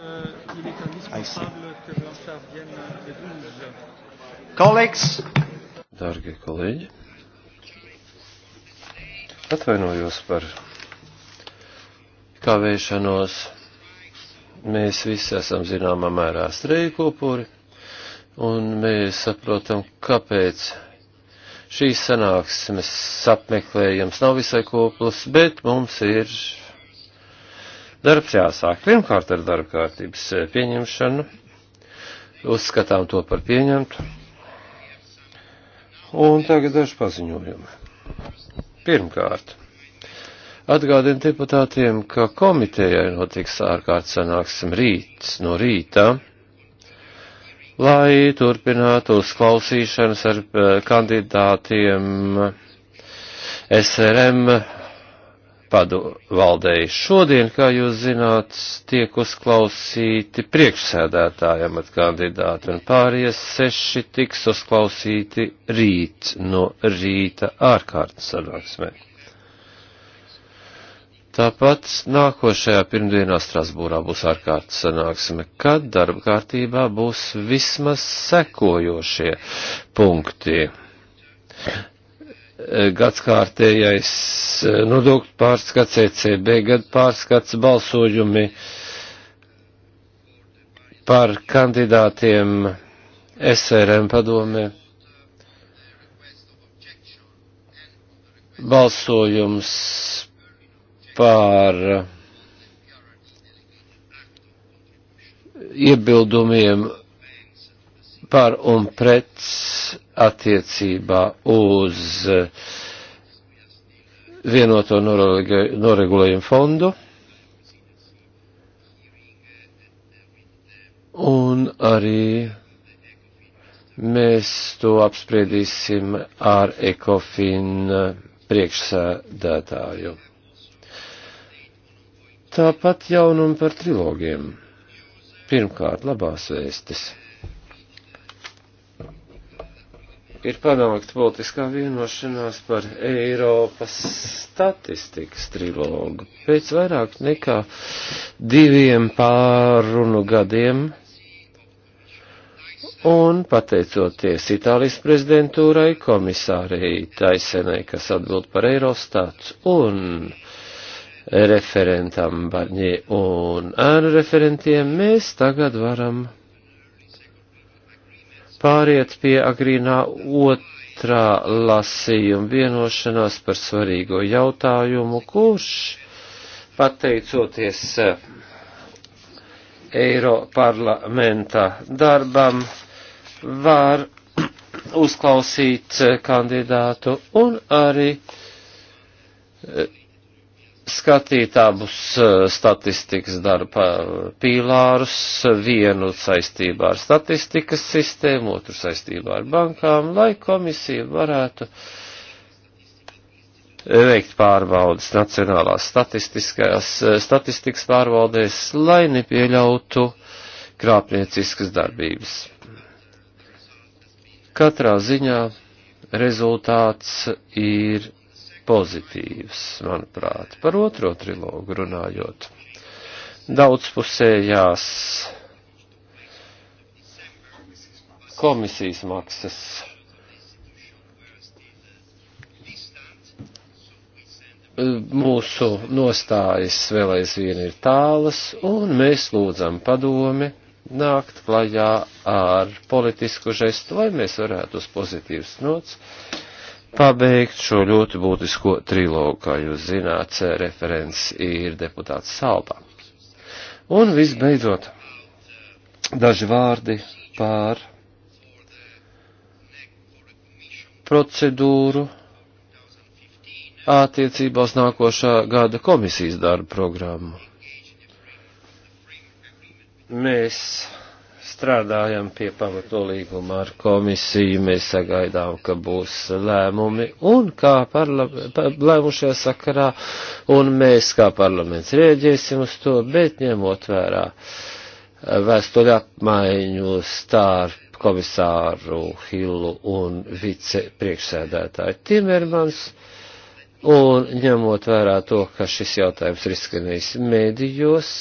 Euh, il est indispensable que Blanchard vienne le 12. Kolēģis! Dārgie kolēģi! Atvainojos par kavēšanos. Mēs visi esam zināmā mērā streikopuri, un mēs saprotam, kāpēc šīs sanāksmes apmeklējums nav visai koplas, bet mums ir Darbs jāsāk pirmkārt ar darba kārtības eh, pieņemšanu. Uzskatām to par pieņemtu. Un tagad daži paziņojumi. Pirmkārt, atgādinu deputātiem, ka komitejai notiks ārkārtas sanāksim rīts no rīta, lai turpinātu uzklausīšanas ar eh, kandidātiem SRM padvaldēji. Šodien, kā jūs zināt, tiek uzklausīti priekšsēdētāja amat kandidāti, un pārējie seši tiks uzklausīti rīt no rīta ārkārtas sanāksmē. Tāpat nākošajā pirmdienā Strasbūrā būs ārkārtas sanāksme, kad darba kārtībā būs vismaz sekojošie punkti gadskārtējais e, nodokļu pārskats, ECB gadu pārskats, balsojumi par kandidātiem SRM padomē, balsojums par iebildumiem par un pret attiecībā uz eh, vienoto noregulējumu fondu un arī mēs to apspriedīsim ar ECOFIN eh, priekšsēdētāju. Tāpat jaunumi par trilogiem. Pirmkārt, labās vēstis. ir panākt politiskā vienošanās par Eiropas statistikas trilogu. Pēc vairāk nekā diviem pārunu gadiem un pateicoties Itālijas prezidentūrai, komisārei Taisenai, kas atbild par Eirostats un referentam Barņē un ārreferentiem, mēs tagad varam pāriet pie agrīnā otrā lasījuma vienošanās par svarīgo jautājumu, kurš pateicoties eh, Eiro parlamenta darbam var uzklausīt eh, kandidātu un arī eh, skatīt abus eh, statistikas darba pīlārus, vienu saistībā ar statistikas sistēmu, otru saistībā ar bankām, lai komisija varētu veikt pārbaudas nacionālās eh, statistikas pārvaldēs, lai nepieļautu krāpnieciskas darbības. Katrā ziņā rezultāts ir pozitīvs, manuprāt, par otro trilogu runājot. Daudzpusējās komisijas maksas. Mūsu nostājas vēl aizvien ir tālas, un mēs lūdzam padomi nākt klajā ar politisku žestu, lai mēs varētu uz pozitīvas nots pabeigt šo ļoti būtisko trilogu, kā jūs zināt, referents ir deputāts Salba. Un visbeidzot, daži vārdi pār procedūru attiecībā uz nākošā gada komisijas darba programmu. Mēs strādājam pie pamatolīguma ar komisiju, mēs sagaidām, ka būs lēmumi un kā lēmumu šajā sakarā, un mēs kā parlaments rēģēsim uz to, bet ņemot vērā vēstuļu apmaiņu starp komisāru Hillu un vicepriekšsēdētāju Timermans. Un ņemot vērā to, ka šis jautājums ir izskanējis mēdījos,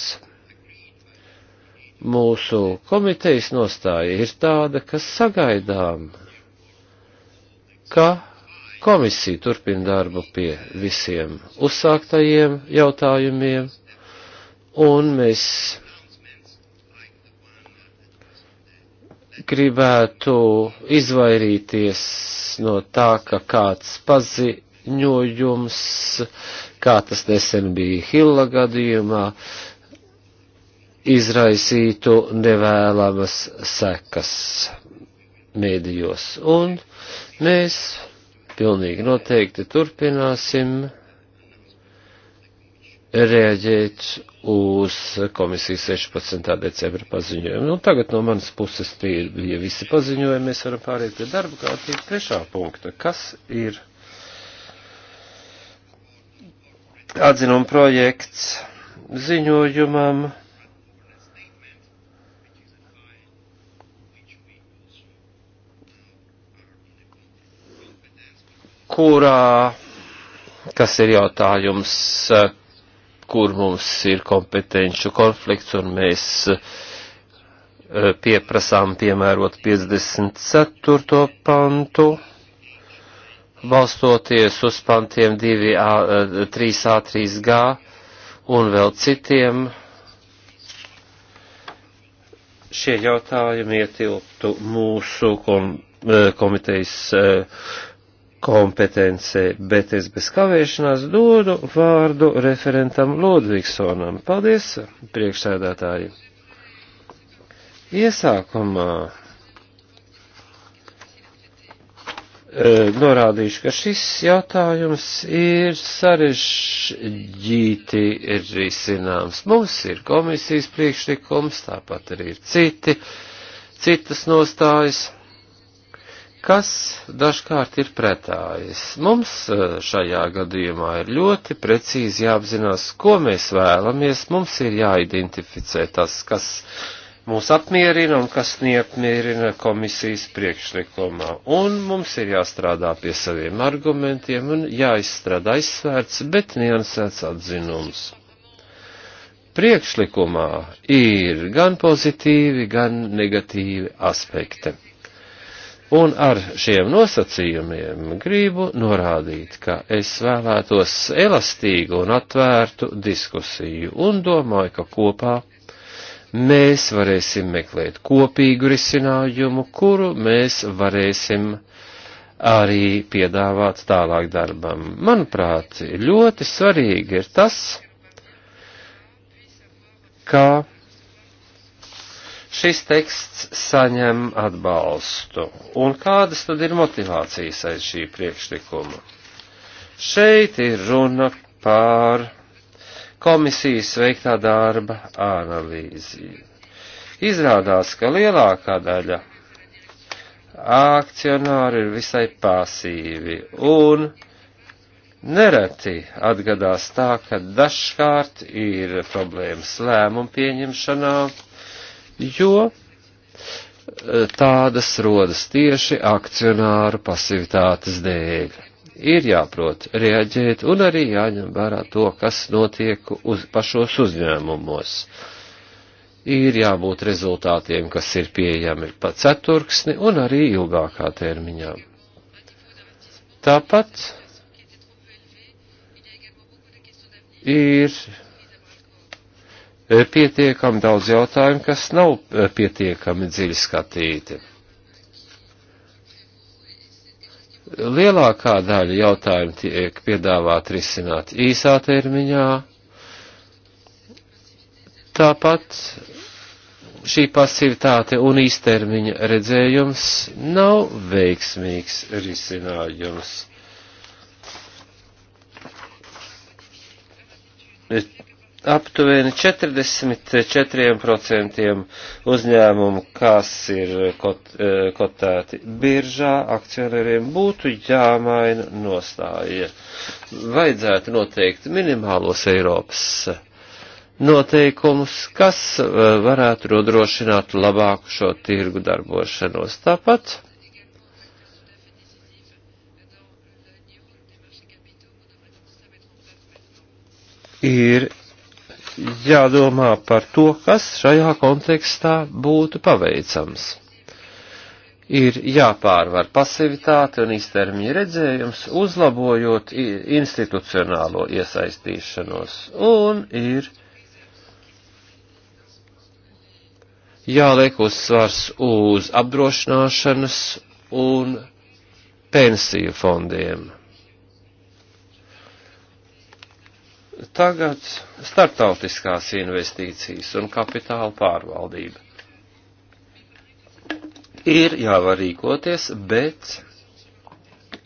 mūsu komitejas nostāja ir tāda, ka sagaidām, ka komisija turpina darbu pie visiem uzsāktajiem jautājumiem, un mēs gribētu izvairīties no tā, ka kāds paziņojums, kā tas nesen bija Hilla gadījumā, uh, izraisītu nevēlamas sekas mēdījos. Un mēs pilnīgi noteikti turpināsim reaģēt uz komisijas 16. decembra paziņojumu. Nu, tagad no manas puses tie ir ja visi paziņojumi. Mēs varam pāriet pie darba kārtības trešā punkta. Kas ir atzinuma projekts ziņojumam? kurā, kas ir jautājums, eh, kur mums ir kompetenču konflikts un mēs eh, pieprasām piemērot 54. pantu, balstoties uz pantiem 2A, 3A, 3G un vēl citiem šie jautājumi ietilptu mūsu kom, eh, komitejas kompetencē, bet es bez kavēšanās dodu vārdu referentam Lodvigsonam. Paldies, priekšsēdētāji! Iesākumā e, norādīšu, ka šis jautājums ir sarežģīti risināms. Mums ir komisijas priekšlikums, tāpat arī ir citi, citas nostājas kas dažkārt ir pretājas. Mums eh, šajā gadījumā ir ļoti precīzi jāapzinās, ko mēs vēlamies. Mums ir jāidentificē tas, kas mūs apmierina un kas neapmierina komisijas priekšlikumā. Un mums ir jāstrādā pie saviem argumentiem un jāizstrādā aizsvērts, bet niansēts atzinums priekšlikumā ir gan pozitīvi, gan negatīvi aspekti. Un ar šiem nosacījumiem gribu norādīt, ka es vēlētos elastīgu un atvērtu diskusiju un domāju, ka kopā mēs varēsim meklēt kopīgu risinājumu, kuru mēs varēsim arī piedāvāt tālāk darbam. Manuprāt, ļoti svarīgi ir tas, kā šis teksts saņem atbalstu. Un kādas tad ir motivācijas aiz šī priekšlikuma? Šeit ir runa par komisijas veiktā darba analīzi. Izrādās, ka lielākā daļa akcionāri ir visai pasīvi un nereti atgadās tā, ka dažkārt ir problēmas lēmumu pieņemšanā jo eh, tādas rodas tieši akcionāru pasivitātes dēļ. Ir jāprot reaģēt un arī jāņem vērā to, kas notiek uz pašos uzņēmumos. Ir jābūt rezultātiem, kas ir pieejami pa ceturksni un arī ilgākā termiņā. Tāpat ir E, pietiekami daudz jautājumu, kas nav e, pietiekami dziļi skatīti. Lielākā daļa jautājumu tiek piedāvāt risināt īsā termiņā. Tāpat šī pasivitāte un īstermiņa redzējums nav veiksmīgs risinājums. E, aptuveni 44% uzņēmumu, kas ir kot, e, kotēti biržā, akcionāriem būtu jāmaina nostāja. Vajadzētu noteikt minimālos Eiropas noteikumus, kas e, varētu nodrošināt labāku šo tirgu darbošanos. Tāpat ir jādomā par to, kas šajā kontekstā būtu paveicams. Ir jāpārvar pasivitāte un īstermiņa redzējums, uzlabojot institucionālo iesaistīšanos, un ir jāliek uzsvars uz apdrošināšanas un pensiju fondiem Tagad startautiskās investīcijas un kapitāla pārvaldība. Ir jāvar rīkoties, bet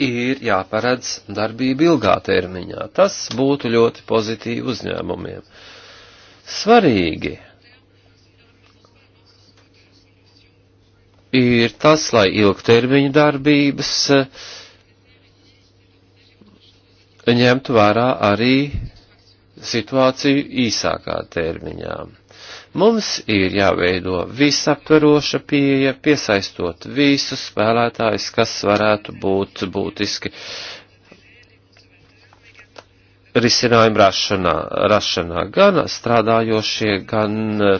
ir jāparedz darbība ilgā termiņā. Tas būtu ļoti pozitīvi uzņēmumiem. Svarīgi ir tas, lai ilgtermiņa darbības ņemtu vērā arī situāciju īsākā termiņā. Mums ir jāveido visaptveroša pieeja, piesaistot visus spēlētājus, kas varētu būt būtiski risinājumu rašanā, rašanā gan strādājošie, gan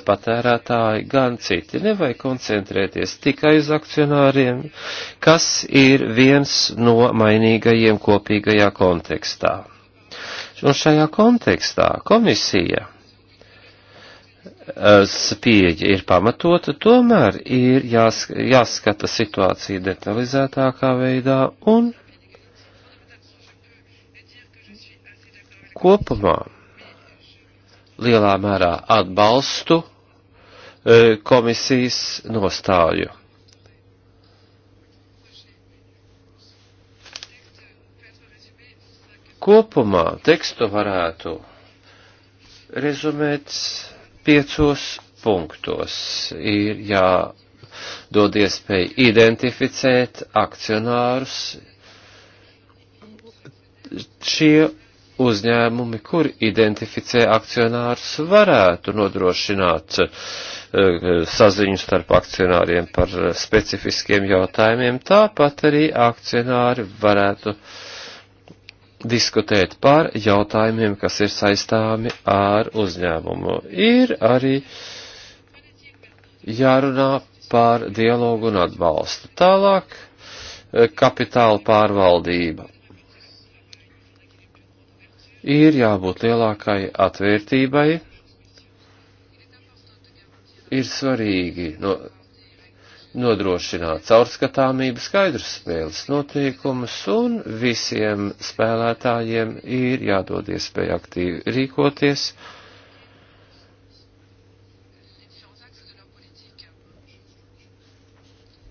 patērētāji, gan citi. Nevajag koncentrēties tikai uz akcionāriem, kas ir viens no mainīgajiem kopīgajā kontekstā. Un šajā kontekstā komisija spieģi ir pamatota, tomēr ir jās, jāskata situācija detalizētākā veidā un kopumā lielā mērā atbalstu eh, komisijas nostāju. Kopumā tekstu varētu rezumēt piecos punktos. Ir jādod iespēja identificēt akcionārus. Šie uzņēmumi, kur identificē akcionārus, varētu nodrošināt eh, saziņu starp akcionāriem par specifiskiem jautājumiem. Tāpat arī akcionāri varētu uh, diskutēt par jautājumiem, kas ir saistāmi ar uzņēmumu. Ir arī jārunā par dialogu un atbalstu. Tālāk eh, kapitāla pārvaldība. Ir jābūt lielākai atvērtībai. Ir svarīgi no, nodrošināt caurskatāmību, skaidrs spēles notiekumus, un visiem spēlētājiem ir jādod iespēja aktīvi rīkoties.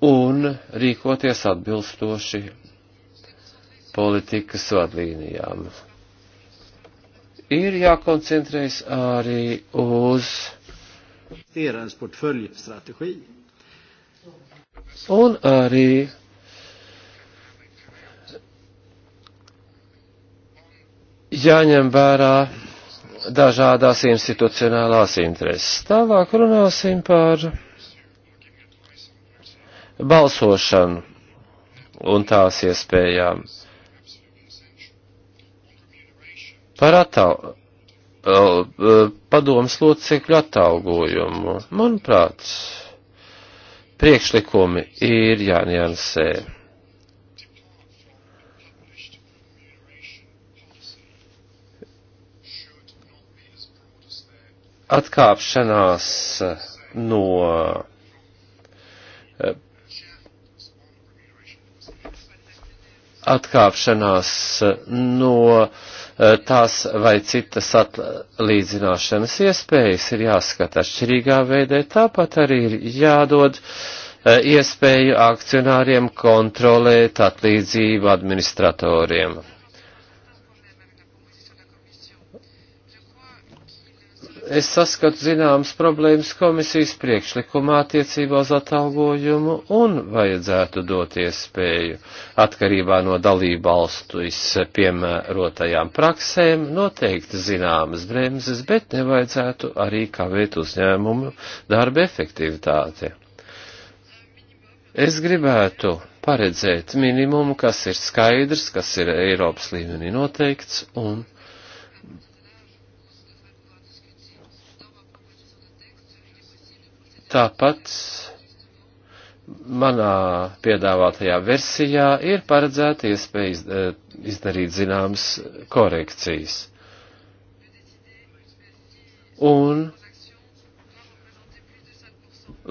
Un rīkoties atbilstoši politikas vadlīnijām. Ir jākoncentrējas arī uz Transportföljstrategi un arī jāņem vērā dažādās institucionālās intereses. Tālāk runāsim par balsošanu un tās iespējām. Par atal, eh, eh, padomas locekļu atalgojumu, manuprāt, priekšlikumi ir jāniansē. Atkāpšanās no atkāpšanās no uh, Eh, tās vai citas atlīdzināšanas iespējas ir jāskata atšķirīgā veidē, tāpat arī ir jādod eh, iespēju akcionāriem kontrolēt atlīdzību administratoriem. es saskatu zināmas problēmas komisijas priekšlikumā attiecībā uz atalgojumu un vajadzētu dot iespēju atkarībā no dalību valstu piemērotajām praksēm noteikti zināmas bremzes, bet nevajadzētu arī kavēt uzņēmumu darba efektivitāti. Es gribētu paredzēt minimumu, kas ir skaidrs, kas ir Eiropas līmenī noteikts un. Tāpat manā piedāvātajā versijā ir paredzēta iespēja eh, izdarīt zināmas korekcijas. Un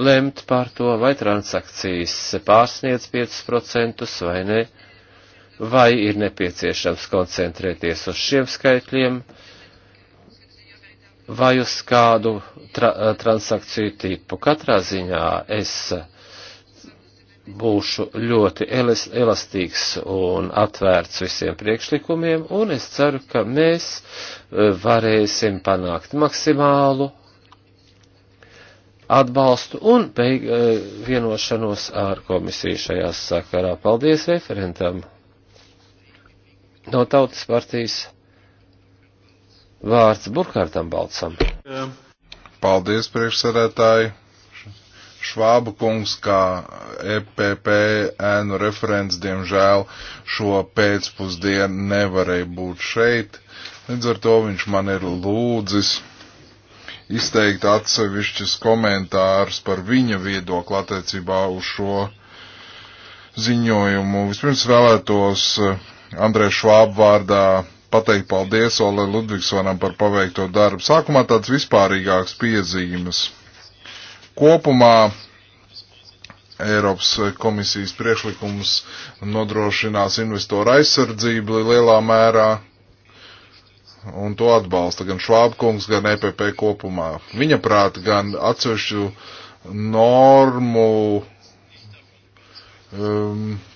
lemt par to, vai transakcijas pārsniedz 5% vai ne, vai ir nepieciešams koncentrēties uz šiem skaitļiem, uh, vai uz kādu tra eh, transakciju tipu. Katrā ziņā es būšu ļoti elastīgs un atvērts visiem priekšlikumiem, un es ceru, ka mēs eh, varēsim panākt maksimālu atbalstu un beig, eh, vienošanos ar komisiju šajā sakarā. Paldies referentam no Tautas partijas. Vārds Burkhārtam Balcam. Paldies, priekšsēdētāji. Švāba kungs, kā EPP ēnu referents, diemžēl šo pēcpusdienu nevarēja būt šeit. Līdz ar to viņš man ir lūdzis izteikt atsevišķus komentārus par viņa viedokli attiecībā uz šo ziņojumu. Vispirms vēlētos eh, Andrē Švāba vārdā pateikt paldies Ole Ludvigsvanam par paveikto darbu. Sākumā tāds vispārīgāks piezīmes. Kopumā Eiropas komisijas priekšlikums nodrošinās investoru aizsardzību lielā mērā, un to atbalsta gan Švābkungs, gan EPP kopumā. Viņa prāt, gan atsevišķu normu um,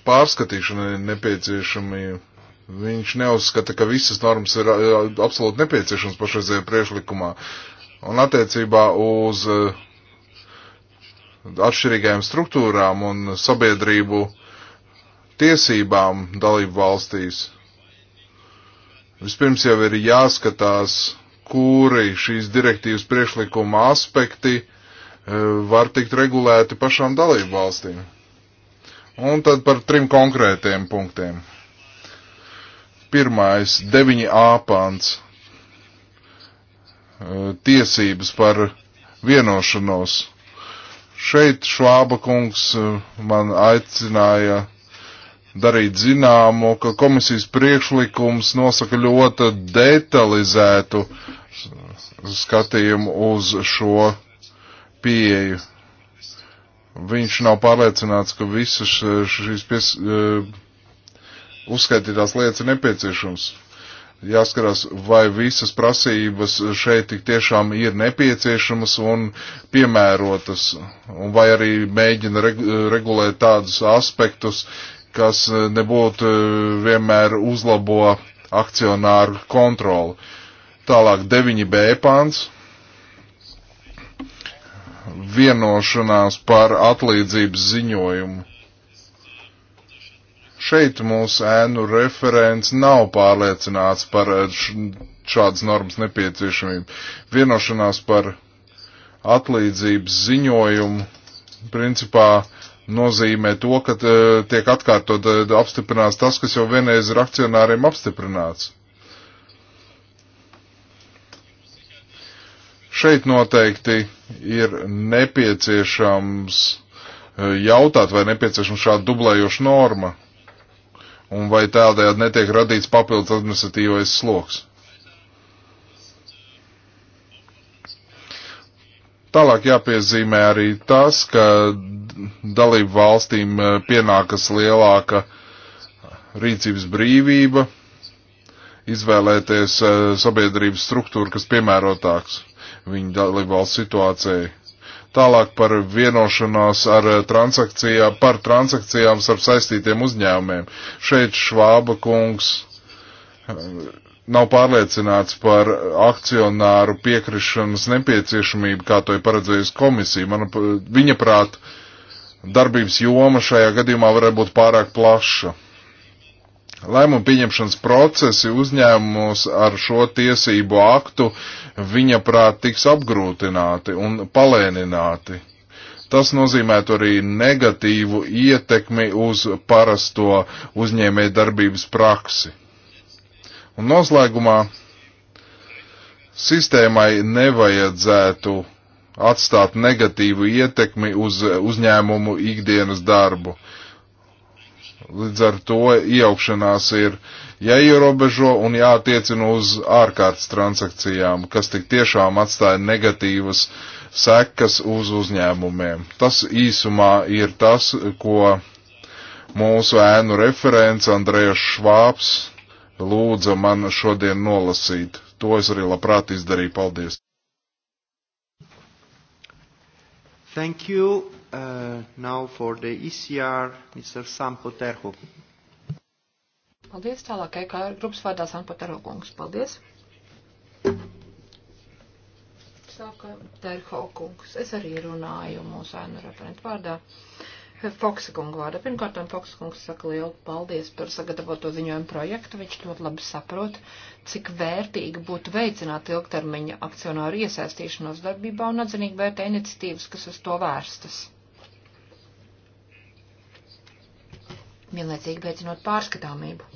pārskatīšana ir nepieciešami Viņš neuzskata, ka visas normas ir absolūti nepieciešams pašreizējā priešlikumā. Un attiecībā uz atšķirīgajām struktūrām un sabiedrību tiesībām dalību valstīs. Vispirms jau ir jāskatās, kuri šīs direktīvas priekšlikuma aspekti var tikt regulēti pašām dalību valstīm. Un tad par trim konkrētiem punktiem. Pirmais, 9a pants, tiesības par vienošanos. Šeit Švāba kungs man aicināja darīt zināmu, ka komisijas priekšlikums nosaka ļoti detalizētu skatījumu uz šo pieeju. Viņš nav pārliecināts, ka visas šīs pies, uzskaitītās lietas ir nepieciešams. Jāskarās, vai visas prasības šeit tik tiešām ir nepieciešamas un piemērotas, un vai arī mēģina regulēt tādus aspektus, kas nebūtu eh, vienmēr uzlabo akcionāru kontroli. Tālāk 9b pāns vienošanās par atlīdzības ziņojumu Šeit mūsu ēnu referents nav pārliecināts par eh, šādas normas nepieciešamību. Vienošanās par atlīdzības ziņojumu principā nozīmē to, ka eh, tiek atkārtot eh, apstiprināts tas, kas jau vienreiz ir akcionāriem apstiprināts. Šeit noteikti ir nepieciešams jautāt, vai nepieciešama šāda dublējoša norma un vai tādējādi netiek radīts papildus administratīvais sloks. Tālāk jāpiezīmē arī tas, ka dalību valstīm eh, pienākas lielāka rīcības brīvība, izvēlēties eh, sabiedrības struktūru, kas piemērotāks viņu dalību valsts situācijai. Tālāk par vienošanās ar eh, transakcijā, par transakcijām starp saistītiem uzņēmumiem. Šeit Švāba kungs eh, nav pārliecināts par akcionāru piekrišanas nepieciešamību, kā to ir paredzējusi komisija. Man, eh, viņa prāt, darbības joma šajā gadījumā varētu būt pārāk plaša lēmumu pieņemšanas procesi uzņēmumos ar šo tiesību aktu, viņa prāt, tiks apgrūtināti un palēnināti. Tas nozīmētu arī negatīvu ietekmi uz parasto uzņēmē darbības praksi. Un noslēgumā sistēmai nevajadzētu atstāt negatīvu ietekmi uz uzņēmumu ikdienas darbu. Līdz ar to iejaukšanās ir jāierobežo un jātiecina uz ārkārtas transakcijām, kas tik tiešām atstāja negatīvas sekas uz uzņēmumiem. Tas īsumā ir tas, ko mūsu ēnu referents Andrejas Švāps lūdza man šodien nolasīt. To es arī labprāt izdarīju. Paldies! Thank you. Uh, now for the ECR, Mr. Sampo Terho. Paldies, tālāk EKR grupas vārdā Sampo Terho kungs. Paldies. Saka Terho kungs. Es arī runāju mūsu ēnu referentu vārdā. Foksa kunga vārdā. Pirmkārt, Foksa kungs saka lielu paldies par sagatavoto ziņojumu projektu. Viņš ļoti labi saprot, cik vērtīgi būtu veicināt ilgtermiņa akcionāru iesaistīšanos darbībā un atzinīgi vērtē iniciatīvas, kas uz to vērstas vienlaicīgi veicinot pārskatāmību.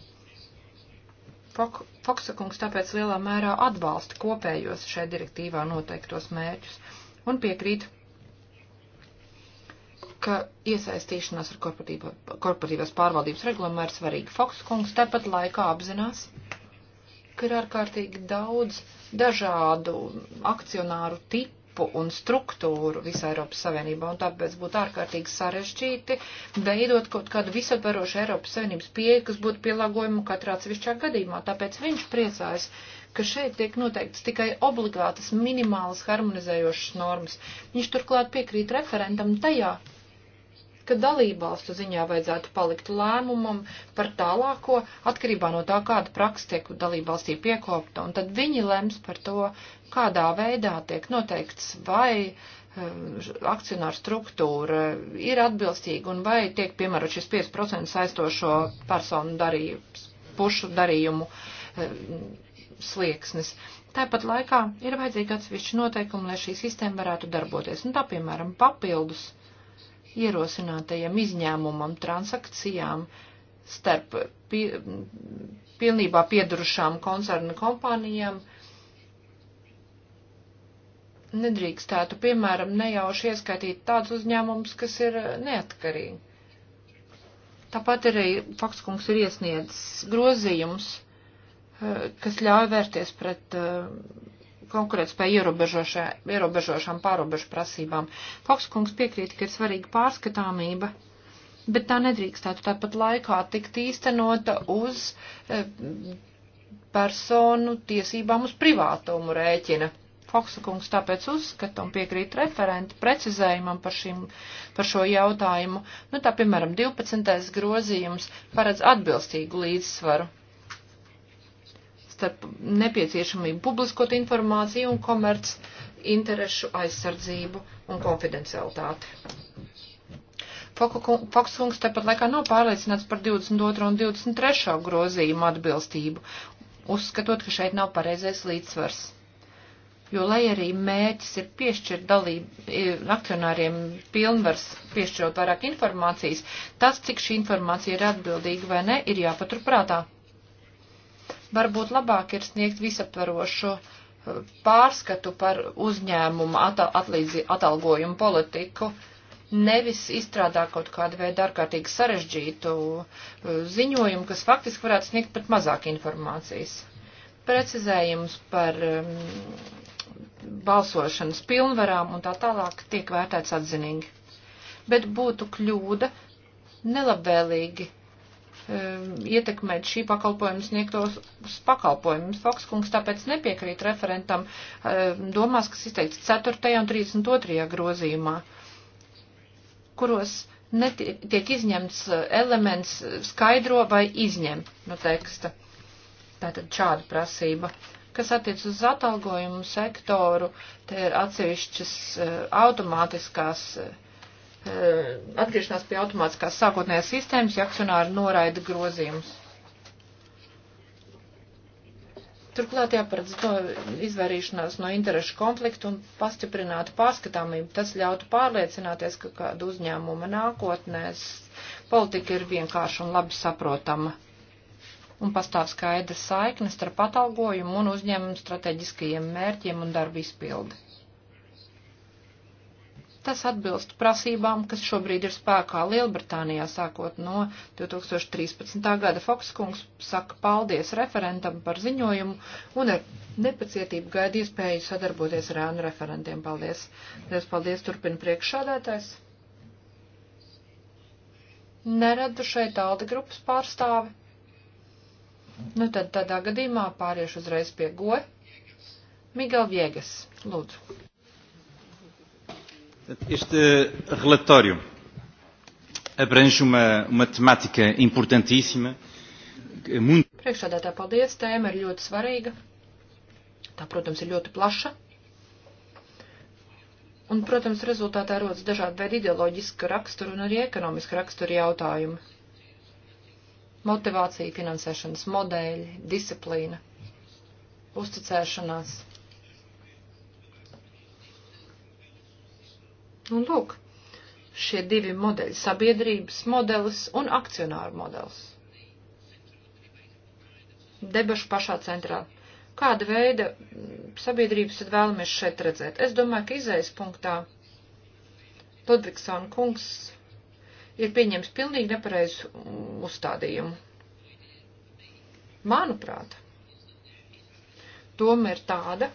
Fok, Foksa kungs tāpēc lielā mērā atbalsta kopējos šai direktīvā noteiktos mērķus un piekrīt, ka iesaistīšanās ar korporatīvās pārvaldības regulamā ir svarīga. Foksa kungs tāpat laikā apzinās, ka ir ārkārtīgi daudz dažādu akcionāru tipu grupu un struktūru visā Eiropas Savienībā, un tāpēc būtu ārkārtīgi sarežģīti veidot kaut kādu visaptvarošu Eiropas Savienības pieeju, kas būtu pielāgojumu katrā atsevišķā gadījumā. Tāpēc viņš priecājas, ka šeit tiek noteikts tikai obligātas minimālas harmonizējošas normas. Viņš turklāt piekrīt referentam tajā, ka dalībvalstu ziņā vajadzētu palikt lēmumam par tālāko atkarībā no tā, kāda praksa tiek dalībvalstī piekopta, un tad viņi lems par to, kādā veidā tiek noteikts vai eh, akcionāra struktūra ir atbilstīga un vai tiek piemērot šis 5% saistošo personu darījums, pušu darījumu eh, slieksnis. Tāpat laikā ir vajadzīga atsevišķa noteikuma, lai šī sistēma varētu darboties. Un tā, piemēram, papildus ierosinātajam izņēmumam transakcijām starp pi, pilnībā piedurušām koncernu kompānijām nedrīkstētu, piemēram, nejauši ieskaitīt tādus uzņēmumus, kas ir neatkarīgi. Tāpat arī Fakskungs ir iesniedzis grozījums, eh, kas ļauj vērties pret uh, konkurētspēju ierobežošām pārobežu prasībām. Fokskungs piekrīt, ka ir svarīga pārskatāmība, bet tā nedrīkstētu tāpat laikā tikt īstenota uz eh, personu tiesībām uz privātumu rēķina. Foksakungs tāpēc uzskata un piekrīt referentu precizējumam par, šim, par šo jautājumu. Nu, tā, piemēram, 12. grozījums paredz atbilstīgu līdzsvaru starp nepieciešamību publiskot informāciju un komerc interešu aizsardzību un konfidencialitāti. Foksungs tāpat laikā nav pārliecināts par 22. un 23. grozījumu atbilstību, uzskatot, ka šeit nav pareizais līdzsvars. Jo, lai arī mērķis ir piešķirt dalību, e, akcionāriem pilnvars piešķirot vairāk informācijas, tas, cik šī informācija ir atbildīga vai ne, ir jāpaturprātā. prātā Varbūt labāk ir sniegt visaptvarošo eh, pārskatu par uzņēmumu atlīdzi, atalgojumu politiku, nevis izstrādā kaut kādu veidu ārkārtīgi sarežģītu eh, ziņojumu, kas faktiski varētu sniegt pat mazāk informācijas. Precizējums par balsošanas pilnvarām un tā tālāk tiek vērtēts atzinīgi. Bet būtu kļūda nelabvēlīgi Um, ietekmēt šī pakalpojuma sniegtos pakalpojumus. Fokskungs tāpēc nepiekrīt referentam um, domās, kas izteikts 4. un 32. grozījumā, kuros netiek, tiek izņemts uh, elements uh, skaidro vai izņem no teksta. Tātad šāda prasība. Kas attiec uz atalgojumu sektoru, te ir atsevišķas uh, automātiskās uh, Eh, atgriešanās pie automātiskās sākotnējās sistēmas, ja akcionāri noraida grozījumus. Turklāt jāparedz no izvairīšanās no interešu konfliktu un pastiprinātu pārskatāmību. Tas ļautu pārliecināties, ka kāda uzņēmuma nākotnēs politika ir vienkārša un labi saprotama. Un pastāv skaidra saiknes starp atalgojumu un uzņēmumu strateģiskajiem mērķiem un darbu izpildi. Tas atbilst prasībām, kas šobrīd ir spēkā Lielbritānijā sākot no 2013. gada. Fokskungs saka paldies referentam par ziņojumu un ar nepacietību gaida iespēju sadarboties ar ēnu referentiem. Paldies! Paldies, paldies turpina priekšsādātājs. Neradu šeit alda grupas pārstāvi. Nu tad tādā gadījumā pāriešu uzreiz pie goja. Miguel Viegas, lūdzu. Este relatório abrange uma, uma temática importantíssima. Muito... Priekšādātā paldies, tēma ir ļoti svarīga. Tā, protams, ir ļoti plaša. Un, protams, rezultātā rodas dažādi veidi ideoloģiska rakstura un arī ekonomiska rakstura jautājumi. Motivācija, finansēšanas modeļi, disciplīna, uzticēšanās Un nu, lūk, šie divi modeļi - sabiedrības modelis un akcionāru modelis. Debašu pašā centrā. Kāda veida sabiedrības tad vēlamies šeit redzēt? Es domāju, ka izējas punktā Ludvigsona kungs ir pieņems pilnīgi nepareizu uzstādījumu. Manuprāt, doma ir tāda,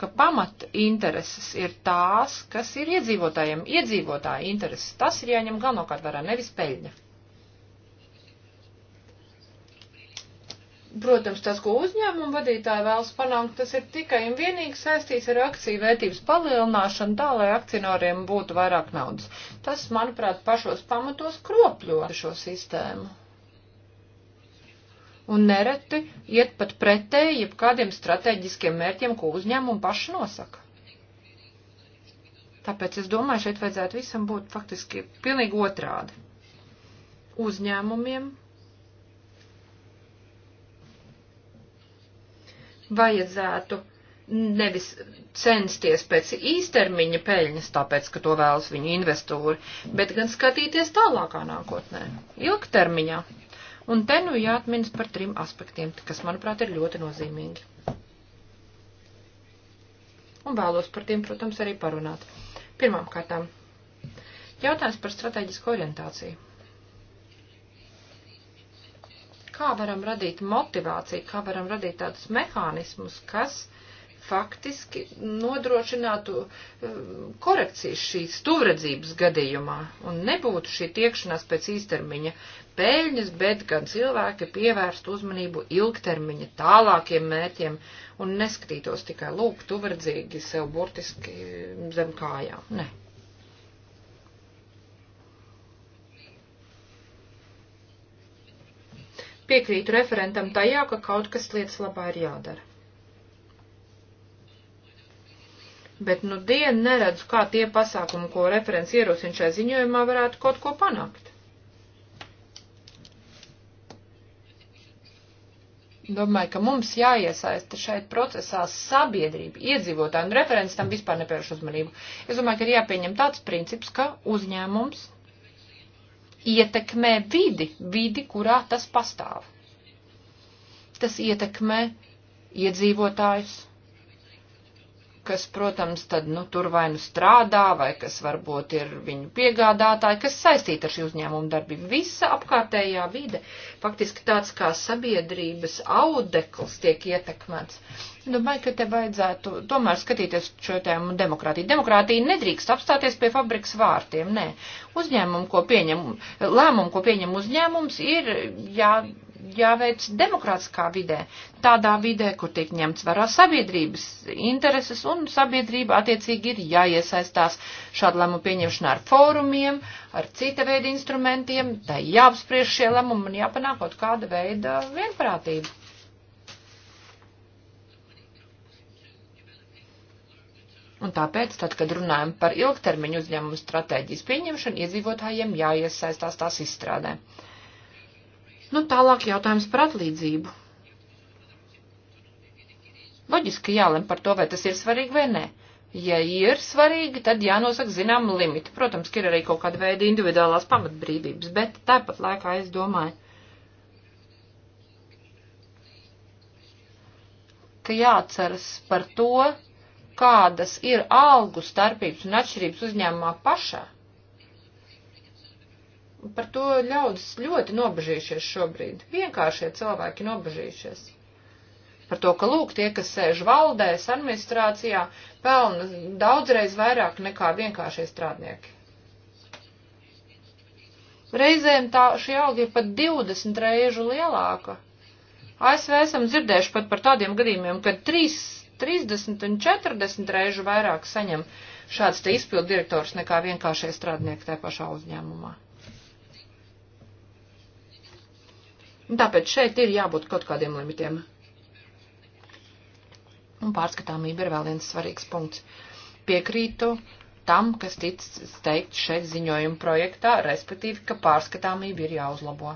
ka pamat intereses ir tās, kas ir iedzīvotājiem, iedzīvotāja intereses. Tas ir jāņem galvenokārt vērā, nevis peļņa. Protams, tas, ko uzņēmuma vadītāji vēlas panākt, tas ir tikai un vienīgi saistīts ar akciju vērtības palielināšanu, tā lai akcionāriem būtu vairāk naudas. Tas, manuprāt, pašos pamatos kropļo šo sistēmu un nereti iet pat pretēji jebkādiem strateģiskiem mērķiem, ko uzņēmumi paši nosaka. Tāpēc es domāju, šeit vajadzētu visam būt faktiski pilnīgi otrādi. Uzņēmumiem vajadzētu nevis censties pēc īstermiņa peļņas, tāpēc, ka to vēlas viņu investori, bet gan skatīties tālākā nākotnē, ilgtermiņā. Un te nu jāatminas par trim aspektiem, kas, manuprāt, ir ļoti nozīmīgi. Un vēlos par tiem, protams, arī parunāt. Pirmām kārtām, jautājums par strateģisku orientāciju. Kā varam radīt motivāciju, kā varam radīt tādus mehānismus, kas faktiski nodrošinātu um, korekcijas šīs tuvredzības gadījumā un nebūtu šī tiekšanās pēc īstermiņa peļņas, bet gan cilvēki pievērst uzmanību ilgtermiņa tālākiem mērķiem un neskatītos tikai lūk tuvredzīgi sev burtiski zem kājām. Nē. Piekrītu referentam tajā, ka kaut kas lietas labā ir jādara. bet nu dienu neredzu, kā tie pasākumi, ko referents ierosina šai ziņojumā, varētu kaut ko panākt. Domāju, ka mums jāiesaista šeit procesā sabiedrība, iedzīvotāji, un referents tam vispār nepērš uzmanību. Es domāju, ka ir jāpieņem tāds princips, ka uzņēmums ietekmē vidi, vidi, kurā tas pastāv. Tas ietekmē iedzīvotājus, kas, protams, tad, nu, tur vai nu strādā, vai kas varbūt ir viņu piegādātāji, kas saistīta ar šī uzņēmuma darbību. Visa apkārtējā vide, faktiski tāds kā sabiedrības audekls tiek ietekmēts. Domāju, ka te vajadzētu tomēr skatīties šo tēmu demokrātiju. Demokrātija nedrīkst apstāties pie fabriks vārtiem, nē. Uzņēmumu, ko pieņem, lēmumu, ko pieņem uzņēmums, ir jā, jāveic demokrātiskā vidē. Tādā vidē, kur tiek ņemts vērā sabiedrības intereses un sabiedrība attiecīgi ir jāiesaistās šādu lēmumu pieņemšanā ar fórumiem, ar cita veida instrumentiem, tai jāapspriež šie lēmumi un jāpanāk kaut kāda veida vienprātība. Un tāpēc, tad, kad runājam par ilgtermiņu uzņēmumu stratēģijas pieņemšanu, iedzīvotājiem jāiesaistās tās izstrādē. Nu, tālāk jautājums par atlīdzību. Loģiski jālem par to, vai tas ir svarīgi vai nē. Ja ir svarīgi, tad jānosaka zinām limiti. Protams, ka ir arī kaut kāda veida individuālās pamatbrīvības, bet tāpat laikā es domāju, ka jāatceras par to, kādas ir algu starpības un atšķirības uzņēmumā pašā. Par to ļaudis ļoti nobežījušies šobrīd. Vienkāršie cilvēki nobežījušies. Par to, ka lūk, tie, kas sēž valdēs, administrācijā, pelna daudzreiz vairāk nekā vienkāršie strādnieki. Reizēm tā šī auga ir pat 20 reižu lielāka. ASV esam dzirdējuši pat par tādiem gadījumiem, kad trīs 30 un 40 reižu vairāk saņem šāds te izpildu direktors nekā vienkāršie strādnieki tajā pašā uzņēmumā. Un tāpēc šeit ir jābūt kaut kādiem limitiem. Un pārskatāmība ir vēl viens svarīgs punkts. Piekrītu tam, kas ticis teikt šeit ziņojuma projektā, respektīvi, ka pārskatāmība ir jāuzlabo.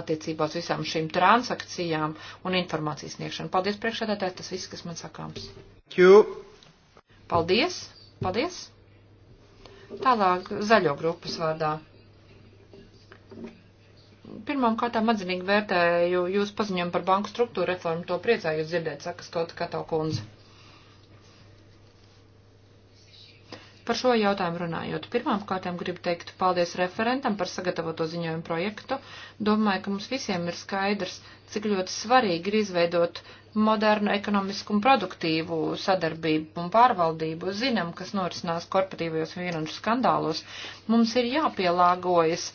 attiecībā uz visām šīm transakcijām un informācijas sniegšanu. Paldies priekšādātāji, tas viss, kas man sakāms. Paldies, paldies. Tālāk zaļo grupas vārdā. Pirmām kārtām atzinīgi vērtēju jūs paziņojumu par banku struktūru reformu, to priecājos dzirdēt, saka Skota Kato kundze. Par šo jautājumu runājot, pirmām kārtām gribu teikt paldies referentam par sagatavoto ziņojumu projektu. Domāju, ka mums visiem ir skaidrs, cik ļoti svarīgi ir izveidot modernu ekonomisku un produktīvu sadarbību un pārvaldību. Zinām, kas norisinās korporatīvajos vienunšu skandālos. Mums ir jāpielāgojas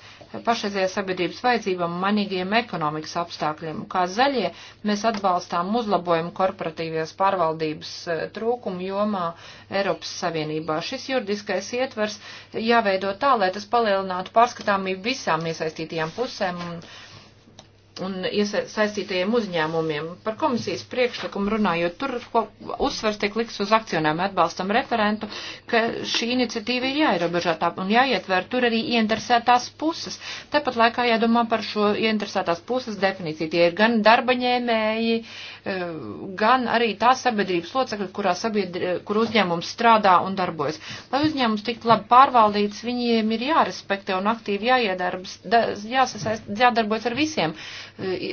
pašreizējā sabiedrības vajadzībām manīgiem ekonomikas apstākļiem. Kā zaļie, mēs atbalstām uzlabojumu korporatīvajās pārvaldības e, trūkumu jomā Eiropas Savienībā. Šis juridiskais ietvers jāveido tā, lai tas palielinātu pārskatāmību visām iesaistītajām pusēm. Un, un iesaistītajiem uzņēmumiem. Par komisijas priekšlikumu runājot, tur uzsvers tiek liks uz akcionēm atbalstam referentu, ka šī iniciatīva ir jāierobežā tā un jāietver tur arī ieinteresētās puses. Tāpat laikā jādomā par šo ieinteresētās puses definīciju. Tie ir gan darbaņēmēji, eh, gan arī tās sabiedrības locekļi, kurā sabiedri, kur uzņēmums strādā un darbojas. Lai uzņēmums tiktu labi pārvaldīts, viņiem ir jārespektē un aktīvi jāiedarbs, jāsasaist, jādarbojas ar visiem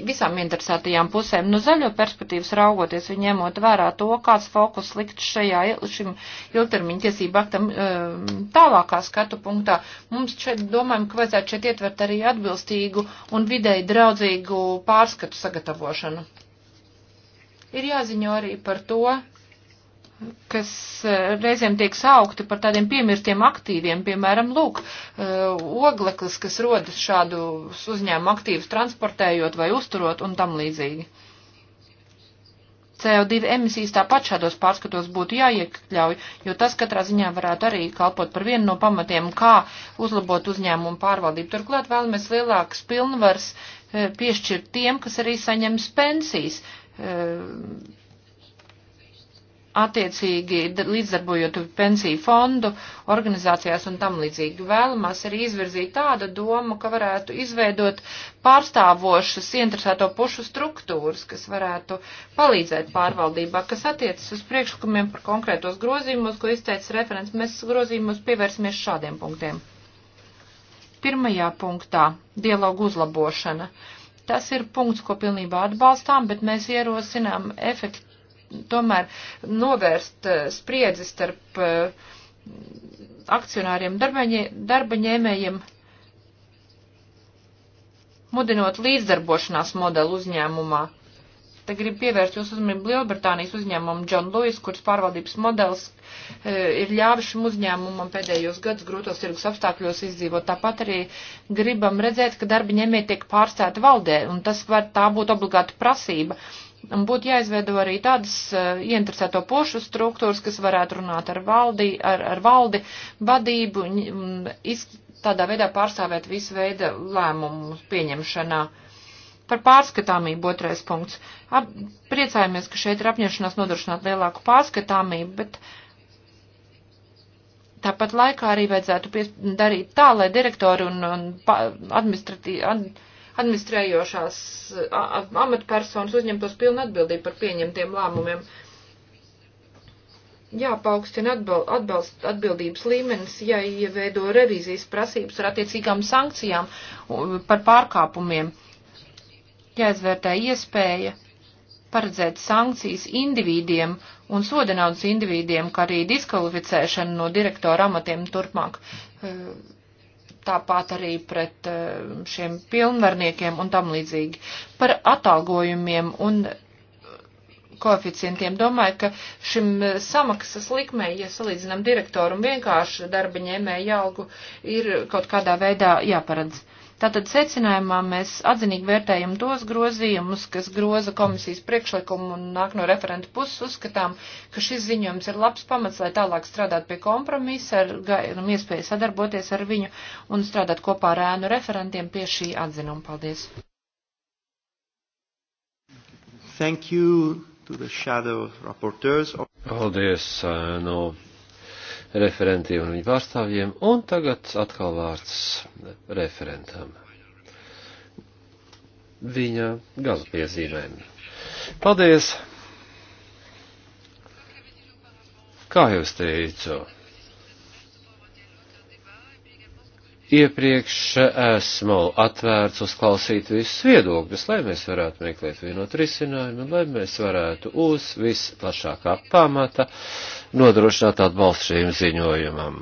visām interesētajām pusēm. No zaļo perspektīvas raugoties, viņi ņemot vērā to, kāds fokus likt šajā šim ilgtermiņa tiesību aktam um, tālākā skatu punktā, mums šeit domājam, ka vajadzētu šeit ietvert arī atbilstīgu un videi draudzīgu pārskatu sagatavošanu. Ir jāziņo arī par to, kas e, reizēm tiek saukti par tādiem piemirtiem aktīviem, piemēram, lūk, e, ogleklis, kas rodas šādu uzņēmumu aktīvus transportējot vai uzturot un tam līdzīgi. CO2 emisijas tāpat šādos pārskatos būtu jāiekļauj, jo tas katrā ziņā varētu arī kalpot par vienu no pamatiem, kā uzlabot uzņēmumu pārvaldību. Turklāt vēlamies lielākas pilnvars e, piešķirt tiem, kas arī saņems pensijas attiecīgi līdzdarbojot pensiju fondu organizācijās un tam līdzīgi. Vēlamās arī izvirzīt tādu domu, ka varētu izveidot pārstāvošas interesēto pušu struktūras, kas varētu palīdzēt pārvaldībā, kas attiecas uz priekšlikumiem par konkrētos grozījumus, ko izteica referents. Mēs grozījumus pievērsimies šādiem punktiem. Pirmajā punktā - dialogu uzlabošana. Tas ir punkts, ko pilnībā atbalstām, bet mēs ierosinām efektu tomēr novērst eh, spriedzi starp eh, akcionāriem darba ņēmējiem, mudinot līdzdarbošanās modeli uzņēmumā. Te gribu pievērst jūsu uzmanību Lielbritānijas uzņēmumam John Lewis, kuras pārvaldības modelis e, ir ļāvis šim uzņēmumam pēdējos gadus grūtos tirgus apstākļos izdzīvot. Tāpat arī gribam redzēt, ka darba ņēmēji tiek pārstāti valdē, un tas var tā būt obligāta prasība. Un būtu jāizveido arī tādas uh, ieinteresēto pošu struktūras, kas varētu runāt ar valdi, ar, ar valdi vadību, un iz, tādā veidā pārstāvēt visu veidu lēmumu pieņemšanā. Par pārskatāmību otrais punkts. Ap, priecājamies, ka šeit ir apņemšanās nodrošināt lielāku pārskatāmību, bet tāpat laikā arī vajadzētu pies, darīt tā, lai direktori un, un administratīvi. Ad, administrējošās amatpersonas uzņemtos pilnu atbildību par pieņemtiem lēmumiem. Jāpaukstina atbalst, atbildības līmenis, ja ieveido revīzijas prasības ar attiecīgām sankcijām par pārkāpumiem. Jāizvērtē iespēja paredzēt sankcijas individiem un soda naudas individiem, kā arī diskvalificēšanu no direktora amatiem turpmāk. Uh, tāpat arī pret eh, šiem pilnvarniekiem un tam līdzīgi. Par atalgojumiem un koeficientiem. Domāju, ka šim samaksas likmē, ja salīdzinām direktoru un vienkārši darba ņēmēju algu, ir kaut kādā veidā jāparedz. Uh, Tātad secinājumā mēs atzinīgi vērtējam tos grozījumus, kas groza komisijas priekšlikumu un nāk no referenta puses. Uzskatām, ka šis ziņojums ir labs pamats, lai tālāk strādāt pie kompromisa, ar gaidām nu, iespēju sadarboties ar viņu un strādāt kopā ar ēnu referentiem pie šī atzinuma. Paldies! Thank you to the shadow rapporteurs. Paldies no referentiem un viņu pārstāvjiem, un tagad atkal vārds referentam. Viņa gala piezīmēm. Paldies! Kā jau es teicu, iepriekš esmu atvērts uzklausīt visus viedokļus, lai mēs varētu meklēt vienot risinājumu, lai mēs varētu uz visplašākā pamata uh, nodrošināt atbalstu šiem ziņojumam.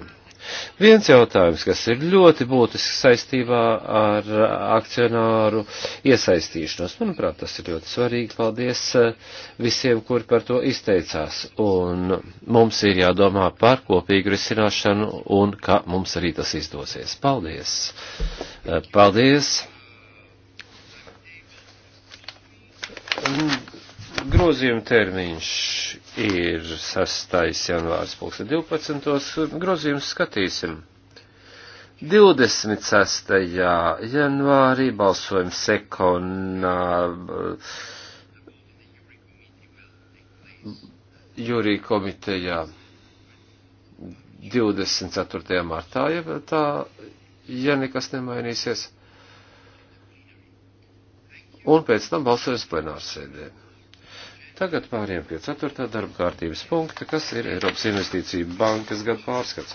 Viens jautājums, kas ir ļoti būtisks saistībā ar akcionāru iesaistīšanos. Manuprāt, tas ir ļoti svarīgi. Paldies eh, visiem, kuri par to izteicās. Un mums ir jādomā par kopīgu risināšanu un ka mums arī tas izdosies. Paldies! Eh, paldies! Mm. Grozījuma termiņš ir 6. janvārs 2012. Grozījums skatīsim. 26. janvārī balsojums sekonā. Eh, Jūrija komitejā 24. martā, ja tā, ja nekas nemainīsies. Un pēc tam balsojums plenārsēdē. Tagad pāriem pie 4. darba kārtības punkta, kas ir Eiropas Investīcija bankas gada pārskats.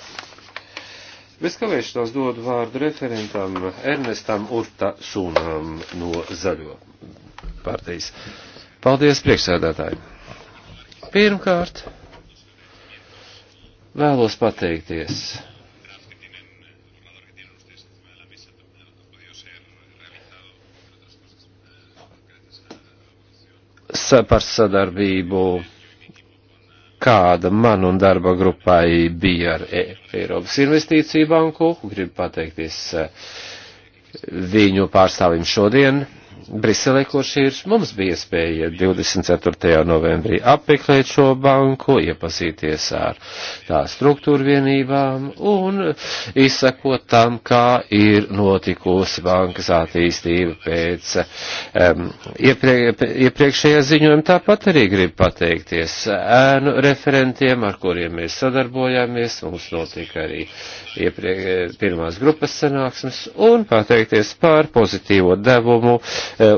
Bez kavēšanās dodu vārdu referentam Ernestam Urta Sūnam no Zaļo partijas. Paldies, priekšsēdētāji! Pirmkārt, vēlos pateikties par sadarbību, kāda man un darba grupai bija ar e, Eiropas Investīciju banku. Gribu pateikties eh, viņu pārstāvim šodien Briselē, kur šī ir, mums bija iespēja 24. novembrī apmeklēt šo banku, iepazīties ar tā struktūru vienībām un izsakot tam, kā ir notikusi bankas attīstība pēc um, iepriek, iepriekšējā ziņojuma. Tāpat arī gribu pateikties ēnu referentiem, ar kuriem mēs sadarbojāmies. Mums notika arī iepriek, eh, pirmās grupas sanāksmes un pateikties par pozitīvo devumu E,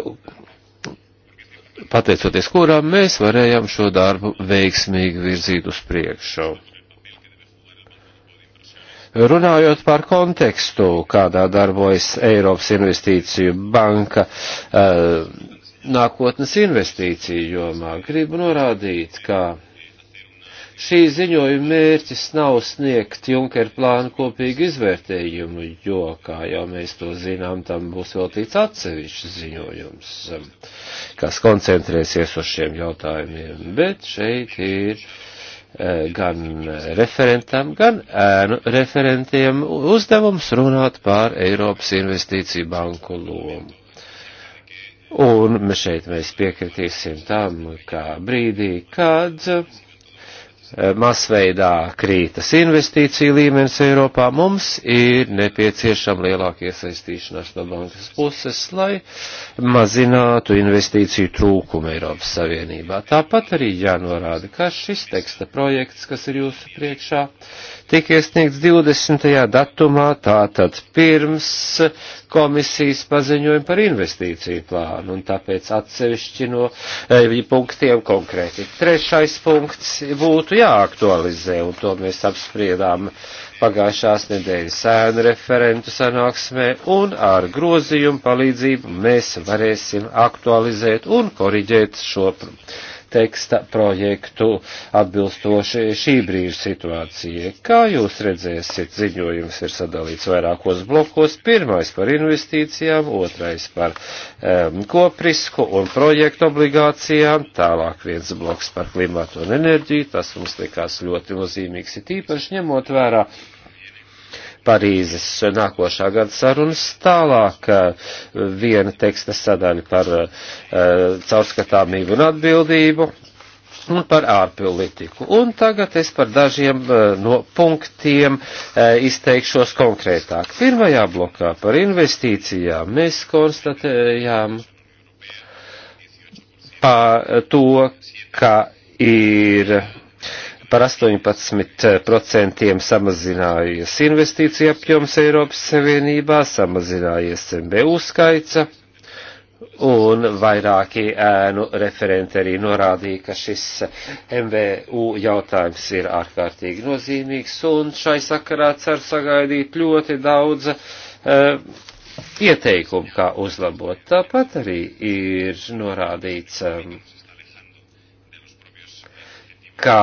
pateicoties kurām mēs varējām šo darbu veiksmīgi virzīt uz priekšu. Runājot par kontekstu, kādā darbojas Eiropas investīciju banka e, nākotnes investīciju jomā, gribu norādīt, ka Šī ziņojuma mērķis nav sniegt Junker plānu kopīgu izvērtējumu, jo, kā jau mēs to zinām, tam būs veltīts atsevišķs ziņojums, um, kas koncentrēsies uz šiem jautājumiem, bet šeit ir eh, gan referentam, gan ēnu referentiem uzdevums runāt pār Eiropas investīciju banku lomu. Un šeit mēs piekritīsim tam, kā brīdī, kad uh, masveidā krītas investīcija līmenis Eiropā, mums ir nepieciešama lielāka iesaistīšanās no bankas puses, lai mazinātu investīciju trūkumu Eiropas Savienībā. Tāpat arī jānorāda, ka šis teksta projekts, kas ir jūsu priekšā, tika iesniegts 20. datumā, tātad pirms komisijas paziņojumu par investīciju plānu, un tāpēc atsevišķi no e, punktiem konkrēti. Trešais punkts būtu jāaktualizē, un to mēs apspriedām pagājušās nedēļas sēnu referentu sanāksmē, un ar grozījumu palīdzību mēs varēsim aktualizēt un koriģēt šo problēmu teksta projektu atbilstoši šī brīža situācijai. Kā jūs redzēsiet, ziņojums ir sadalīts vairākos blokos. Pirmais par investīcijām, otrais par um, koprisku un projektu obligācijām, tālāk viens bloks par klimatu un enerģiju. Tas mums likās ļoti nozīmīgs, ir tīpaši ņemot vērā Parīzes nākošā gada sarunas. Tālāk eh, viena teksta sadaļa par uh, caurskatāmību un atbildību un par ārpolitiku. Un tagad es par dažiem uh, no punktiem uh, izteikšos konkrētāk. Pirmajā blokā par investīcijām mēs konstatējām pa to, ka ir par 18% samazinājies investīcija apjoms Eiropas Savienībā, samazinājies MBU skaits, un vairāki ēnu referenti arī norādīja, ka šis MBU jautājums ir ārkārtīgi nozīmīgs, un šai sakarā ceru sagaidīt ļoti daudz uh, ieteikumu, kā uzlabot. Tāpat arī ir norādīts, um, e, kā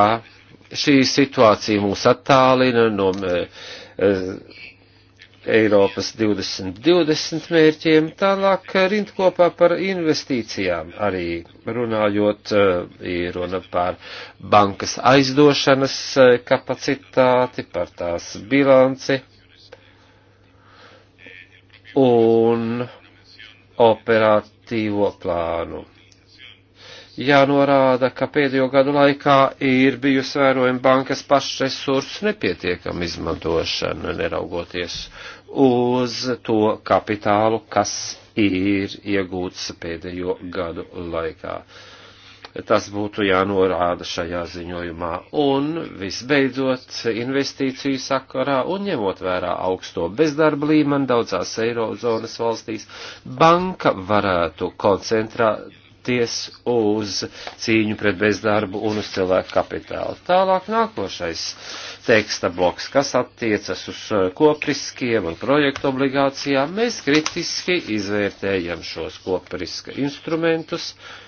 šī situācija mūs attālina no e, e, Eiropas 2020 mērķiem, tālāk e, rindkopā par investīcijām arī runājot, ir runa par bankas aizdošanas kapacitāti, par tās bilanci un operatīvo plānu jānorāda, ka pēdējo gadu laikā ir bijusi vērojama bankas pašresursu nepietiekama izmantošana, neraugoties uz to kapitālu, kas ir iegūts pēdējo gadu laikā. Tas būtu jānorāda šajā ziņojumā. Un visbeidzot, investīciju sakarā un ņemot vērā augsto bezdarba līmeni daudzās eirozonas valstīs, banka varētu koncentrēt tiekties uz cīņu pret bezdarbu un uz cilvēku kapitālu. Tālāk nākošais teksta bloks, kas attiecas uz eh, kopriskiem un projektu obligācijām, mēs kritiski izvērtējam šos kopriska instrumentus. Uh,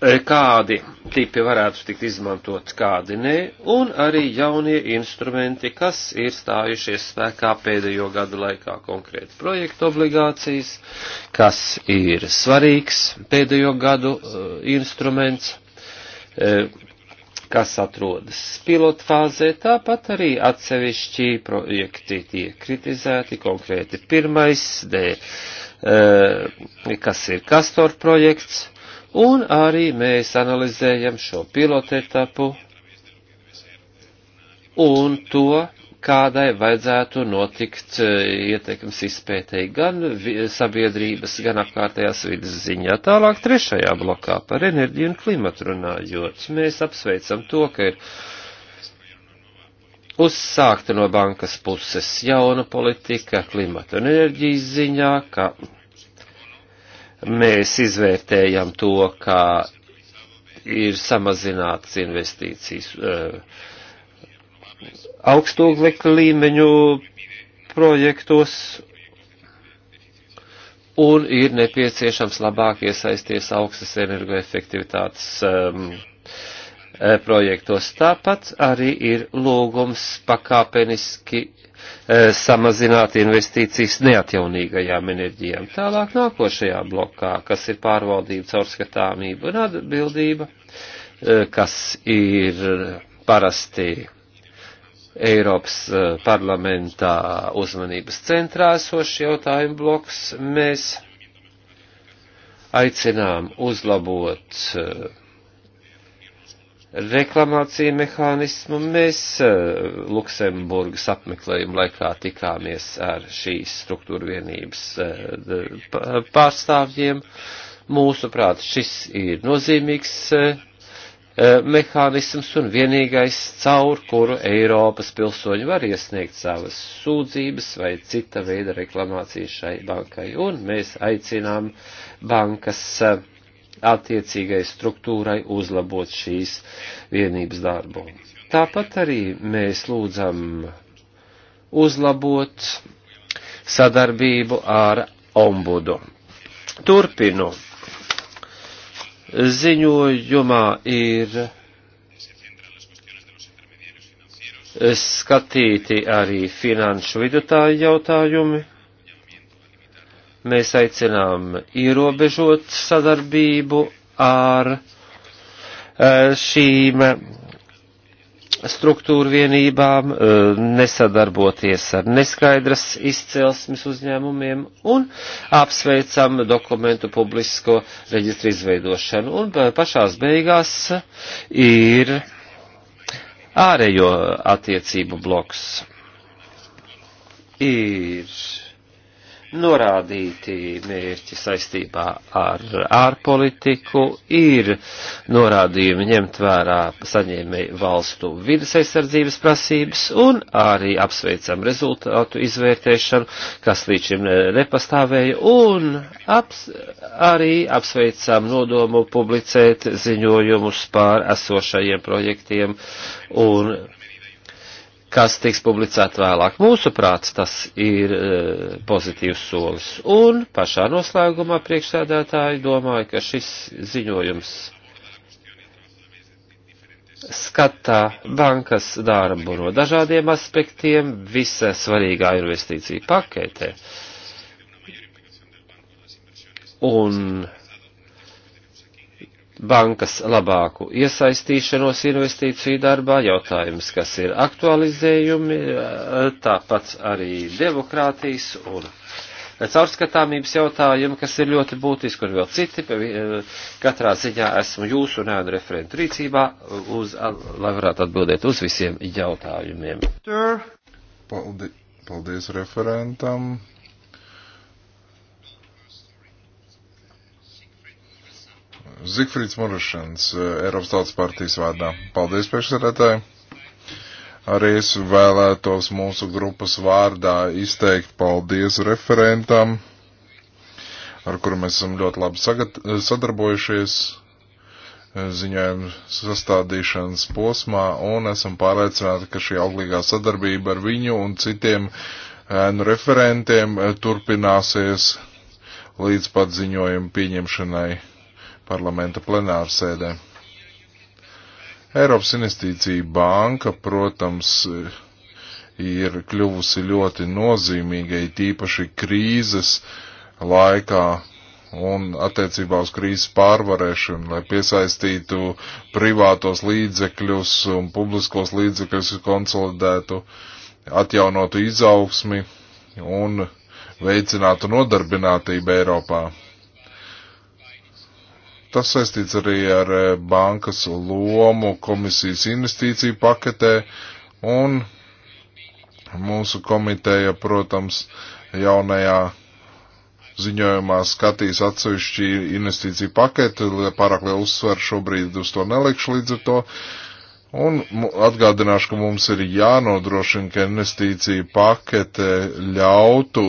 Eh, kādi tipi varētu tikt izmantot, kādi nē, un arī jaunie instrumenti, kas ir stājušies spēkā pēdējo gadu laikā konkrēti projektu obligācijas, kas ir svarīgs pēdējo gadu uh, instruments, uh, kas atrodas pilotfāzē, tāpat arī atsevišķi projekti tiek kritizēti, konkrēti pirmais, D, uh, kas ir Kastor projekts, Un arī mēs analizējam šo pilotetapu un to, kādai vajadzētu notikt e, ietekmes izpētēji gan sabiedrības, gan apkārtējās vidas ziņā. Tālāk trešajā blokā par enerģiju un klimatu runājot. Mēs apsveicam to, ka ir uzsākta no bankas puses jauna politika klimata un enerģijas ziņā, ka mēs izvērtējam to, kā ir samazināts investīcijas eh, augstoglekļa līmeņu projektos un ir nepieciešams labāk iesaisties augstas energoefektivitātes um, projektos. Tāpat arī ir lūgums pakāpeniski Eh, samazināt investīcijas neatjaunīgajām enerģijām. Tālāk nākošajā blokā, kas ir pārvaldība, caurskatāmība un atbildība, eh, kas ir parasti Eiropas eh, parlamentā uzmanības centrā esošs jautājumu bloks, mēs aicinām uzlabot uh, reklamācija mehānismu. Mēs eh, Luksemburgas apmeklējuma laikā tikāmies ar šīs struktūra vienības eh, pārstāvjiem. Mūsuprāt, šis ir nozīmīgs eh, mehānisms un vienīgais, caur kuru Eiropas pilsoņi var iesniegt savas sūdzības vai cita veida reklamācijas šai bankai. Un mēs aicinām bankas attiecīgai struktūrai uzlabot šīs vienības darbu. Tāpat arī mēs lūdzam uzlabot sadarbību ar ombudu. Turpinu. Ziņojumā ir skatīti arī finanšu vidutāju jautājumi. Mēs aicinām ierobežot sadarbību ar eh, šīm eh, struktūru vienībām, eh, nesadarboties ar neskaidras izcelsmes uzņēmumiem un apsveicam dokumentu publisko reģistru izveidošanu. Un pašās beigās ir ārējo attiecību bloks. Ir norādīti mērķi saistībā ar ārpolitiku, ir norādījumi ņemt vērā saņēmēju valstu vidas aizsardzības prasības un arī apsveicam rezultātu izvērtēšanu, kas līdz šim e, nepastāvēja, un aps, arī apsveicam nodomu publicēt ziņojumus pār esošajiem projektiem un kas tiks publicēta vēlāk. Mūsuprāt, tas ir e, pozitīvs solis. Un pašā noslēgumā priekšsēdētāji domāju, ka šis ziņojums skata bankas darbu no dažādiem aspektiem visā svarīgā investīcija paketē. Un bankas labāku iesaistīšanos investīciju darbā, jautājums, kas ir aktualizējumi, eh, tāpat arī demokrātijas un caurskatāmības jautājumi, kas ir ļoti būtiski un vēl citi. Eh, katrā ziņā esmu jūsu un ēnu referentu rīcībā, uz, lai varētu atbildēt uz visiem jautājumiem. Paldies, paldies referentam. Zigfrīds Murašans, eh, Eiropas Tautas partijas vārdā. Paldies, priekšsēdētāji! Arī es vēlētos mūsu grupas vārdā izteikt paldies referentam, ar kuru mēs esam ļoti labi sadarbojušies eh, ziņojuma sastādīšanas posmā, un esam pārliecināti, ka šī auglīgā sadarbība ar viņu un citiem ēnu referentiem eh, turpināsies līdz pat ziņojuma pieņemšanai parlamenta plenārsēdē. Eiropas investīcija banka, protams, ir kļuvusi ļoti nozīmīgai, tīpaši krīzes laikā un attiecībā uz krīzes pārvarēšanu, lai piesaistītu privātos līdzekļus un publiskos līdzekļus konsolidētu, atjaunotu izaugsmi un veicinātu nodarbinātību Eiropā. Tas saistīts arī ar e, bankas lomu komisijas investīciju paketē un mūsu komiteja, protams, jaunajā ziņojumā skatīs atsevišķi investīciju paketi, pārāk lielu uzsvaru šobrīd uz to nelikšu līdz ar to. Un atgādināšu, ka mums ir jānodrošina, ka investīcija pakete ļautu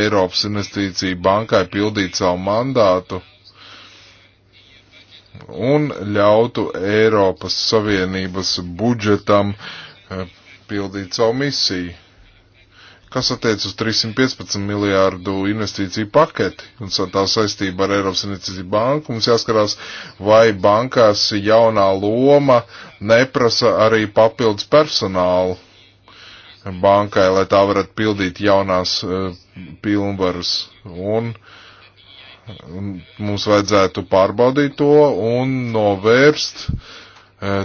Eiropas investīciju bankai pildīt savu mandātu un ļautu Eiropas Savienības budžetam eh, pildīt savu misiju. Kas attiec uz 315 miljārdu investīciju paketi un tā saistība ar Eiropas Investīciju banku, mums jāskarās, vai bankās jaunā loma neprasa arī papildus personālu bankai, lai tā varētu pildīt jaunās uh, eh, pilnvarus. Un uh, Mums vajadzētu pārbaudīt to un novērst e,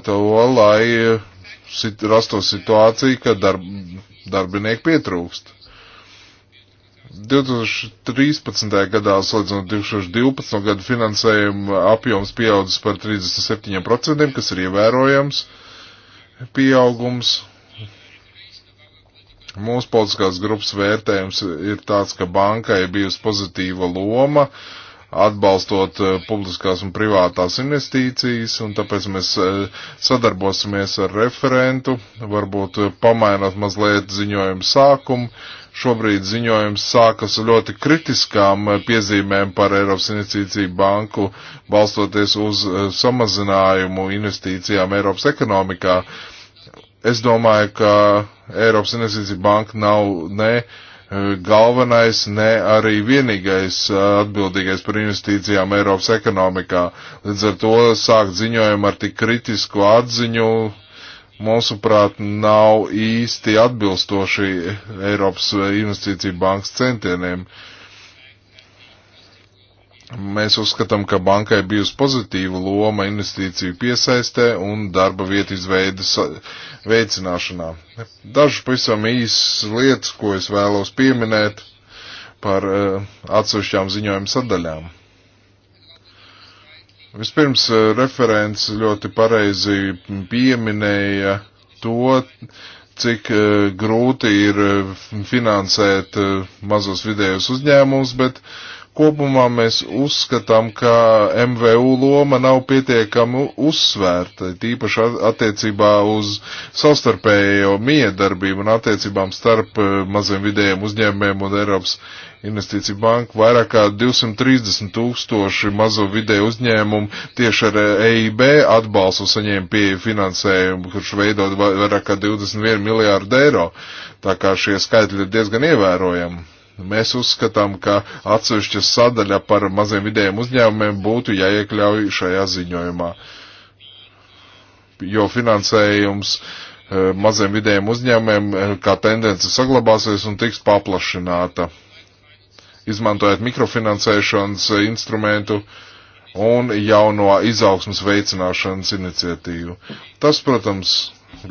to, lai sit, rastos situācija, ka darb, darbinieku pietrūkst. 2013. gadā, slēdzot 2012. gadu finansējuma apjoms pieaudzis par 37%, kas ir ievērojams pieaugums Mūsu politiskās grupas vērtējums ir tāds, ka bankai bijusi pozitīva loma atbalstot eh, publiskās un privātās investīcijas, un tāpēc mēs eh, sadarbosimies ar referentu, varbūt eh, pamainot mazliet ziņojumu sākumu, šobrīd ziņojums sākas ļoti kritiskām piezīmēm par Eiropas investīciju banku, balstoties uz samazinājumu investīcijām Eiropas ekonomikā es domāju, ka Eiropas Investīcija banka nav ne eh, galvenais, ne arī vienīgais eh, atbildīgais par investīcijām Eiropas ekonomikā. Līdz ar to sākt ziņojumu ar tik kritisku atziņu, mūsuprāt, nav īsti atbilstoši Eiropas Investīcija bankas centieniem. Uh, Mēs uzskatām, ka bankai bijusi pozitīva loma investīciju piesaistē un darba vietu izveidas veicināšanā. Dažas pavisam īsas lietas, ko es vēlos pieminēt par uh, atsevišķām ziņojuma sadaļām. Vispirms uh, referents ļoti pareizi pieminēja to, cik uh, grūti ir finansēt mazos vidējos uzņēmumus, bet uh, kopumā mēs uzskatām, ka MVU loma nav pietiekami uzsvērta, tīpaši attiecībā uz savstarpējo miedarbību un attiecībām starp eh, maziem vidējiem uzņēmumiem un Eiropas investīciju banku. Vairāk kā 230 tūkstoši mazo vidēju uzņēmumu tieši ar EIB atbalstu saņēma pieeja finansējumu, kurš veido vairāk kā 21 miljārdu eiro. Tā kā šie skaitļi ir diezgan ievērojami. Mēs uzskatām, ka atsevišķa sadaļa par maziem vidējiem uzņēmumiem būtu jāiekļauj šajā ziņojumā, jo finansējums eh, maziem vidējiem uzņēmumiem eh, kā tendence saglabāsies un tiks paplašināta, izmantojot mikrofinansēšanas instrumentu un jauno izaugsmas veicināšanas iniciatīvu. Tas, protams,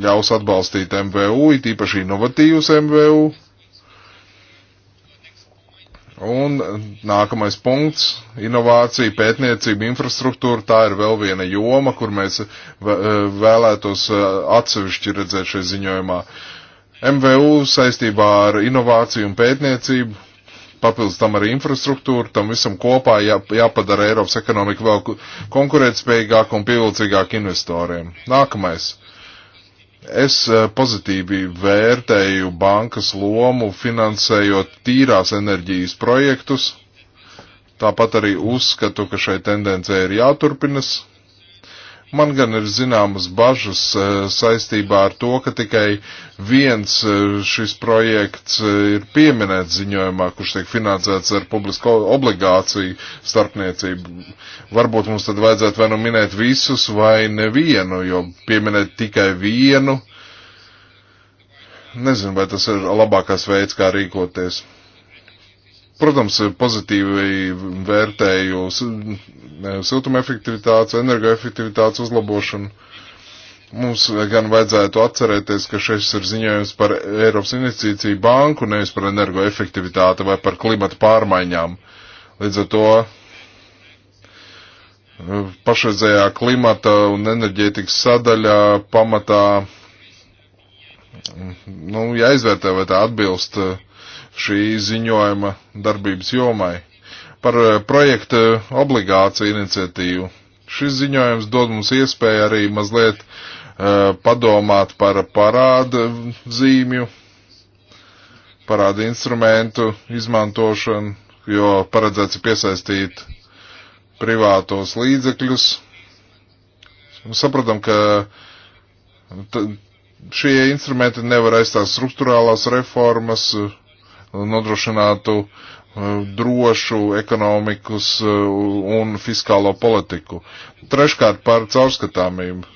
ļaus atbalstīt MVU, it īpaši inovatīvus MVU Un eh, nākamais punkts - inovācija, pētniecība, infrastruktūra. Tā ir vēl viena joma, kur mēs eh, eh, vēlētos atsevišķi redzēt šajā ziņojumā. MVU saistībā ar inovāciju un pētniecību, papildus tam arī infrastruktūra, tam visam kopā jā, jāpadara Eiropas ekonomika vēl konkurētspējīgāk un pievilcīgāk investoriem. Nākamais Es eh, pozitīvi vērtēju bankas lomu finansējot tīrās enerģijas projektus. Tāpat arī uzskatu, ka šai tendencē ir jāturpinas Man gan ir zināmas bažas e, saistībā ar to, ka tikai viens e, šis projekts e, ir pieminēts ziņojumā, kurš tiek finansēts ar publisko obligāciju starpniecību. Varbūt mums tad vajadzētu vai nu minēt visus, vai nevienu, jo pieminēt tikai vienu. Nezinu, vai tas ir labākais veids, kā rīkoties. Protams, pozitīvi vērtēju siltuma efektivitātes, energoefektivitātes uzlabošanu. Mums gan vajadzētu atcerēties, ka šis ir ziņojums par Eiropas investīciju banku, nevis par energoefektivitāti vai par klimata pārmaiņām. Līdz ar to pašreizējā klimata un enerģētikas sadaļā pamatā, nu, jāizvērtē, vai tā atbilst uh, šī ziņojuma darbības jomai par eh, projekta obligāciju iniciatīvu. Šis ziņojums dod mums iespēju arī mazliet uh, padomāt par parāda zīmju, parāda instrumentu izmantošanu, jo paredzēts piesaistīt privātos līdzekļus. Mēs sapratam, ka šie instrumenti nevar aizstāt struktūrālās reformas, uh, nodrošinātu uh, drošu ekonomikas uh, un fiskālo politiku. Treškārt par caurskatāmību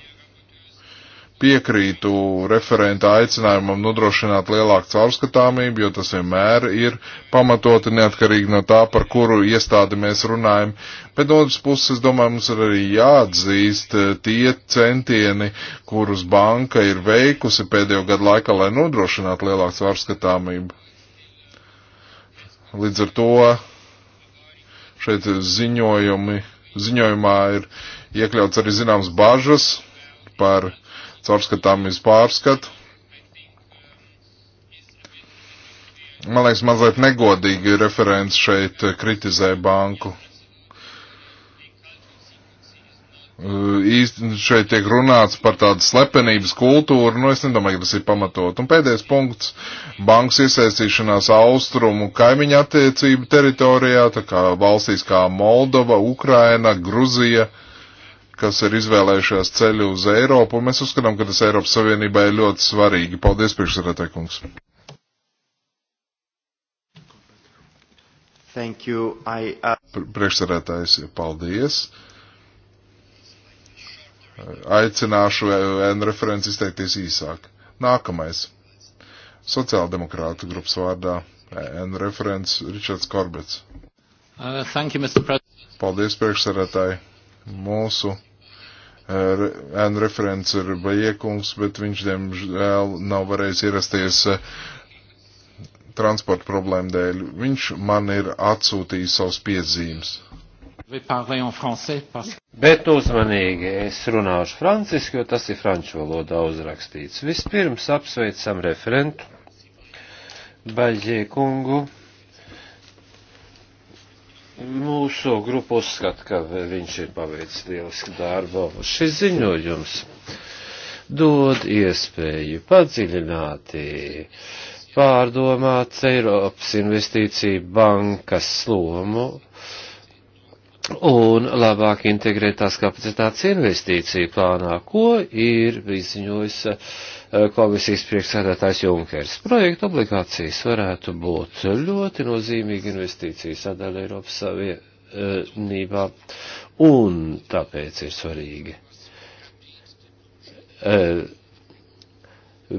piekrītu referenta aicinājumam nodrošināt lielāku caurskatāmību, jo tas vienmēr ir pamatoti neatkarīgi no tā, par kuru iestādi mēs runājam. Bet no otras puses, es domāju, mums ir arī jāatzīst uh, tie centieni, kurus banka ir veikusi pēdējo gadu laikā, lai nodrošinātu lielāku caurskatāmību. Līdz ar to šeit ziņojumi, ziņojumā ir iekļauts arī zināms bažas par caurskatāmības pārskatu. Man liekas, mazliet negodīgi referents šeit kritizē banku Eh, īstenībā šeit tiek runāts par tādu slepenības kultūru, nu es nedomāju, ka tas ir pamatot. Un pēdējais punkts - bankas iesaistīšanās austrumu kaimiņu attiecību teritorijā, tā kā valstīs kā Moldova, Ukraina, Gruzija, kas ir izvēlējušās ceļu uz Eiropu, un mēs uzskatām, ka tas Eiropas Savienībai ir ļoti svarīgi. Paldies, priekšsēdētāj kungs! Thank you. I, uh... Priekšsarētājs, paldies. Aicināšu N referents izteikties īsāk. Nākamais. Sociāldemokrāta grupas vārdā N referents Ričards Korbets. Uh, thank you, Mr. President. Paldies, priekšsarētāji. Mūsu uh, N referents ir Bajiekungs, bet viņš, diemžēl, nav varējis ierasties uh, transporta problēmu dēļ. Viņš man ir atsūtījis savus piezīmes. Bet uzmanīgi es runāšu franciski, jo tas ir franču valodā uzrakstīts. Vispirms apsveicam referentu Baļģie kungu. Mūsu grupa uzskata, ka viņš ir paveicis lielisku darbu. Šis ziņojums dod iespēju padziļināti pārdomāt Eiropas investīciju bankas lomu un labāk integrēt tās kapacitātes investīciju plānā, ko ir izziņojis eh, komisijas priekšsēdētājs Junkers. Projekta obligācijas varētu būt ļoti nozīmīga investīcija sadaļa Eiropas Savienībā, un tāpēc ir svarīgi eh,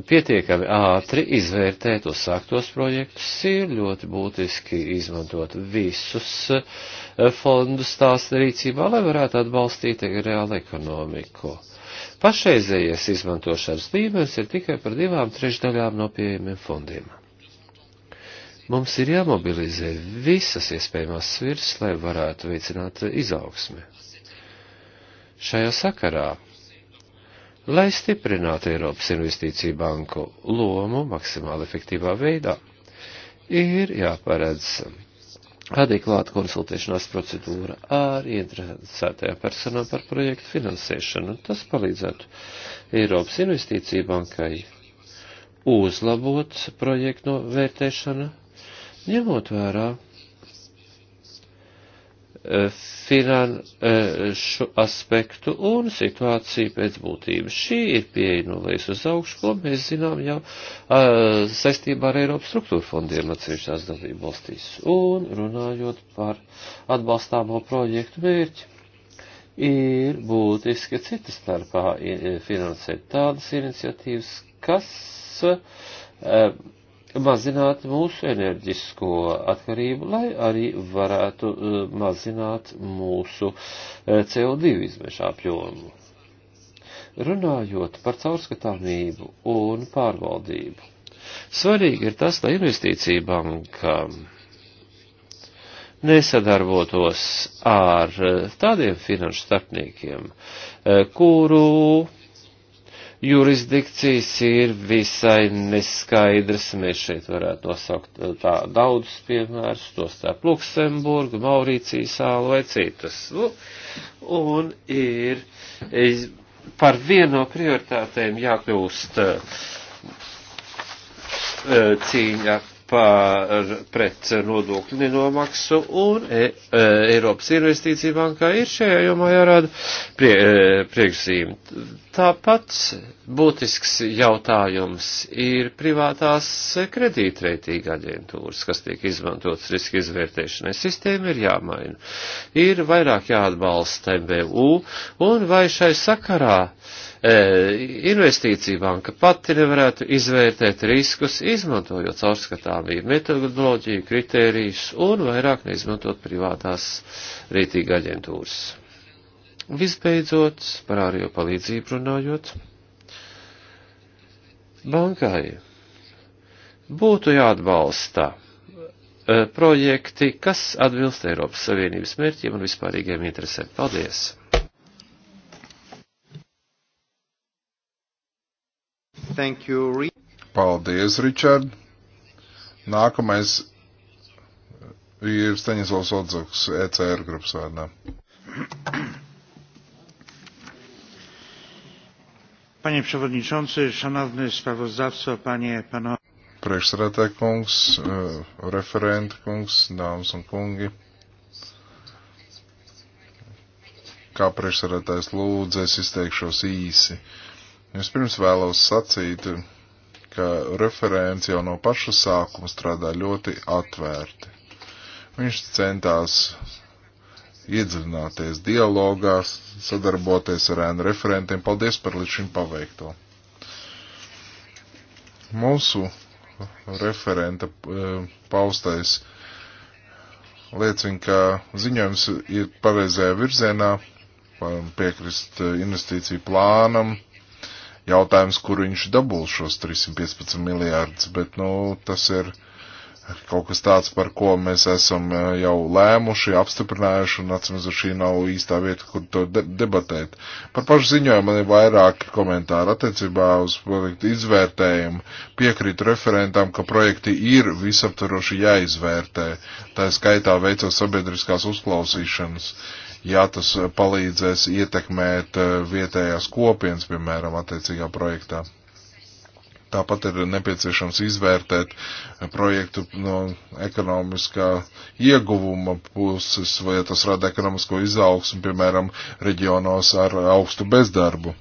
pietiekami ātri izvērtēt uzsāktos projektus, ir ļoti būtiski izmantot visus eh, fondus tās rīcībā, lai varētu atbalstīt reālu ekonomiku. Pašreizējais izmantošanas līmenis ir tikai par divām trešdaļām no pieejamiem fondiem. Mums ir jāmobilizē visas iespējamās svirs, lai varētu veicināt izaugsmi. Šajā sakarā lai stiprinātu Eiropas investīciju banku lomu maksimāli efektīvā veidā. Ir jāparedz adekvāta konsultēšanās procedūra ar interesētajām personām par projektu finansēšanu. Tas palīdzētu Eiropas investīciju bankai uzlabot projektu novērtēšanu, ņemot vērā E, finanšu e, aspektu un situāciju pēc būtības. Šī ir pieeja nulēs uz augšu, ko mēs zinām jau uh, saistībā ar Eiropas struktūra fondiem atsevišķās dalību valstīs. Un runājot par atbalstāmo projektu mērķi, ir būtiski cita starpā finansēt tādas iniciatīvas, kas uh, mazināt mūsu enerģisko atkarību, lai arī varētu e, mazināt mūsu e, CO2 izmešu apjomu. Runājot par caurskatāmību un pārvaldību, svarīgi ir tas, lai investīcija bankām nesadarbotos ar e, tādiem finanšu starpniekiem, kuru jurisdikcijas ir visai neskaidras. Mēs šeit varētu nosaukt eh, tā daudzus piemērus, tostarp Luksemburgu, Maurīcijas sālu vai citas. Nu, un ir eh, par vienu no prioritātēm jākļūst eh, cīņa par pret nodokļu nenomaksu un e, e, Eiropas investīcija bankā ir šajā jomā jārāda prie, e, priekšzīme. Tāpat būtisks jautājums ir privātās kredītreitīga aģentūras, kas tiek izmantotas riska izvērtēšanai. Sistēma ir jāmaina. Ir vairāk jāatbalsta MBU un vai šai sakarā E, investīcija banka pati nevarētu izvērtēt riskus, izmantojot caurskatāmību metodoloģiju, kritērijus un vairāk neizmantot privātās rītīga aģentūras. Visbeidzot, par ārējo palīdzību runājot, bankai būtu jāatbalsta e, projekti, kas atbilst Eiropas Savienības mērķiem un vispārīgiem interesēm. Paldies! Thank you. Paldies, Richard. Nākamais ir Staņislavs Odzaks, ECR grupas vārdā. Panie przewodniczący, szanowny sprawozdawco, panie, panowie. Priekšsēdētāj kungs, e, referenta kungs, dāmas un kungi. Kā priekšsēdētājs lūdzu, es izteikšos īsi. Uh, Es pirms vēlos sacīt, ka referents jau no paša sākuma strādā ļoti atvērti. Viņš centās iedzināties dialogās, sadarboties ar ēnu referentiem. Paldies par līdz šim paveikto. Mūsu referenta e, paustais liecina, ka ziņojums ir pareizajā virzienā, piekrist e, investīciju plānam, jautājums, kur viņš dabūl šos 315 miljārdus, bet, nu, tas ir kaut kas tāds, par ko mēs esam eh, jau lēmuši, apstiprinājuši, un atcīmēs, šī nav īstā vieta, kur to de debatēt. Par pašu ziņojumu man ir vairāki komentāri attiecībā uz projektu izvērtējumu. Piekrītu referentam, ka projekti ir visaptaroši jāizvērtē, tā skaitā veicot sabiedriskās uzklausīšanas. Uh, ja tas palīdzēs ietekmēt eh, vietējās kopienas, piemēram, attiecīgā projektā. Tāpat ir nepieciešams izvērtēt eh, projektu no ekonomiskā ieguvuma puses, vai tas rada ekonomisko izaugsmu, piemēram, reģionos ar augstu bezdarbu.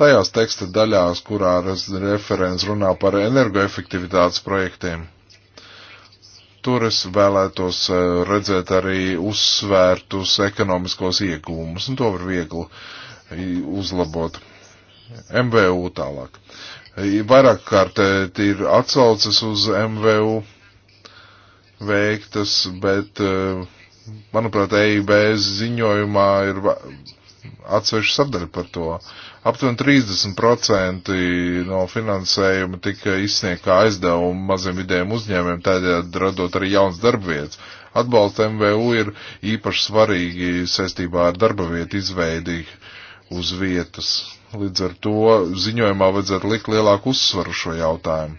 Tajās teksta daļās, kurā referents runā par energoefektivitātes projektiem Tur es vēlētos eh, redzēt arī uzsvērtus ekonomiskos iegūmus, un to var viegli eh, uzlabot. MVU tālāk. Eh, vairāk kārt ir atsaucas uz MVU veiktas, bet, manuprāt, EIB ziņojumā ir atsevišķa sadaļa par to. Aptuveni 30% no finansējuma tika izsniegta kā aizdevuma maziem vidējiem uzņēmiem, tādējādi radot arī jauns darbvietas. Atbalsta MVU ir īpaši svarīgi saistībā ar darba vietu izveidi uz vietas. Līdz ar to ziņojumā vajadzētu likt lielāku uzsvaru šo jautājumu.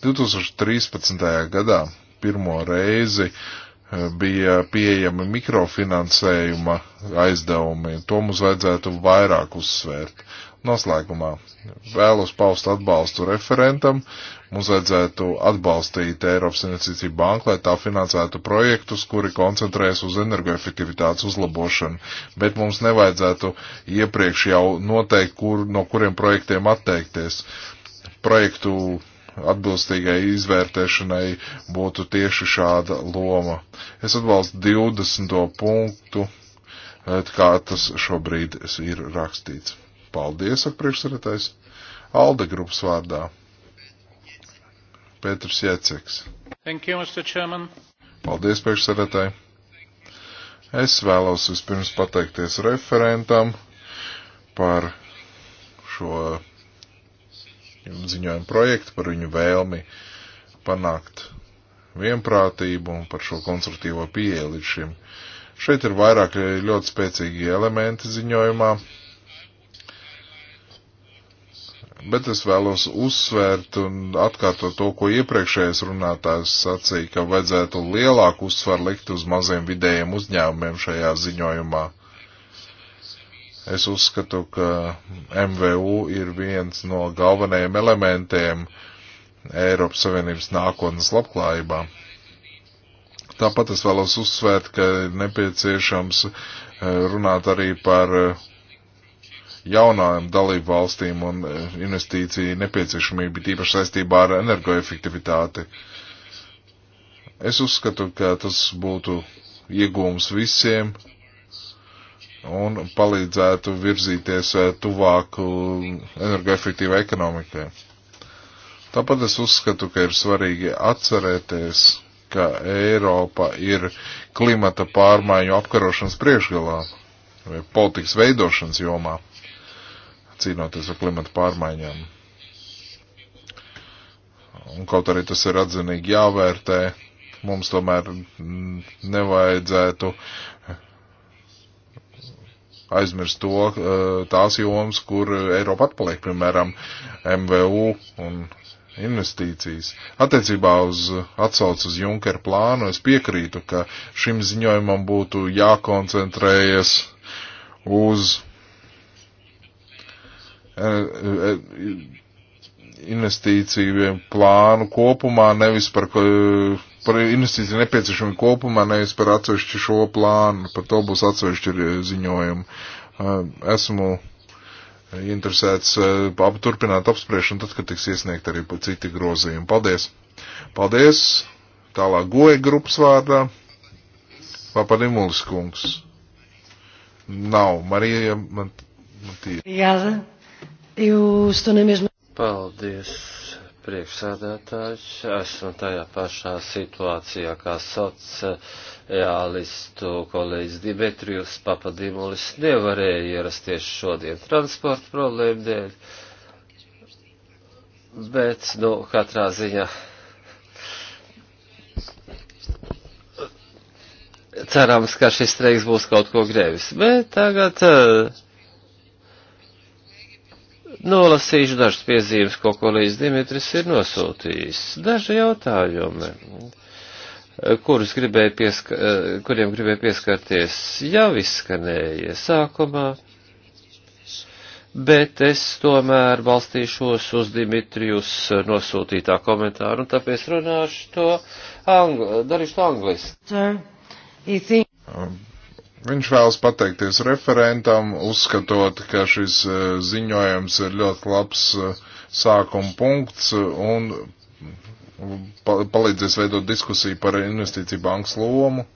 2013. gadā pirmo reizi uh, bija pieejami mikrofinansējuma aizdevumi. To mums vajadzētu vairāk uzsvērt. Noslēgumā vēlos paust atbalstu referentam. Mums vajadzētu atbalstīt Eiropas Investīciju banku, lai tā finansētu projektus, kuri koncentrējas uz energoefektivitātes uzlabošanu, bet mums nevajadzētu iepriekš jau noteikt, kur, no kuriem projektiem atteikties. Projektu atbilstīgai izvērtēšanai būtu tieši šāda loma. Es atbalstu 20. punktu, eh, kā tas šobrīd ir rakstīts. Paldies, ak priekšsarētājs. Alde grupas vārdā. Pēters Jēceks. Thank you, Mr. Chairman. Paldies, priekšsarētāji. Es vēlos vispirms pateikties referentam par šo ziņojumu projektu, par viņu vēlmi panākt vienprātību un par šo konstruktīvo pieeju līdz šim. Šeit ir vairāk ļoti spēcīgi elementi ziņojumā, bet es vēlos uzsvērt un atkārtot to, ko iepriekšējais runātājs sacīja, ka vajadzētu lielāku uzsvaru likt uz maziem vidējiem uzņēmumiem šajā ziņojumā. Es uzskatu, ka MVU ir viens no galvenajiem elementiem Eiropas Savienības nākotnes labklājībā. Tāpat es vēlos uzsvērt, ka nepieciešams eh, runāt arī par eh, jaunām dalību valstīm un eh, investīciju nepieciešamību, tīpaši saistībā ar energoefektivitāti. Es uzskatu, ka tas būtu iegūms visiem, un palīdzētu virzīties eh, tuvāku eh, energoefektīvai ekonomikai. Tāpat es uzskatu, ka ir svarīgi atcerēties, ka Eiropa ir klimata pārmaiņu apkarošanas priekšgalā vai politikas veidošanas jomā, cīnoties ar klimata pārmaiņām. Un kaut arī tas ir atzinīgi jāvērtē, mums tomēr nevajadzētu aizmirst to eh, tās jomas, kur eh, Eiropa atpaliek, piemēram, MVU un investīcijas. Attiecībā uz atsauc uz Junker plānu es piekrītu, ka šim ziņojumam būtu jākoncentrējas uz eh, investīciju plānu kopumā, nevis par par investīciju nepieciešamību kopumā, nevis par atsevišķu šo plānu. Par to būs atsevišķi eh, ziņojumi. Eh, esmu eh, interesēts apturpināt apspriešanu tad, kad tiks iesniegt arī citi grozījumi. Paldies! Paldies! Tālāk goja grupas vārdā. Papadimulis kungs. Nav. Marija, man, man tie. Jā, jūs to nemēģināt. Paldies! priekšsēdētājs. Esmu tajā pašā situācijā kā sociālistu kolēģis Dimitrijus Papadimulis. Nevarēja ierasties šodien transporta problēmu dēļ, bet, nu, katrā ziņā. Cerams, ka šis streiks būs kaut ko grēvis, bet tagad uh, Nolasīšu dažas piezīmes, ko kolēģis Dimitris ir nosūtījis. Daži jautājumi, kurus gribēju pieska, eh, kuriem gribēju pieskarties, jau izskanēja sākumā, bet es tomēr balstīšos uz Dimitrijus nosūtītā komentāru, un tāpēc runāšu to angli, darīšu to angliski. Viņš vēlas pateikties referentam, uzskatot, ka šis eh, ziņojums ir ļoti labs eh, sākuma punkts eh, un palīdzēs veidot diskusiju par investīciju bankas lomu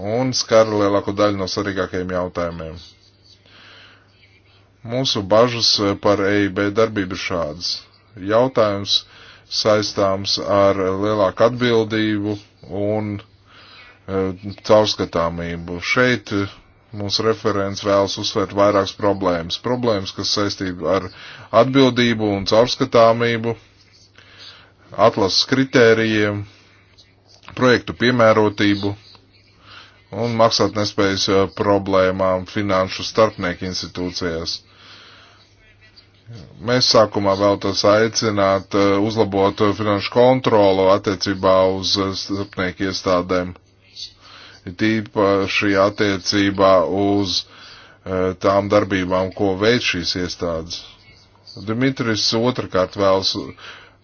un skar lielāko daļu no svarīgākajiem jautājumiem. Mūsu bažas par EIB darbību ir šādas. Jautājums saistāms ar lielāku atbildību un Eh, caurskatāmību. Šeit eh, mūsu referents vēlas uzsvērt vairākas problēmas. Problēmas, kas saistība ar atbildību un caurskatāmību, atlases kritērijiem, projektu piemērotību un maksātnespējas eh, problēmām finanšu starpnieku institūcijās. Mēs sākumā vēlamies aicināt uzlabot finanšu kontrolu attiecībā uz starpnieku iestādēm tīpaši attiecībā uz eh, tām darbībām, ko veic šīs iestādes. Dimitris otrkārt vēlas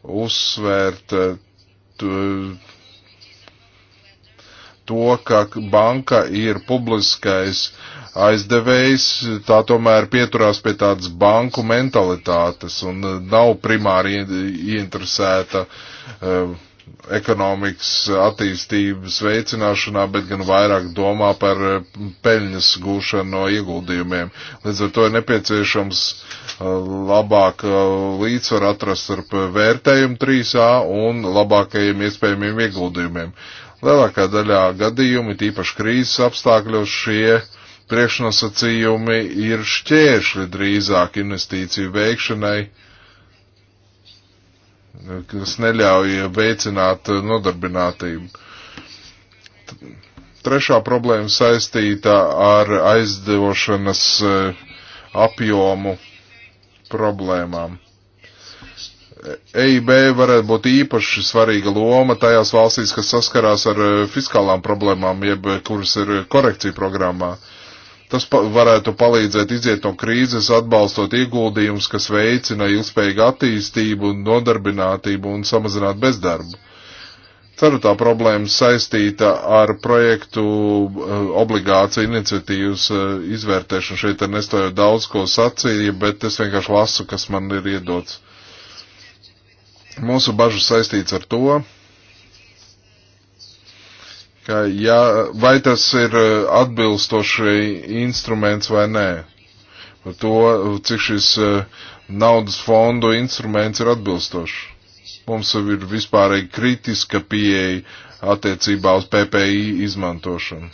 uzsvērt eh, to, ka banka ir publiskais aizdevējs, tā tomēr pieturās pie tādas banku mentalitātes un eh, nav primāri ieinteresēta uh, ekonomikas attīstības veicināšanā, bet gan vairāk domā par eh, peļņas gūšanu no ieguldījumiem. Līdz ar to ir nepieciešams eh, labāk eh, līdzsvar atrast ar vērtējumu 3A un labākajiem iespējamiem ieguldījumiem. Lielākā daļā gadījumi, tīpaši krīzes apstākļos, šie priekšnosacījumi ir šķēršļi drīzāk investīciju veikšanai kas neļauj veicināt nodarbinātību. Trešā problēma saistīta ar aizdevošanas eh, apjomu problēmām. EIB varētu būt īpaši svarīga loma tajās valstīs, kas saskarās ar eh, fiskālām problēmām, jeb kuras ir korekcija programmā. Uh, Tas pa varētu palīdzēt iziet no krīzes, atbalstot ieguldījumus, kas veicina ilgspējīgu attīstību, nodarbinātību un samazināt bezdarbu. Ceturtā problēma saistīta ar projektu eh, obligāciju iniciatīvas eh, izvērtēšanu. Šeit ar nestāju daudz ko sacīja, bet es vienkārši lasu, kas man ir iedots. Mūsu bažas saistīts ar to, ka ja, vai tas ir eh, atbilstoši instruments vai nē. Par to, cik šis eh, naudas fondu instruments ir atbilstošs. Mums ir vispārēji kritiska pieeja attiecībā uz PPI izmantošanu.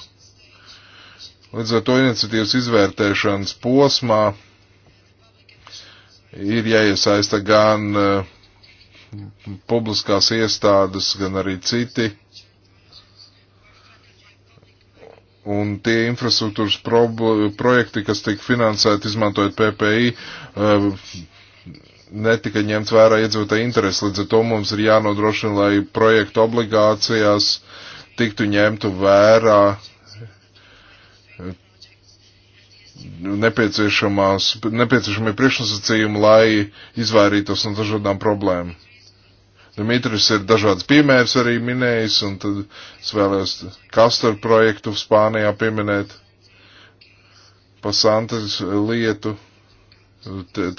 Līdz ar to iniciatīvas izvērtēšanas posmā ir jāiesaista gan eh, publiskās iestādes, gan arī citi Un tie infrastruktūras pro, projekti, kas tika finansēti izmantojot PPI, eh, netika ņemts vērā iedzīvotāji interesi. Līdz ar to mums ir jānodrošina, lai projektu obligācijās tiktu ņemtu vērā eh, nepieciešamie priekšnosacījumi, lai izvairītos no dažādām problēmām. Dimitris nu, ir dažādas piemēras arī minējis, un tad es vēlos Kastor projektu Spānijā pieminēt, pasantas lietu.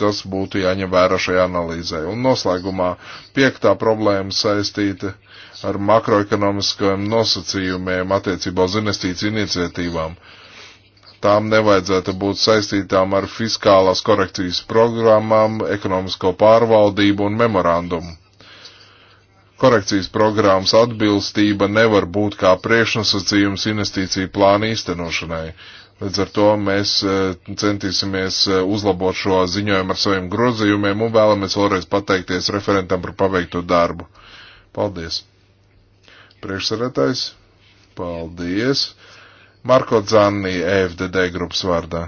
Tas būtu jāņem vērā šajā analīzē. Un noslēgumā piektā problēma saistīta ar makroekonomiskajiem nosacījumiem attiecībā uz investīciju iniciatīvām. Tām nevajadzētu būt saistītām ar fiskālās korekcijas programmām, ekonomisko pārvaldību un memorandumu korekcijas programmas atbilstība nevar būt kā priekšnosacījums investīciju plāna īstenošanai. Līdz ar to mēs eh, centīsimies eh, uzlabot šo ziņojumu ar saviem grozījumiem un vēlamies vēlreiz pateikties referentam par paveikto darbu. Paldies! Priekšsarētājs, paldies! Marko Zanni, EFDD grupas vārdā.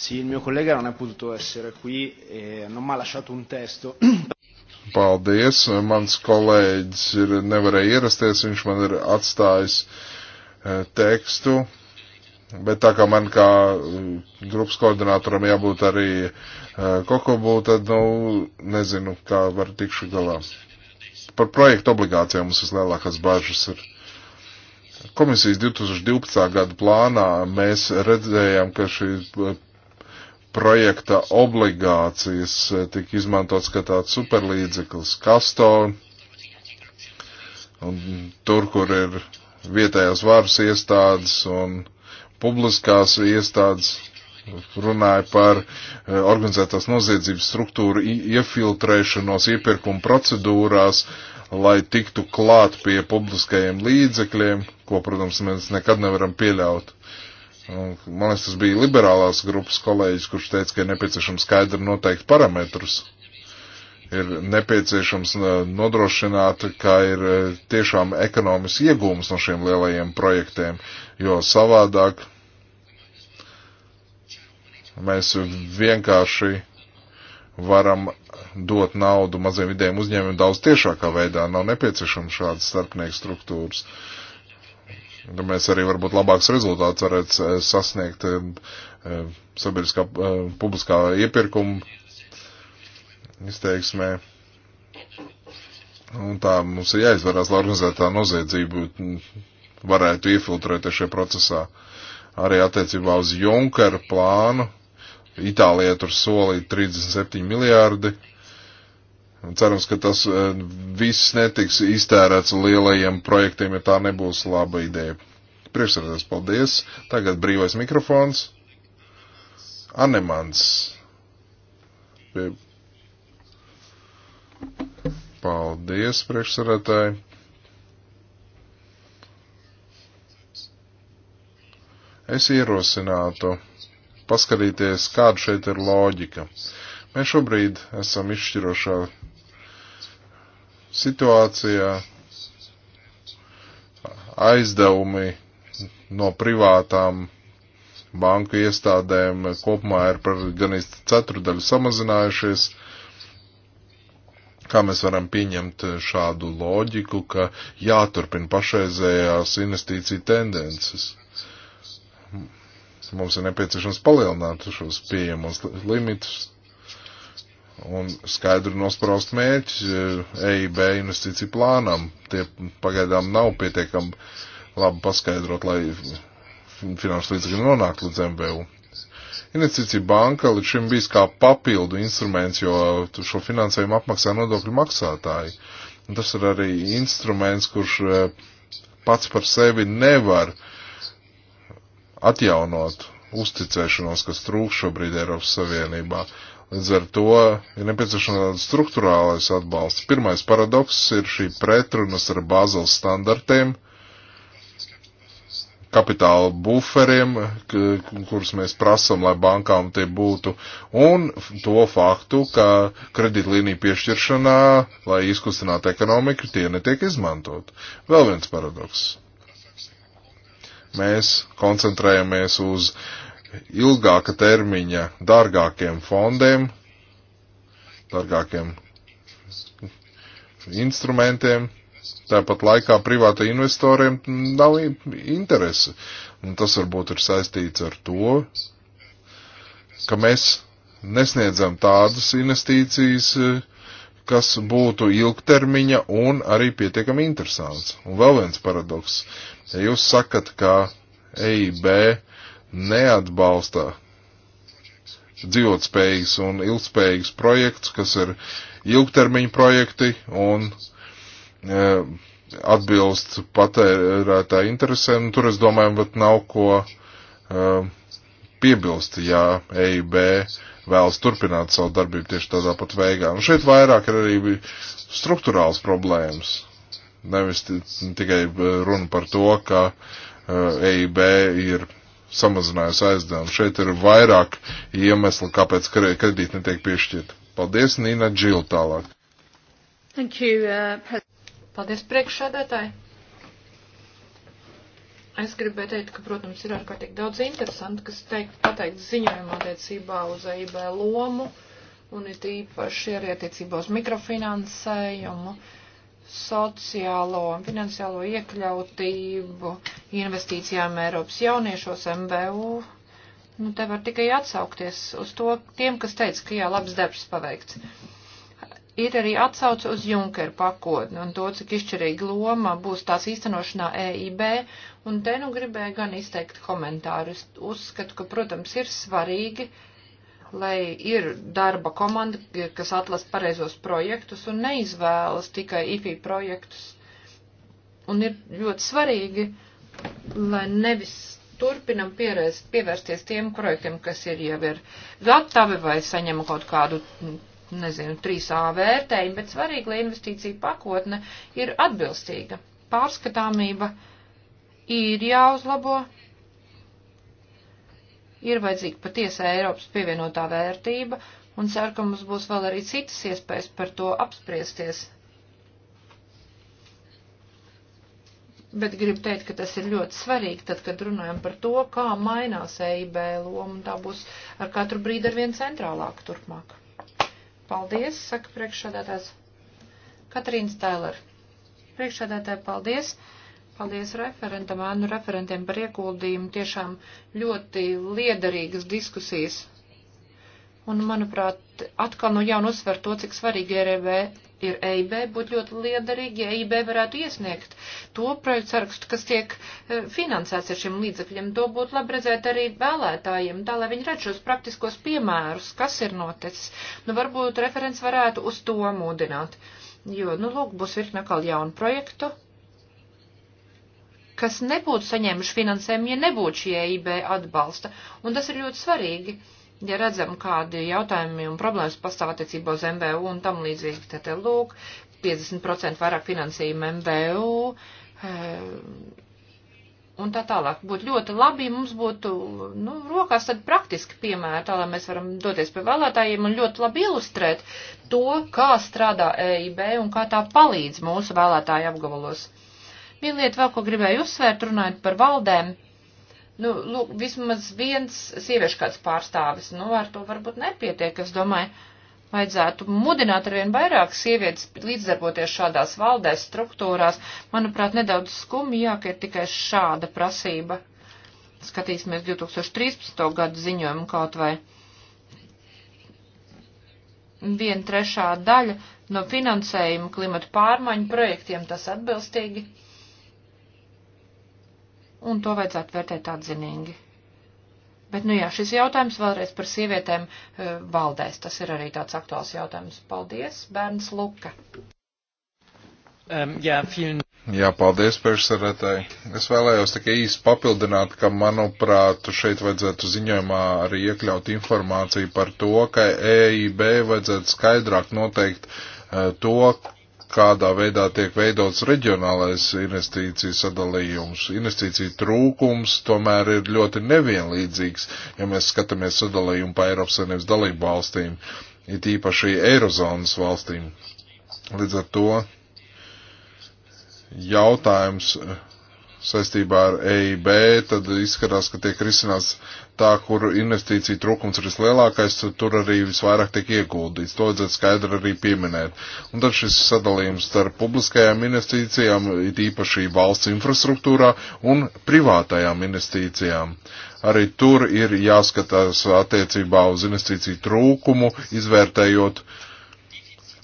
Sì, il mio collega non è potuto essere qui e non mi ha lasciato un testo. Paldies, mans kolēģis ir, nevarēja ierasties, viņš man ir atstājis eh, tekstu, bet tā kā man kā mm, grupas koordinatoram jābūt arī eh, kokobū, tad, nu, nezinu, kā var tikšu galā. Par projektu obligācijām mums vislielākās bažas ir. Komisijas 2012. gada plānā mēs redzējām, ka šī eh, projekta obligācijas eh, tika izmantots kā tāds superlīdzeklis Kasto. Un tur, kur ir vietējās varas iestādes un publiskās iestādes, runāja par eh, organizētās noziedzības struktūru iefiltrēšanos iepirkuma procedūrās, lai tiktu klāt pie publiskajiem līdzekļiem, ko, protams, mēs nekad nevaram pieļaut. Nu, man liekas, tas bija liberālās grupas kolēģis, kurš teica, ka ir nepieciešams skaidri noteikt parametrus. Ir nepieciešams uh, nodrošināt, ka ir uh, tiešām ekonomisks iegūms no šiem lielajiem projektiem, jo savādāk mēs vienkārši varam dot naudu maziem vidējiem uzņēmumiem daudz tiešākā veidā. Nav nepieciešams šādas starpnieku struktūras. Uh, Tad mēs arī varbūt labāks rezultāts varētu eh, sasniegt eh, eh, sabiedriskā publiskā iepirkuma izteiksmē. Un tā mums ir jāizvarās, lai organizētā noziedzība mm, varētu iefiltrēties šajā procesā. Arī attiecībā uz Junkera plānu Itālijai tur solīja 37 miljārdi Cerams, ka tas e, viss netiks iztērēts lielajiem projektiem, ja tā nebūs laba ideja. Priekšsēdētājs, paldies. Tagad brīvais mikrofons. Anemans. Pie... Paldies, priekšsēdētāji. Es ierosinātu paskatīties, kāda šeit ir loģika. Mēs šobrīd esam izšķirošā situācijā aizdevumi no privātām banku iestādēm kopumā ir par gan īsti ceturdaļu samazinājušies. Kā mēs varam pieņemt šādu loģiku, ka jāturpina pašreizējās investīcija tendences? Mums ir nepieciešams palielināt šos pieejamos limitus un skaidru nospraust mērķus EIB eh, e investīciju plānam. Tie pagaidām nav pietiekami labi paskaidrot, lai finanšu līdzekļi nonāktu līdz MVU. Investīcija banka līdz šim bijis kā papildu instruments, jo šo finansējumu apmaksā nodokļu maksātāji. Un tas ir arī instruments, kurš eh, pats par sevi nevar atjaunot uzticēšanos, kas trūk šobrīd Eiropas Savienībā. Uh, Līdz ar to ir nepieciešams struktūrālais atbalsts. Pirmais paradoks ir šī pretrunas ar bāzels standartiem, kapitāla buferiem, kurus mēs prasam, lai bankām tie būtu, un to faktu, ka kreditlīnija piešķiršanā, lai izkustinātu ekonomiku, tie netiek izmantot. Vēl viens paradoks. Mēs koncentrējamies uz uh, ilgāka termiņa dārgākiem fondiem, dārgākiem instrumentiem. Tāpat laikā privāta investoriem nav interese. Un tas varbūt ir saistīts ar to, ka mēs nesniedzam tādas investīcijas, kas būtu ilgtermiņa un arī pietiekami interesants. Un vēl viens paradoks. Ja jūs sakat, ka EIB neatbalsta dzīvotspējīgs un ilgspējīgs projekts, kas ir ilgtermiņa projekti un e, atbilst patērētā interesēm. Tur es domāju, pat nav ko e, piebilst, ja EIB vēlas turpināt savu darbību tieši tādā pat veigā. Un šeit vairāk ir arī struktūrāls problēmas. Nevis tikai runa par to, ka e, EIB ir samazinājusi aizdevumu. Šeit ir vairāk iemeslu, kāpēc kredīti netiek piešķirti. Paldies, Nīna Džil tālāk. Thank you, uh, Paldies, priekšsādātāji. Es gribēju teikt, ka, protams, ir ārkārtīgi daudz interesanti, kas teikt, pateikt ziņojumā attiecībā uz EIB lomu un it īpaši arī attiecībā uz mikrofinansējumu. Uh, sociālo un finansiālo iekļautību, investīcijām Eiropas jauniešos, MVU. Nu, te var tikai atsaukties uz to tiem, kas teica, ka jā, labs darbs paveikts. Ir arī atsauce uz Junkeru pakotni un to, cik izšķirīga loma būs tās īstenošanā EIB, un te nu gribēju gan izteikt komentārus. Uzskatu, ka, protams, ir svarīgi uh, lai ir darba komanda, kas atlas pareizos projektus un neizvēlas tikai IFI projektus. Un ir ļoti svarīgi, lai nevis turpinam pierēst, pievērsties tiem projektiem, kas ir jau ir gatavi vai saņem kaut kādu, nezinu, 3A vērtējumu, bet svarīgi, lai investīcija pakotne ir atbilstīga. Pārskatāmība ir jāuzlabo. Ja ir vajadzīga patiesā Eiropas pievienotā vērtība, un ceru, ka mums būs vēl arī citas iespējas par to apspriesties. Bet gribu teikt, ka tas ir ļoti svarīgi, tad, kad runājam par to, kā mainās EIB loma, un tā būs ar katru brīdi arvien centrālāk turpmāk. Paldies, saka priekšsādātājs Katrīns Tailer. Priekšsādātāji, paldies! Paldies referentam, ānu referentiem par ieguldījumu. Tiešām ļoti liederīgas diskusijas. Un, manuprāt, atkal no jauna uzsver to, cik svarīgi e ir EB, ir EIB, būtu ļoti liederīgi, ja EIB varētu iesniegt to projektu sarakstu, kas tiek e, finansēts ar šiem līdzekļiem. To būtu labi redzēt arī vēlētājiem, tā lai viņi redz šos praktiskos piemērus, kas ir noticis. Nu, varbūt referents varētu uz to mūdināt. Jo, nu, lūk, būs virkni atkal jaunu projektu kas nebūtu saņēmuši finansējumu, ja nebūtu šī EIB atbalsta. Un tas ir ļoti svarīgi, ja redzam, kādi jautājumi un problēmas pastāv attiecībā uz MVU un tam līdzīgi. Tad eh, lūk, 50% vairāk finansējuma MVU. E, eh, un tā tālāk. Būtu ļoti labi, ja mums būtu nu, rokās tad praktiski piemēri, tā lai mēs varam doties pie vēlētājiem un ļoti labi ilustrēt to, kā strādā EIB un kā tā palīdz mūsu vēlētāju apgabalos. Viena lieta vēl, ko gribēju uzsvērt, runājot par valdēm. Nu, lūk, vismaz viens sieviešu kāds pārstāvis, nu, ar to varbūt nepietiek, es domāju vajadzētu mudināt arvien vairāk sievietes līdzdarboties šādās valdēs, struktūrās. Manuprāt, nedaudz skumji, jā, ka ir tikai šāda prasība. Skatīsimies 2013. gadu ziņojumu kaut vai. Viena trešā daļa no finansējuma klimatu pārmaiņu projektiem tas atbilstīgi un to vajadzētu vērtēt atzinīgi. Bet, nu jā, šis jautājums vēlreiz par sievietēm e, valdēs. Tas ir arī tāds aktuāls jautājums. Paldies, bērns Luka. Um, jā, film. Jā, paldies, priekšsarētāji. Es vēlējos tikai īsi papildināt, ka, manuprāt, šeit vajadzētu ziņojumā arī iekļaut informāciju par to, ka EIB vajadzētu skaidrāk noteikt uh, to, kādā veidā tiek veidots reģionālais investīciju sadalījums. Investīciju trūkums tomēr ir ļoti nevienlīdzīgs, ja mēs skatāmies sadalījumu pa Eiropas Savienības dalību valstīm, it īpaši Eirozonas valstīm. Līdz ar to jautājums saistībā ar EIB, tad izskatās, ka tiek risināts tā, kur investīcija trūkums ir vislielākais, tur arī visvairāk tiek ieguldīts. To vajadzētu skaidri arī pieminēt. Un tad šis sadalījums starp publiskajām investīcijām, it īpaši valsts infrastruktūrā un privātajām investīcijām. Arī tur ir jāskatās attiecībā uz investīciju trūkumu, izvērtējot uh,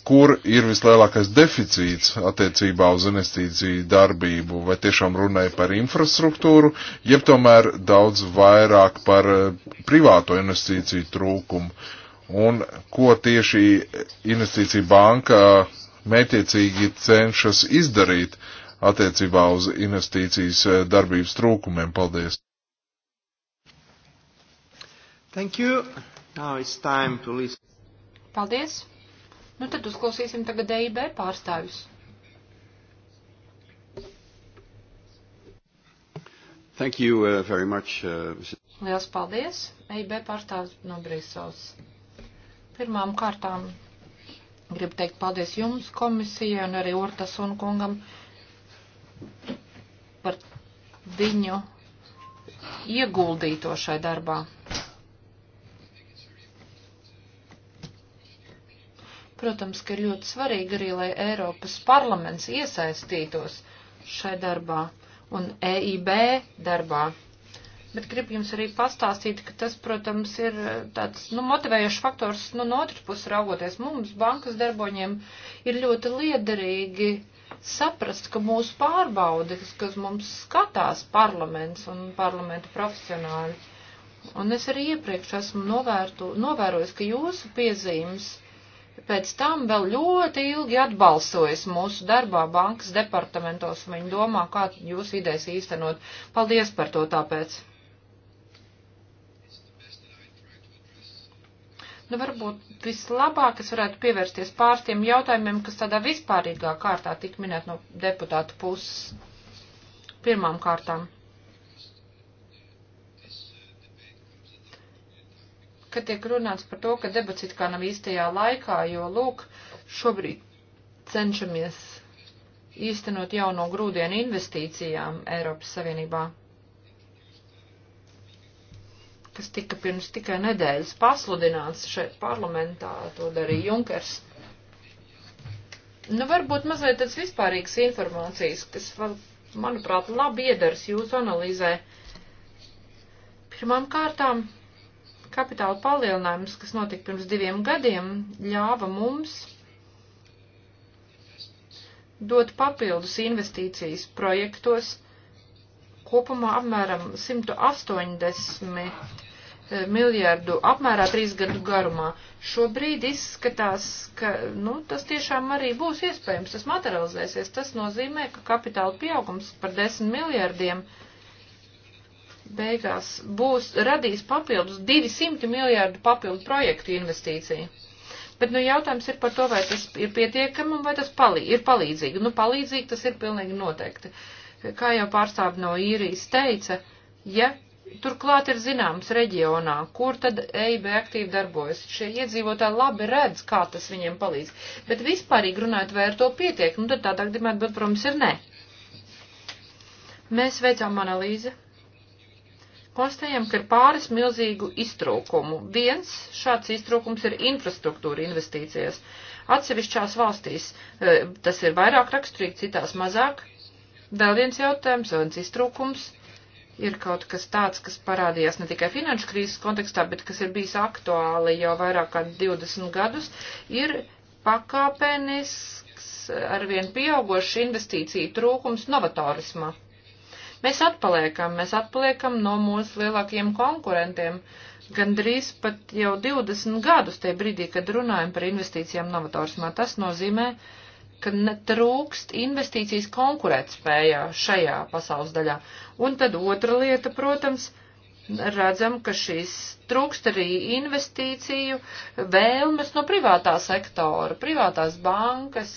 kur ir vislielākais deficīts attiecībā uz investīciju darbību, vai tiešām runāja par infrastruktūru, jeb tomēr daudz vairāk par eh, privāto investīciju trūkumu. Un ko tieši investīcija banka mētiecīgi cenšas izdarīt attiecībā uz investīcijas eh, darbības trūkumiem. Paldies! Thank you. Now it's time to listen. Paldies! Nu, tad uzklausīsim tagad EIB pārstāvis. Thank you uh, very much. Uh, Liels paldies. EIB pārstāvis no Brīseles. Pirmām kārtām gribu teikt paldies jums, komisijai un arī Urtas un kungam par viņu ieguldīto šai darbā. Protams, ka ir ļoti svarīgi arī, lai Eiropas parlaments iesaistītos šai darbā un EIB darbā. Bet gribu jums arī pastāstīt, ka tas, protams, ir eh, tāds, nu, motivējošs faktors, nu, no otras puses raugoties. Mums, bankas darboņiem, ir ļoti liederīgi saprast, ka mūsu pārbaudes, kas mums skatās parlaments un parlamenta profesionāļi. Un es arī iepriekš esmu novērtu, novērojis, ka jūsu piezīmes pēc tam vēl ļoti ilgi atbalsojas mūsu darbā bankas departamentos, un viņi domā, kā jūs idejas īstenot. Paldies par to tāpēc. Nu, varbūt vislabāk es varētu pievērsties pārstiem jautājumiem, kas tādā vispārīgā kārtā tik minēt no deputātu puses. Pirmām kārtām ka tiek runāts par to, ka debats it kā nav īstajā laikā, jo, lūk, šobrīd cenšamies īstenot jauno grūdienu investīcijām Eiropas Savienībā, kas tika pirms tikai nedēļas pasludināts šeit parlamentā, to darīja Junkers. Nu, varbūt mazliet tāds vispārīgs informācijas, kas, manuprāt, labi iedars jūsu analīzē. Pirmām kārtām Kapitāla palielinājums, kas notika pirms diviem gadiem, ļāva mums dot papildus investīcijas projektos kopumā apmēram 180 eh, miljardu apmērā trīs gadu garumā. Šobrīd izskatās, ka nu, tas tiešām arī būs iespējams, tas materializēsies. Tas nozīmē, ka kapitāla pieaugums par 10 miljardiem uh, beigās būs radīs papildus 200 miljārdu papildu projektu investīciju. Bet, nu, jautājums ir par to, vai tas ir pietiekami un vai tas palī ir palīdzīgi. Nu, palīdzīgi tas ir pilnīgi noteikti. Kā jau pārstāvi no īrijas teica, ja turklāt ir zināms reģionā, kur tad EIB aktīvi darbojas, šie iedzīvotāji labi redz, kā tas viņiem palīdz. Bet vispārīgi runājot, vai ar to pietiek, nu, tad tādā gadījumā, bet, protams, ir nē. Mēs veicām analīzi konstatējam, ka ir pāris milzīgu iztrūkumu. Viens šāds iztrūkums ir infrastruktūra investīcijas. Atsevišķās valstīs e, tas ir vairāk raksturīgi, citās mazāk. Vēl viens jautājums, vēl viens iztrūkums ir kaut kas tāds, kas parādījās ne tikai finanšu krīzes kontekstā, bet kas ir bijis aktuāli jau vairāk kā 20 gadus, ir pakāpenisks arvien pieaugošs investīciju trūkums novatorismā. Mēs atpaliekam, mēs atpaliekam no mūsu lielākajiem konkurentiem gandrīz pat jau 20 gadus tie brīdī, kad runājam par investīcijām novatorismā. Tas nozīmē, ka netrūkst investīcijas konkurētspējā šajā pasaules daļā. Un tad otra lieta, protams, redzam, ka šīs trūkst arī investīciju vēlmes no privātā sektora, privātās bankas,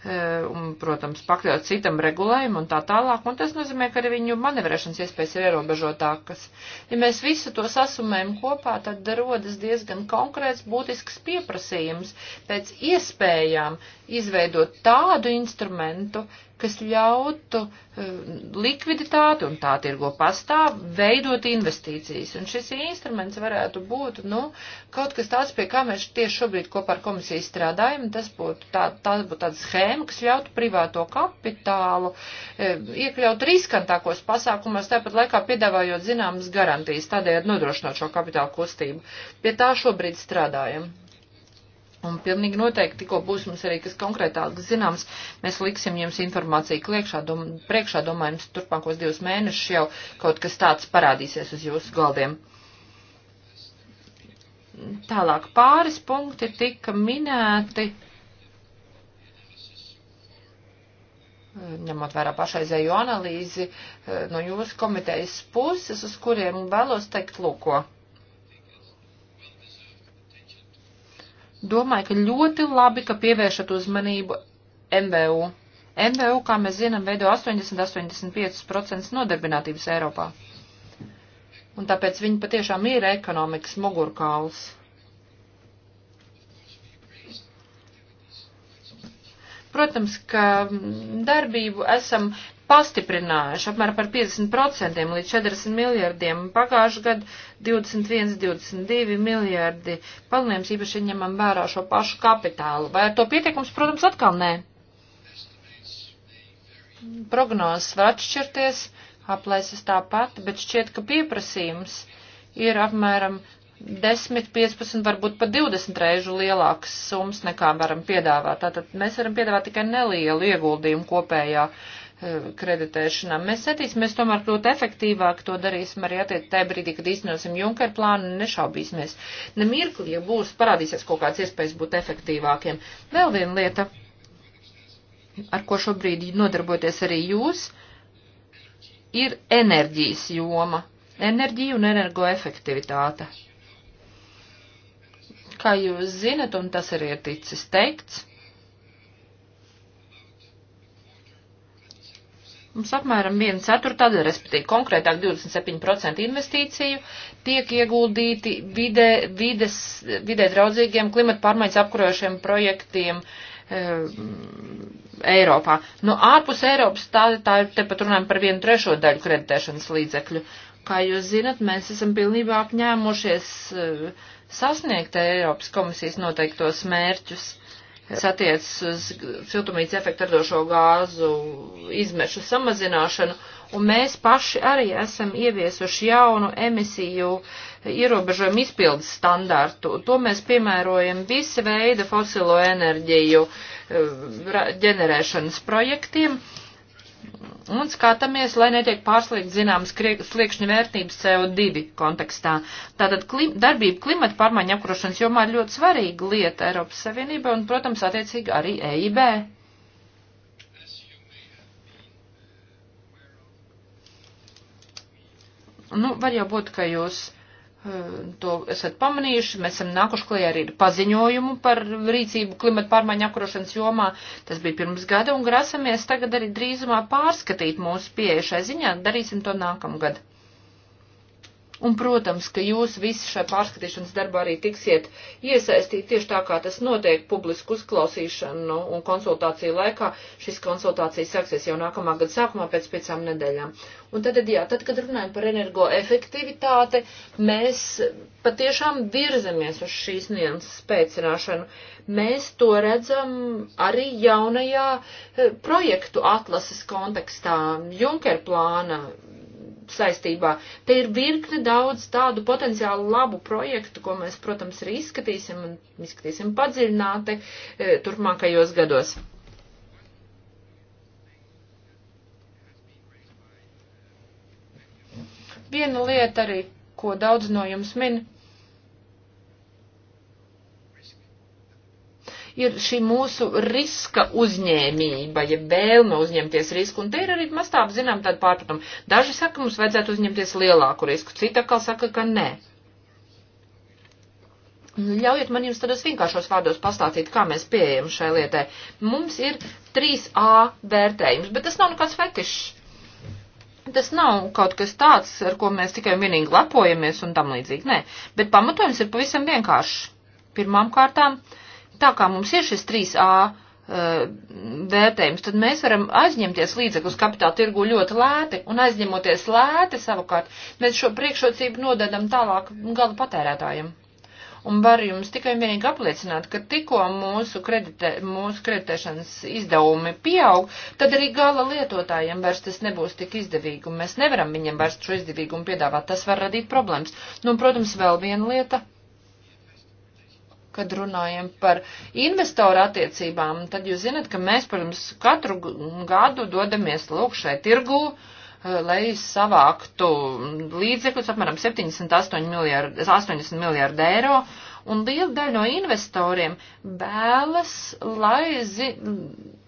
Eh, un, protams, pakļaut citam regulējumu un tā tālāk, un tas nozīmē, ka arī viņu manevrēšanas iespējas ir ierobežotākas. Ja mēs visu to sasumējam kopā, tad rodas diezgan konkrēts būtisks pieprasījums pēc iespējām izveidot tādu instrumentu, kas ļautu eh, likviditāti un tā tirgo pastāv veidot investīcijas. Un šis instruments varētu būt, nu, kaut kas tāds, pie kā mēs tieši šobrīd kopā ar komisiju strādājam. Tas būtu tā, tā būtu tāda schēma, kas ļautu privāto kapitālu eh, iekļaut riskantākos pasākumos, tāpat laikā piedāvājot zināmas garantijas, tādējādi nodrošinot šo kapitālu kustību. Pie tā šobrīd strādājam. Un pilnīgi noteikti, tikko būs mums arī kas konkrētāk zināms, mēs liksim jums informāciju kliekšā, dom, priekšā, domājams, turpmākos divus mēnešus jau kaut kas tāds parādīsies uz jūsu galdiem. Tālāk pāris punkti tika minēti, ņemot vērā pašreizējo analīzi eh, no jūsu komitejas puses, uz kuriem vēlos teikt lūko. Domāju, ka ļoti labi, ka pievēršat uzmanību MVU. MVU, kā mēs zinām, veido 80-85% nodarbinātības Eiropā. Un tāpēc viņi patiešām ir ekonomikas mugurkauls. Protams, ka darbību esam pastiprinājuši apmēram par 50% līdz 40 miljardiem. Pagājušajā gadā 21-22 miljardi palielinājums īpaši ņemam vērā šo pašu kapitālu. Vai ar to pietiekums, protams, atkal nē? Prognozes var atšķirties, aplēses tāpat, bet šķiet, ka pieprasījums ir apmēram 10, 15, varbūt pat 20 reižu lielākas summas nekā varam piedāvāt. Tātad mēs varam piedāvāt tikai nelielu ieguldījumu kopējā uh, Eh, kreditēšanām. Mēs centīsimies tomēr kļūt efektīvāk, to darīsim arī attiec tajā brīdī, kad īstenosim Junker plānu, nešaubīsimies. Nemirkli, ja būs, parādīsies kaut kāds iespējas būt efektīvākiem. Vēl viena lieta, ar ko šobrīd nodarboties arī jūs, ir enerģijas joma. Enerģija un energoefektivitāte. Kā jūs zinat, un tas arī ir ticis teikts, Mums apmēram 1 ceturtā, respektīvi konkrētāk 27% investīciju tiek ieguldīti vide, vides, vidē draudzīgiem klimata pārmaiņas apkurojošiem projektiem. Eh, Eiropā. Nu, ārpus Eiropas tā, tā ir tepat runājam par vienu trešo daļu kreditēšanas līdzekļu. Kā jūs zinat, mēs esam pilnībā apņēmušies eh, sasniegt Eiropas komisijas noteiktos mērķus kas attiecas uz siltumnīca efektu radošo gāzu izmešu samazināšanu, un mēs paši arī esam ieviesuši jaunu emisiju ierobežojumu izpildes standārtu. To mēs piemērojam visa veida fosilo enerģiju eh, ģenerēšanas projektiem. Uh, un skatāmies, lai netiek pārsliegt zināmas sliekšņa vērtības CO2 kontekstā. Tātad klim, darbība klimata pārmaiņa apkarošanas jomā ir ļoti svarīga lieta Eiropas Savienībai un, protams, attiecīgi arī EIB. Nu, var jau būt, ka jūs Hmm, to esat pamanījuši, mēs esam nākuši klajā arī ar paziņojumu par rīcību klimata pārmaiņu apkarošanas jomā. Tas bija pirms gada un grasamies tagad arī drīzumā pārskatīt mūsu pieeja šai ziņā, darīsim to nākamgad. Un, protams, ka jūs visi šai pārskatīšanas darbā arī tiksiet iesaistīti tieši tā, kā tas notiek publisku uzklausīšanu un konsultāciju laikā. Šis konsultācijas sāksies jau nākamā gada sākumā pēc piecām nedēļām. Un tad, jā, tad, kad runājam par energoefektivitāti, mēs patiešām virzamies uz šīs nianses spēcināšanu. Mēs to redzam arī jaunajā eh, projektu atlases kontekstā, Junker plāna saistībā. Te ir virkne daudz tādu potenciālu labu projektu, ko mēs, protams, arī izskatīsim un izskatīsim padziļināti e, turpmākajos gados. Viena lieta arī, ko daudz no jums min, ir šī mūsu riska uzņēmība, ja vēlme uzņemties risku, un te ir arī mastāp, zinām, tāda pārpratuma. Daži saka, mums vajadzētu uzņemties lielāku risku, cita atkal saka, ka nē. Ļaujiet man jums tādos vienkāršos vārdos pastāstīt, kā mēs pieejam šai lietai. Mums ir 3A vērtējums, bet tas nav nekāds fetišs. Tas nav kaut kas tāds, ar ko mēs tikai vienīgi lepojamies un tam līdzīgi. Nē, bet pamatojums ir pavisam vienkāršs. Pirmām kārtām, uh, tā kā mums ir šis 3A e, vērtējums, tad mēs varam aizņemties līdzekļus kapitāla tirgu ļoti lēti, un aizņemoties lēti savukārt, mēs šo priekšrocību nodedam tālāk gala patērētājiem. Un var jums tikai un vienīgi apliecināt, ka tikko mūsu, kreditē, mūsu kreditēšanas izdevumi pieaug, tad arī gala lietotājiem vairs tas nebūs tik izdevīgi, un mēs nevaram viņiem vairs šo izdevīgumu piedāvāt. Tas var radīt problēmas. Nu, un, protams, vēl viena lieta kad runājam par investoru attiecībām, tad jūs zinat, ka mēs, protams, katru gadu dodamies lūk šai tirgū, eh, lai savāktu līdzekļus apmēram 78 miljārdu, 80 miljārdu eiro, un liela daļa no investoriem vēlas, lai zi,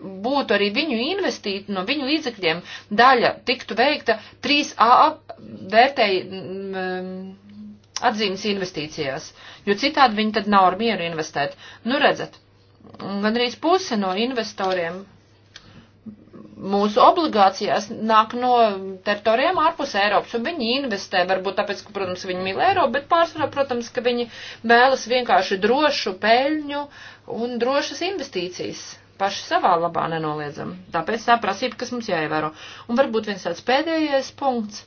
būtu arī viņu investīti, no viņu līdzekļiem daļa tiktu veikta 3A vērtēji atzīmes investīcijās, jo citādi viņi tad nav ar mieru investēt. Nu redzat, gan arī puse no investoriem mūsu obligācijās nāk no teritorijām ārpus Eiropas, un viņi investē, varbūt tāpēc, ka, protams, viņi mīl Eiropu, bet pārsvarā, protams, ka viņi vēlas vienkārši drošu peļņu un drošas investīcijas paši savā labā nenoliedzam. Tāpēc tā prasība, kas mums jāievēro. Un varbūt viens tāds pēdējais punkts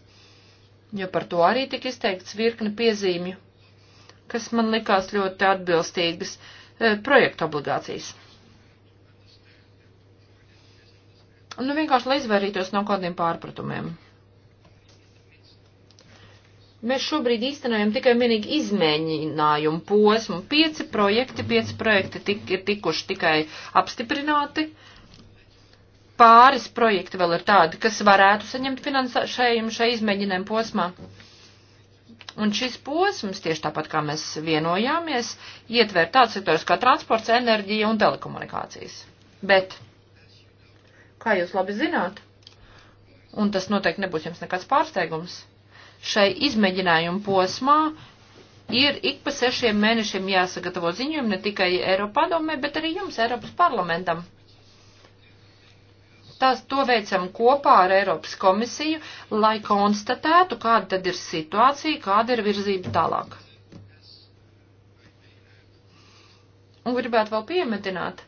jo par to arī tika izteikts virkne piezīmju, kas man likās ļoti atbilstīgas e, projekta obligācijas. Nu, vienkārši, lai izvairītos no kādiem pārpratumiem. Mēs šobrīd īstenojam tikai vienīgi izmēģinājumu posmu. Pieci projekti, pieci projekti tik, ir tikuši tikai apstiprināti. Uh, pāris projekti vēl ir tādi, kas varētu saņemt finansējumu šai izmēģinājumu posmā. Un šis posms, tieši tāpat kā mēs vienojāmies, ietver tāds sektors kā transports, enerģija un telekomunikācijas. Bet, kā jūs labi zināt, un tas noteikti nebūs jums nekāds pārsteigums, šai izmēģinājumu posmā ir ik pa sešiem mēnešiem jāsagatavo ziņojumi ne tikai Eiropadomē, bet arī jums, Eiropas parlamentam. Tās to veicam kopā ar Eiropas komisiju, lai konstatētu, kāda tad ir situācija, kāda ir virzība tālāk. Un gribētu vēl piemetināt,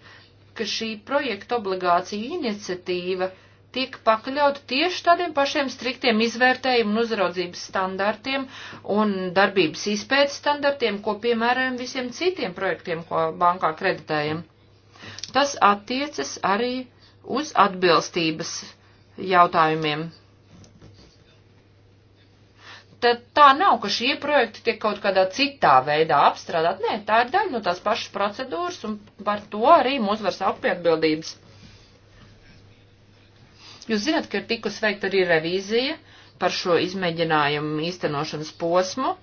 ka šī projekta obligācija iniciatīva tiek pakļauta tieši tādiem pašiem striktiem izvērtējumu un uzraudzības standartiem un darbības izpētes standartiem, ko piemērojam visiem citiem projektiem, ko bankā kreditējam. Tas attiecas arī uz atbilstības jautājumiem. Tad tā nav, ka šie projekti tiek kaut kādā citā veidā apstrādāt. Nē, tā ir daļa no tās pašas procedūras, un par to arī mūs var saukt pie atbildības. Jūs zināt, ka ir tikus veikt arī revīzija par šo izmēģinājumu īstenošanas posmu.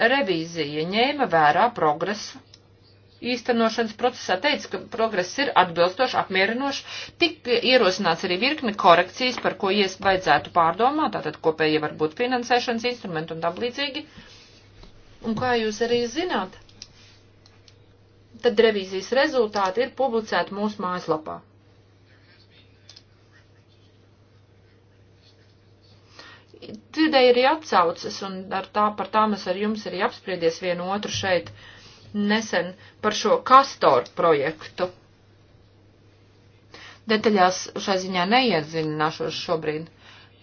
Revīzija ņēma vērā progresu īstenošanas procesā teica, ka progress ir atbilstoši, apmierinoši, tik ierosināts arī virkni korekcijas, par ko ies vajadzētu pārdomāt, tātad kopēji var būt finansēšanas instrumenti un tam līdzīgi. Un kā jūs arī zināt, tad revīzijas rezultāti ir publicēti mūsu mājaslapā. Tidēji ir arī atsaucas, un ar tā, par tām es ar jums arī apspriedies vienu otru šeit. Uh, nesen par šo kastoru projektu. Detaļās šai ziņā neiedzināšos šobrīd,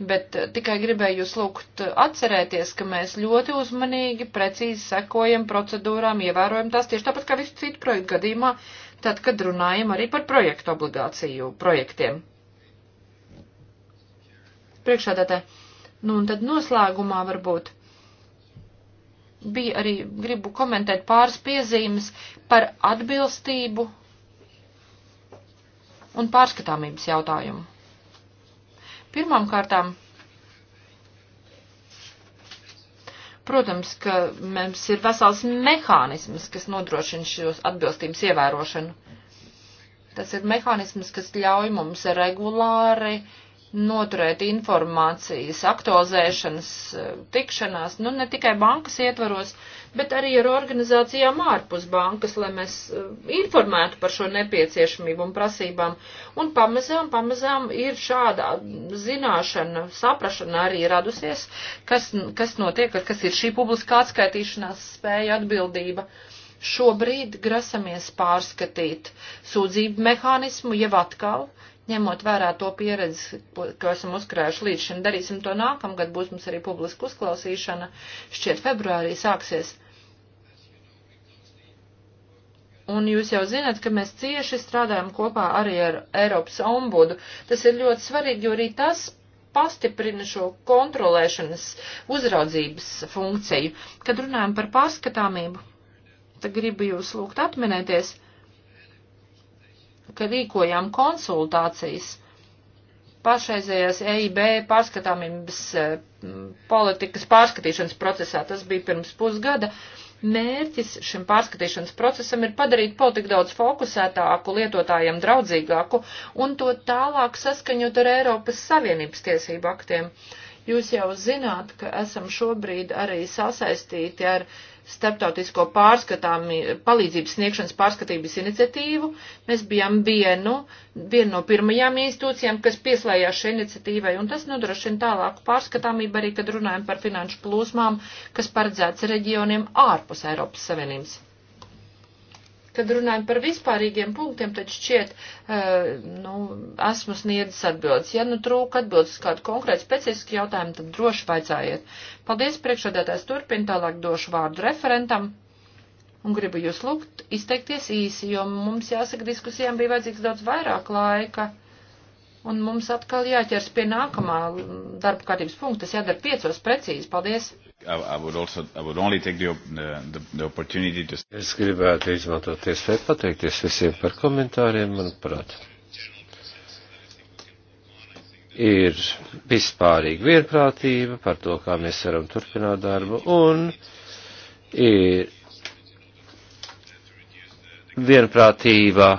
bet eh, tikai gribēju jūs lūgt eh, atcerēties, ka mēs ļoti uzmanīgi, precīzi sekojam procedūrām, ievērojam tās tieši tāpat kā visu citu projektu gadījumā, tad, kad runājam arī par projektu obligāciju projektiem. Priekšādātē. Nu un tad noslēgumā varbūt bija arī, gribu komentēt pāris piezīmes par atbilstību un pārskatāmības jautājumu. Pirmām kārtām, protams, ka mums ir vesels mehānisms, kas nodrošina šos atbilstības ievērošanu. Tas ir mehānisms, kas ļauj mums regulāri uh, noturēt informācijas, aktualizēšanas, e, tikšanās, nu ne tikai bankas ietvaros, bet arī ar organizācijām ārpus bankas, lai mēs e, informētu par šo nepieciešamību un prasībām. Un pamazām, pamazām ir šāda zināšana, saprašana arī radusies, kas, kas notiek, kas ir šī publiskā atskaitīšanās spēja atbildība. Šobrīd grasamies pārskatīt sūdzību mehānismu jau atkal, ņemot vērā to pieredzi, ko esam uzkrājuši līdz šim. Darīsim to nākamgad, būs mums arī publiska uzklausīšana, šķiet februārī sāksies. Un jūs jau zināt, ka mēs cieši strādājam kopā arī ar Eiropas ombudu. Tas ir ļoti svarīgi, jo arī tas pastiprina šo kontrolēšanas uzraudzības funkciju. Kad runājam par pārskatāmību, tad gribu jūs lūgt atminēties ka rīkojām konsultācijas pašreizējās EIB pārskatāmības e, politikas pārskatīšanas procesā, tas bija pirms pusgada, mērķis šim pārskatīšanas procesam ir padarīt politiku daudz fokusētāku, lietotājiem draudzīgāku un to tālāk saskaņot ar Eiropas Savienības tiesību aktiem. Jūs jau zināt, ka esam šobrīd arī sasaistīti ar uh, starptautisko palīdzības sniegšanas pārskatības iniciatīvu. Mēs bijām vienu, vienu no pirmajām institūcijām, kas pieslējās šai iniciatīvai, un tas nodrošina tālāku pārskatāmību arī, kad runājam par finanšu plūsmām, kas paredzēts reģioniem ārpus Eiropas Savienības. Kad runājam par vispārīgiem punktiem, tad šķiet, eh, nu, esmu sniedzis atbildes. Ja nu trūk atbildes uz kādu konkrētu specifisku jautājumu, tad droši vajadzājiet. Paldies, priekšādātājs turpin, tālāk došu vārdu referentam. Un gribu jūs lūgt izteikties īsi, jo mums jāsaka, diskusijām bija vajadzīgs daudz vairāk laika. Un mums atkal jāķers pie nākamā darba kārtības punkta. Tas jādara piecos precīzi. Paldies! I would also, I would only take the, the, the opportunity to... Es gribētu izmantot iespēju pateikties visiem par komentāriem, manuprāt. Ir vispārīga vienprātība par to, kā mēs varam turpināt darbu, un ir vienprātība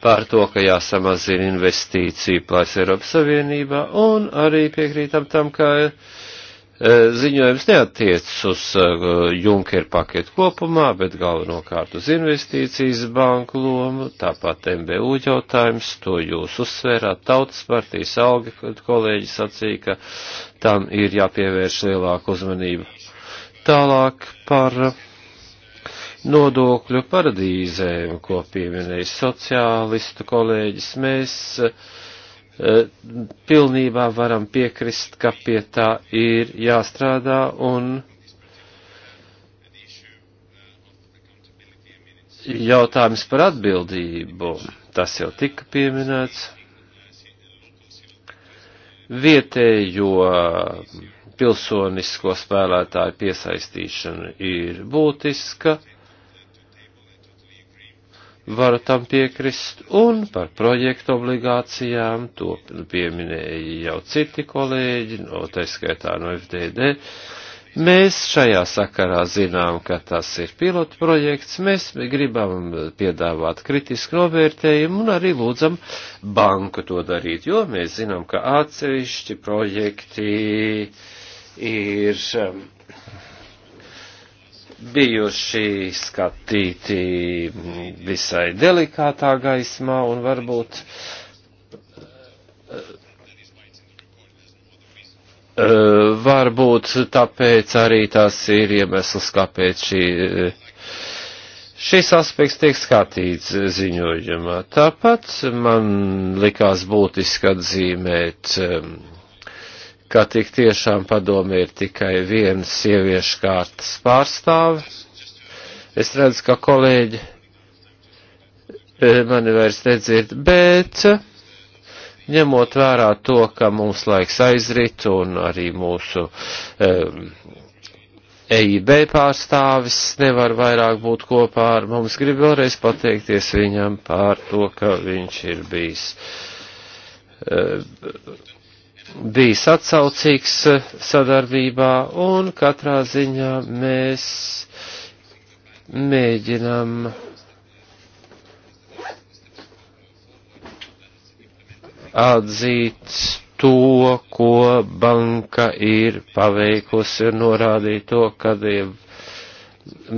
par to, ka jāsamazina investīciju plājas Eiropas Savienībā, un arī piekrītam tam, ka Eh, ziņojums neatiec uz eh, Junker paketu kopumā, bet galvenokārt uz investīcijas banku lomu, tāpat MBU jautājums, to jūs uzsvērāt, tautas partijas alga kolēģi sacīja, ka tam ir jāpievērš lielāka uzmanība. Tālāk par nodokļu paradīzēm, ko pieminēja sociālistu kolēģis, mēs uh, Eh, pilnībā varam piekrist, ka pie tā ir jāstrādā un jautājums par atbildību. Tas jau tika pieminēts. Vietējo pilsonisko spēlētāju piesaistīšana ir būtiska varu tam piekrist, un par projektu obligācijām to pieminēja jau citi kolēģi, no taiskaitā no FDD. Mēs šajā sakarā zinām, ka tas ir pilotu projekts, mēs gribam piedāvāt kritisku novērtējumu un arī lūdzam banku to darīt, jo mēs zinām, ka atsevišķi projekti ir. Um, bijuši skatīti visai delikātā gaismā un varbūt eh, eh, varbūt tāpēc arī tas ir iemesls, kāpēc šī, eh, šis aspekts tiek skatīts ziņojumā. Tāpat man likās būtiski atzīmēt ka tik tiešām padome ir tikai viena sieviešu kārtas pārstāve. Es redzu, ka kolēģi e, mani vairs nedzird, bet ņemot vērā to, ka mūsu laiks aizrit un arī mūsu um, e, EIB pārstāvis nevar vairāk būt kopā ar mums, gribu vēlreiz pateikties viņam par to, ka viņš ir bijis. Um, bijis atsaucīgs eh, sadarbībā un katrā ziņā mēs mēģinam atzīt to, ko banka ir paveikusi un norādīt to, kad ir. Ja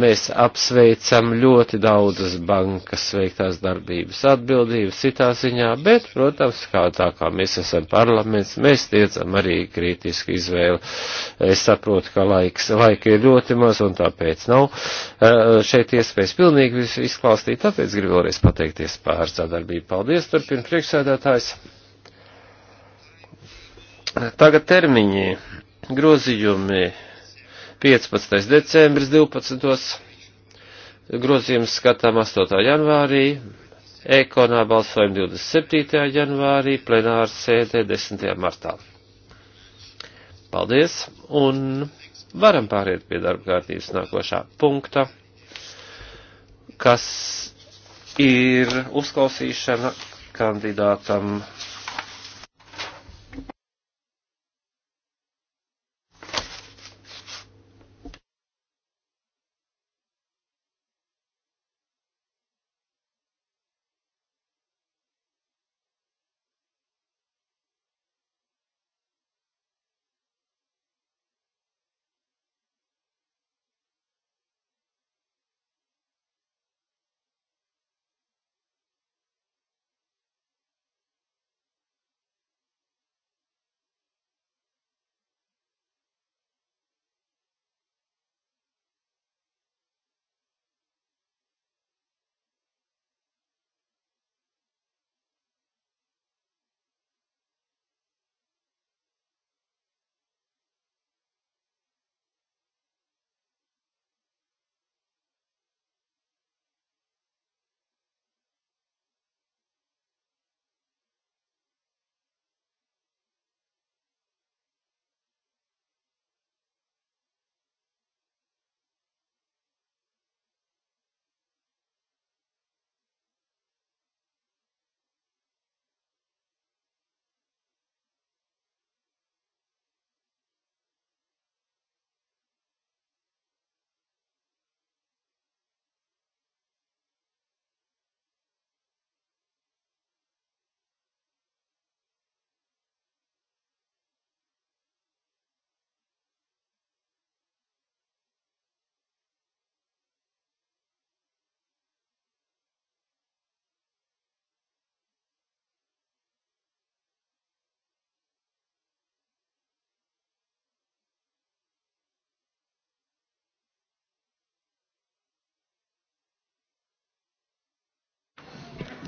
mēs apsveicam ļoti daudzas bankas veiktās darbības atbildības citā ziņā, bet, protams, kā tā kā mēs esam parlaments, mēs tiecam arī kritisku izvēli. Es saprotu, ka laiks, laika ir ļoti maz un tāpēc nav eh, šeit iespējas pilnīgi visu izklāstīt, tāpēc gribu vēlreiz pateikties pār sadarbību. Paldies, turpina priekšsēdētājs. Tagad termiņi, grozījumi 15. decembris 12. grozījums skatām 8. janvārī, ekonā balsojam 27. janvārī, plenārs sēdē 10. martā. Paldies, un varam pāriet pie darba kārtības nākošā punkta, kas ir uzklausīšana kandidātam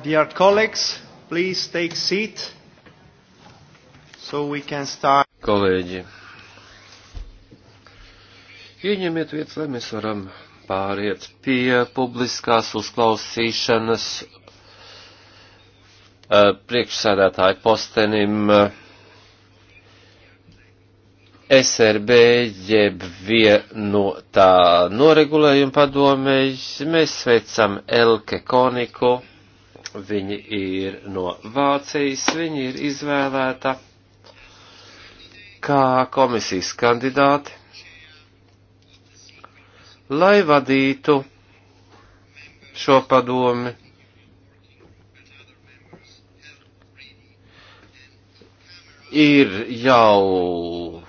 Dear colleagues, please take seat so we can start. Kolēģi, ieņemiet vietas, lai mēs varam pāriet pie publiskās uzklausīšanas priekšsēdētāju postenim SRB jeb vienotā noregulējuma padomēs. Mēs sveicam Elke Koniku Viņi ir no Vācijas, viņi ir izvēlēta kā komisijas kandidāti, lai vadītu šo padomi. Ir jau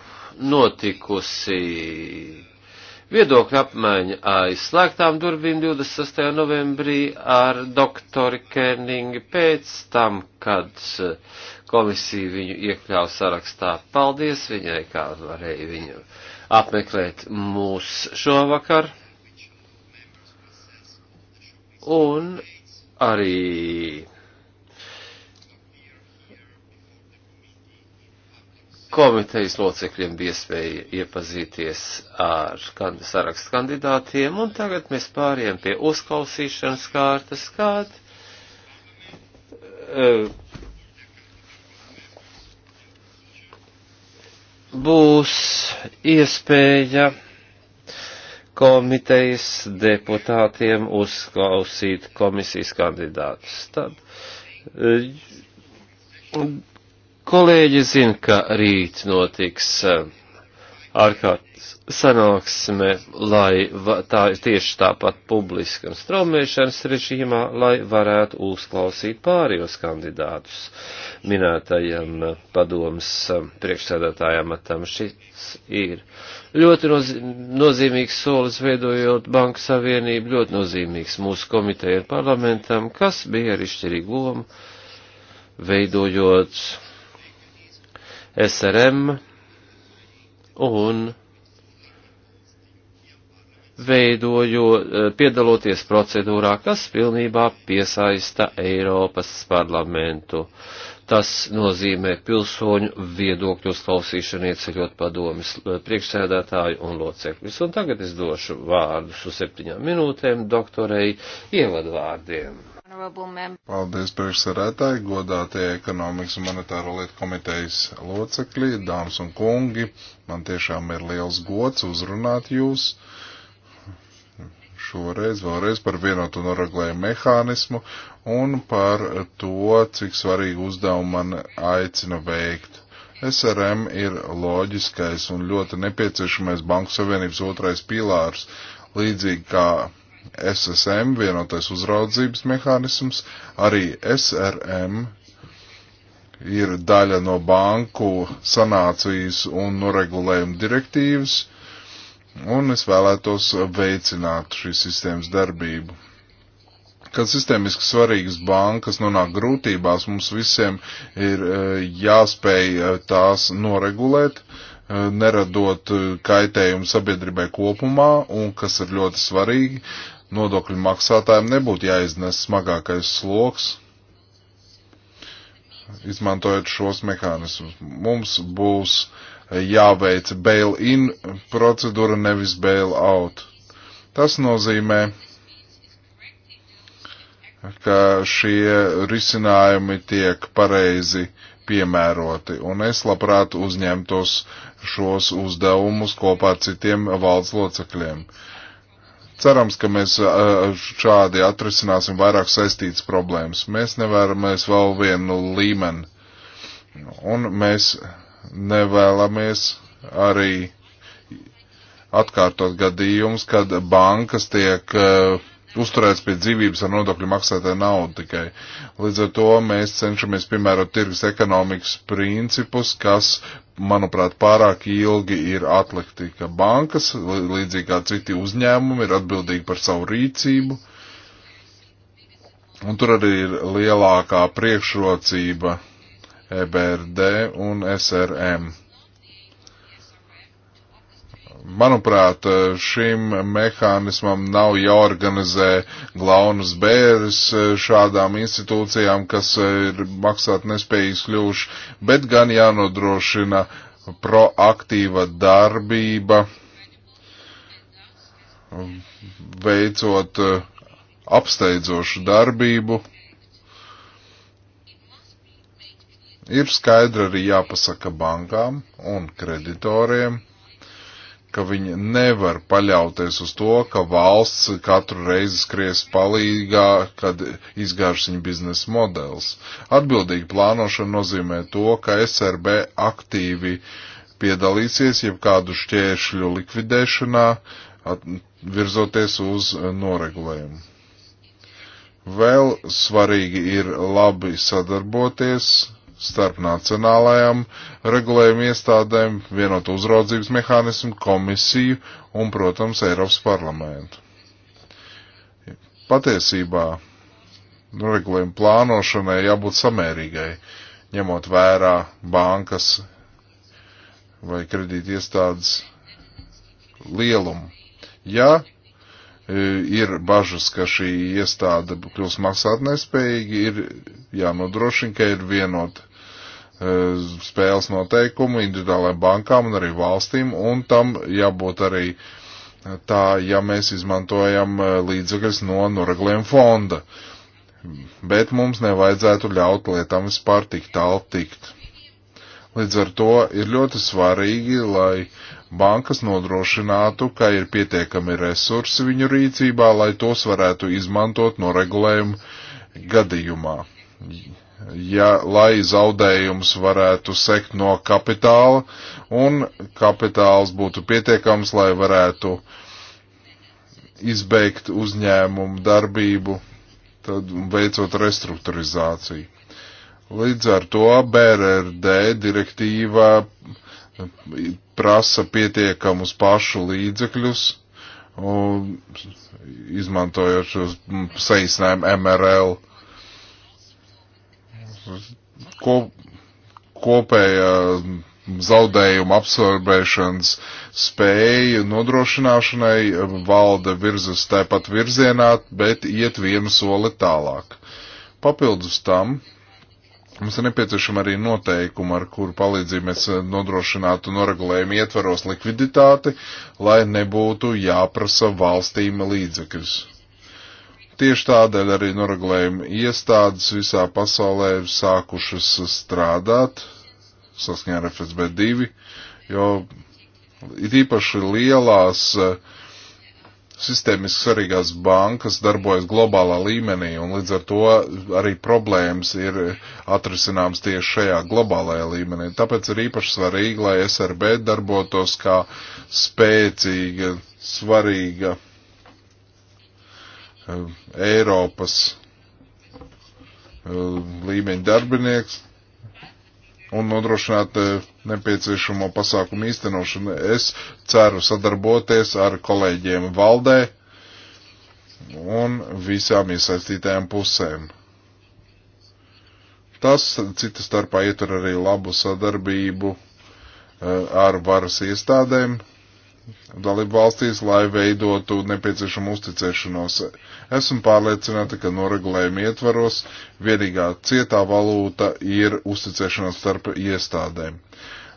notikusi viedokļa apmaiņa aizslēgtām durvīm 26. novembrī ar doktori Kerningu pēc tam, kad eh, komisija viņu iekļāva sarakstā. Paldies viņai, kā varēja viņu apmeklēt mūs šovakar. Un arī komitejas locekļiem bija iespēja iepazīties ar kan sarakstu kandidātiem, un tagad mēs pāriem pie uzklausīšanas kārtas, kād uh, e, būs iespēja komitejas deputātiem uzklausīt komisijas kandidātus. Tad, uh, Kolēģi zina, ka rīt notiks eh, ārkārtas sanāksme, lai tā ir tieši tāpat publiska un straumēšanas režīmā, lai varētu uzklausīt pārējos kandidātus minētajam eh, padomas eh, priekšsēdētājam atam. Šis ir ļoti noz nozīmīgs solis veidojot Banku Savienību, ļoti nozīmīgs mūsu komiteja un parlamentam, kas bija arī šķirīgi loma veidojot SRM un veidojo, eh, piedaloties procedūrā, kas pilnībā piesaista Eiropas parlamentu. Tas nozīmē pilsoņu viedokļu uzklausīšanu ieceļot padomis eh, priekšsēdētāju un locekļus. Un tagad es došu vārdus uz septiņām minūtēm doktorei ievadvārdiem. Paldies priekšsarētāji, godātie ekonomikas un monetāro lietu komitejas locekļi, dāmas un kungi. Man tiešām ir liels gods uzrunāt jūs šoreiz vēlreiz par vienotu noraglēju mehānismu un par to, cik svarīgu uzdevumu man aicina veikt. SRM ir loģiskais un ļoti nepieciešamais Banku Savienības otrais pilārs, līdzīgi kā SSM, vienotais uzraudzības mehānisms, arī SRM ir daļa no banku sanācijas un noregulējuma direktīvas, un es vēlētos veicināt šīs sistēmas darbību. Kad sistēmiski svarīgas bankas nonāk grūtībās, mums visiem ir e, jāspēj e, tās noregulēt, e, neradot kaitējumu sabiedrībai kopumā, un kas ir ļoti svarīgi, nodokļu maksātājiem nebūtu jāiznes smagākais sloks, izmantojot šos mehānismus. Mums būs jāveic bail-in procedūra, nevis bail-out. Tas nozīmē, ka šie risinājumi tiek pareizi piemēroti, un es labprāt uzņemtos šos uzdevumus kopā ar citiem valsts locekļiem. Uh, Cerams, ka mēs šādi atrisināsim vairāk saistītas problēmas. Mēs nevēlamies vēl vienu līmeni. Un mēs nevēlamies arī atkārtot gadījumus, kad bankas tiek uh, uzturēts pie dzīvības ar nodokļu maksātāju naudu tikai. Līdz ar to mēs cenšamies piemērot tirgus ekonomikas principus, kas, manuprāt, pārāk ilgi ir atlikti, ka bankas, līdzīgi kā citi uzņēmumi, ir atbildīgi par savu rīcību. Un tur arī ir lielākā priekšrocība EBRD un SRM Manuprāt, šim mehānismam nav jāorganizē glaunus bēres e, šādām institūcijām, kas e, ir maksāt nespējīgs kļūši, bet gan jānodrošina proaktīva darbība, veicot e, apsteidzošu darbību. Ir skaidri arī jāpasaka bankām un kreditoriem, ka viņi nevar paļauties uz to, ka valsts katru reizi skries palīgā, kad izgāž viņa biznesa modelis. Atbildīga plānošana nozīmē to, ka SRB aktīvi piedalīsies jebkādu šķēršļu likvidēšanā, at, virzoties uz noregulējumu. Vēl svarīgi ir labi sadarboties starp nacionālajām regulējuma iestādēm, vienotu uzraudzības mehānismu, komisiju un, protams, Eiropas parlamentu. Patiesībā regulējuma plānošanai jābūt samērīgai, ņemot vērā bankas vai kredīti iestādes lielumu. Ja e, ir bažas, ka šī iestāde kļūs maksāt nespējīgi, ir jānodrošina, ka ir vienota Eh, spēles noteikumu individuālajām bankām un arī valstīm, un tam jābūt arī eh, tā, ja mēs izmantojam eh, līdzekļus no noragliem fonda. Bet mums nevajadzētu ļaut lietām vispār tik tālu tikt. Līdz ar to ir ļoti svarīgi, lai bankas nodrošinātu, ka ir pietiekami resursi viņu rīcībā, lai tos varētu izmantot noregulējumu gadījumā ja, lai zaudējums varētu sekt no kapitāla un kapitāls būtu pietiekams, lai varētu izbeigt uzņēmumu darbību, tad veicot restruktūrizāciju. Līdz ar to BRRD direktīva prasa pietiekamus pašu līdzekļus, izmantojot šos saīsinājumu MRL. Uh, kop, kopēja mm, zaudējuma absorbēšanas spēju nodrošināšanai valde virzas tāpat virzienā, bet iet vienu soli tālāk. Papildus tam mums ir nepieciešama arī noteikuma, ar kuru palīdzību mēs nodrošinātu noregulējumu ietvaros likviditāti, lai nebūtu jāprasa valstīm līdzekļus. Tieši tādēļ arī noregulējuma iestādes visā pasaulē ir sākušas strādāt saskaņā ar FSB 2, jo it īpaši lielās eh, sistēmiski svarīgās bankas darbojas globālā līmenī, un līdz ar to arī problēmas ir atrisināmas tieši šajā globālajā līmenī. Tāpēc ir īpaši svarīgi, lai SRB darbotos kā spēcīga, svarīga Eh, Eiropas eh, līmeņa darbinieks un nodrošināt eh, nepieciešamo pasākumu īstenošanu. Es ceru sadarboties ar kolēģiem valdē un visām iesaistītajām pusēm. Tas cita starpā ietur arī labu sadarbību ar varas iestādēm, dalību valstīs, lai veidotu nepieciešamu uzticēšanos. Esmu pārliecināta, ka noregulējuma ietvaros vienīgā cietā valūta ir uzticēšanās starp iestādēm.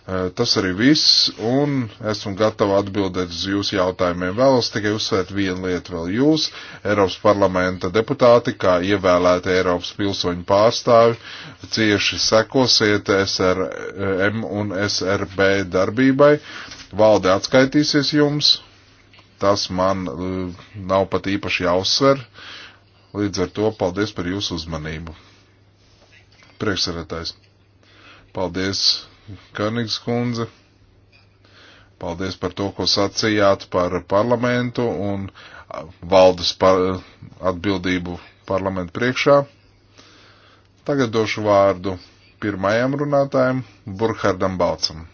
Eh, tas arī viss, un esmu gatava atbildēt uz jūsu jautājumiem. Vēlos tikai uzsvērt vienu lietu vēl jūs, Eiropas parlamenta deputāti, kā ievēlēti Eiropas pilsoņu pārstāvi, cieši sekosiet SRM un SRB darbībai Valde atskaitīsies jums, tas man eh, nav pat īpaši jāuzsver. Līdz ar to paldies par jūsu uzmanību. Priekšsarētājs. Paldies, Karnigs kundze. Paldies par to, ko sacījāt par parlamentu un valdes par atbildību parlamentu priekšā. Tagad došu vārdu pirmajam runātājam, Burkhardam Balcam.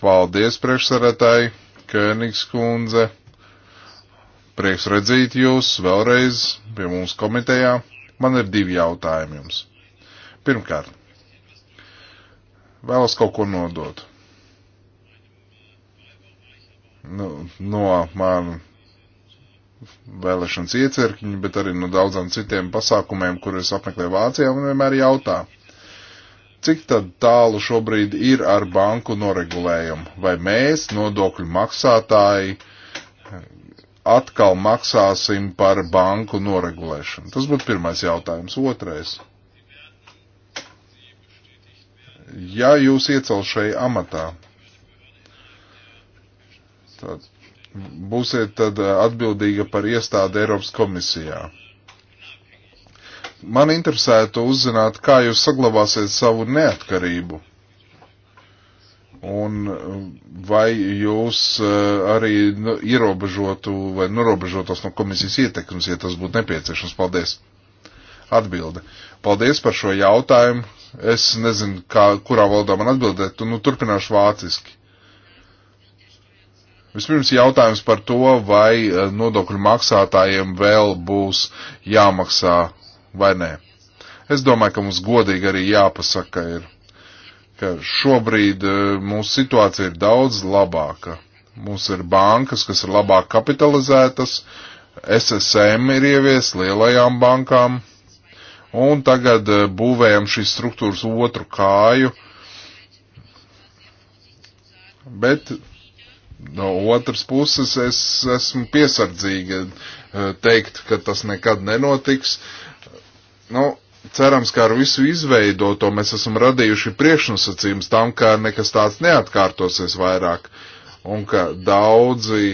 Paldies, priekšsarētāji, Kēnigs kundze. Prieks redzīt jūs vēlreiz pie mums komitejā. Man ir divi jautājumi jums. Pirmkārt, vēlas kaut ko nodot. Nu, no man vēlēšanas iecirkņi, bet arī no daudzām citiem pasākumiem, kurus apmeklē Vācijā un vienmēr jautā. Cik tad tālu šobrīd ir ar banku noregulējumu? Vai mēs, nodokļu maksātāji, atkal maksāsim par banku noregulēšanu? Tas būtu pirmais jautājums. Otrais. Ja jūs iecel šai amatā, tad būsiet tad atbildīga par iestādi Eiropas komisijā Man interesētu uzzināt, kā jūs saglabāsiet savu neatkarību. Un um, vai jūs uh, arī nu, ierobežotu vai norobežotos no komisijas ietekmes, ja tas būtu nepieciešams? Paldies! Atbilde. Paldies par šo jautājumu. Es nezinu, kā, kurā valodā man atbildēt, nu turpināšu vāciski. Vispirms jautājums par to, vai uh, nodokļu maksātājiem vēl būs jāmaksā vai nē? Es domāju, ka mums godīgi arī jāpasaka ir, ka šobrīd e, mūsu situācija ir daudz labāka. Mums ir bankas, kas ir labāk kapitalizētas, SSM ir ievies lielajām bankām, un tagad e, būvējam šīs struktūras otru kāju. Bet no otras puses es esmu piesardzīga e, teikt, ka tas nekad nenotiks. Uh, Nu, cerams, ka ar visu izveidoto mēs esam radījuši priekšnosacījums tam, ka nekas tāds neatkārtosies vairāk un ka daudzi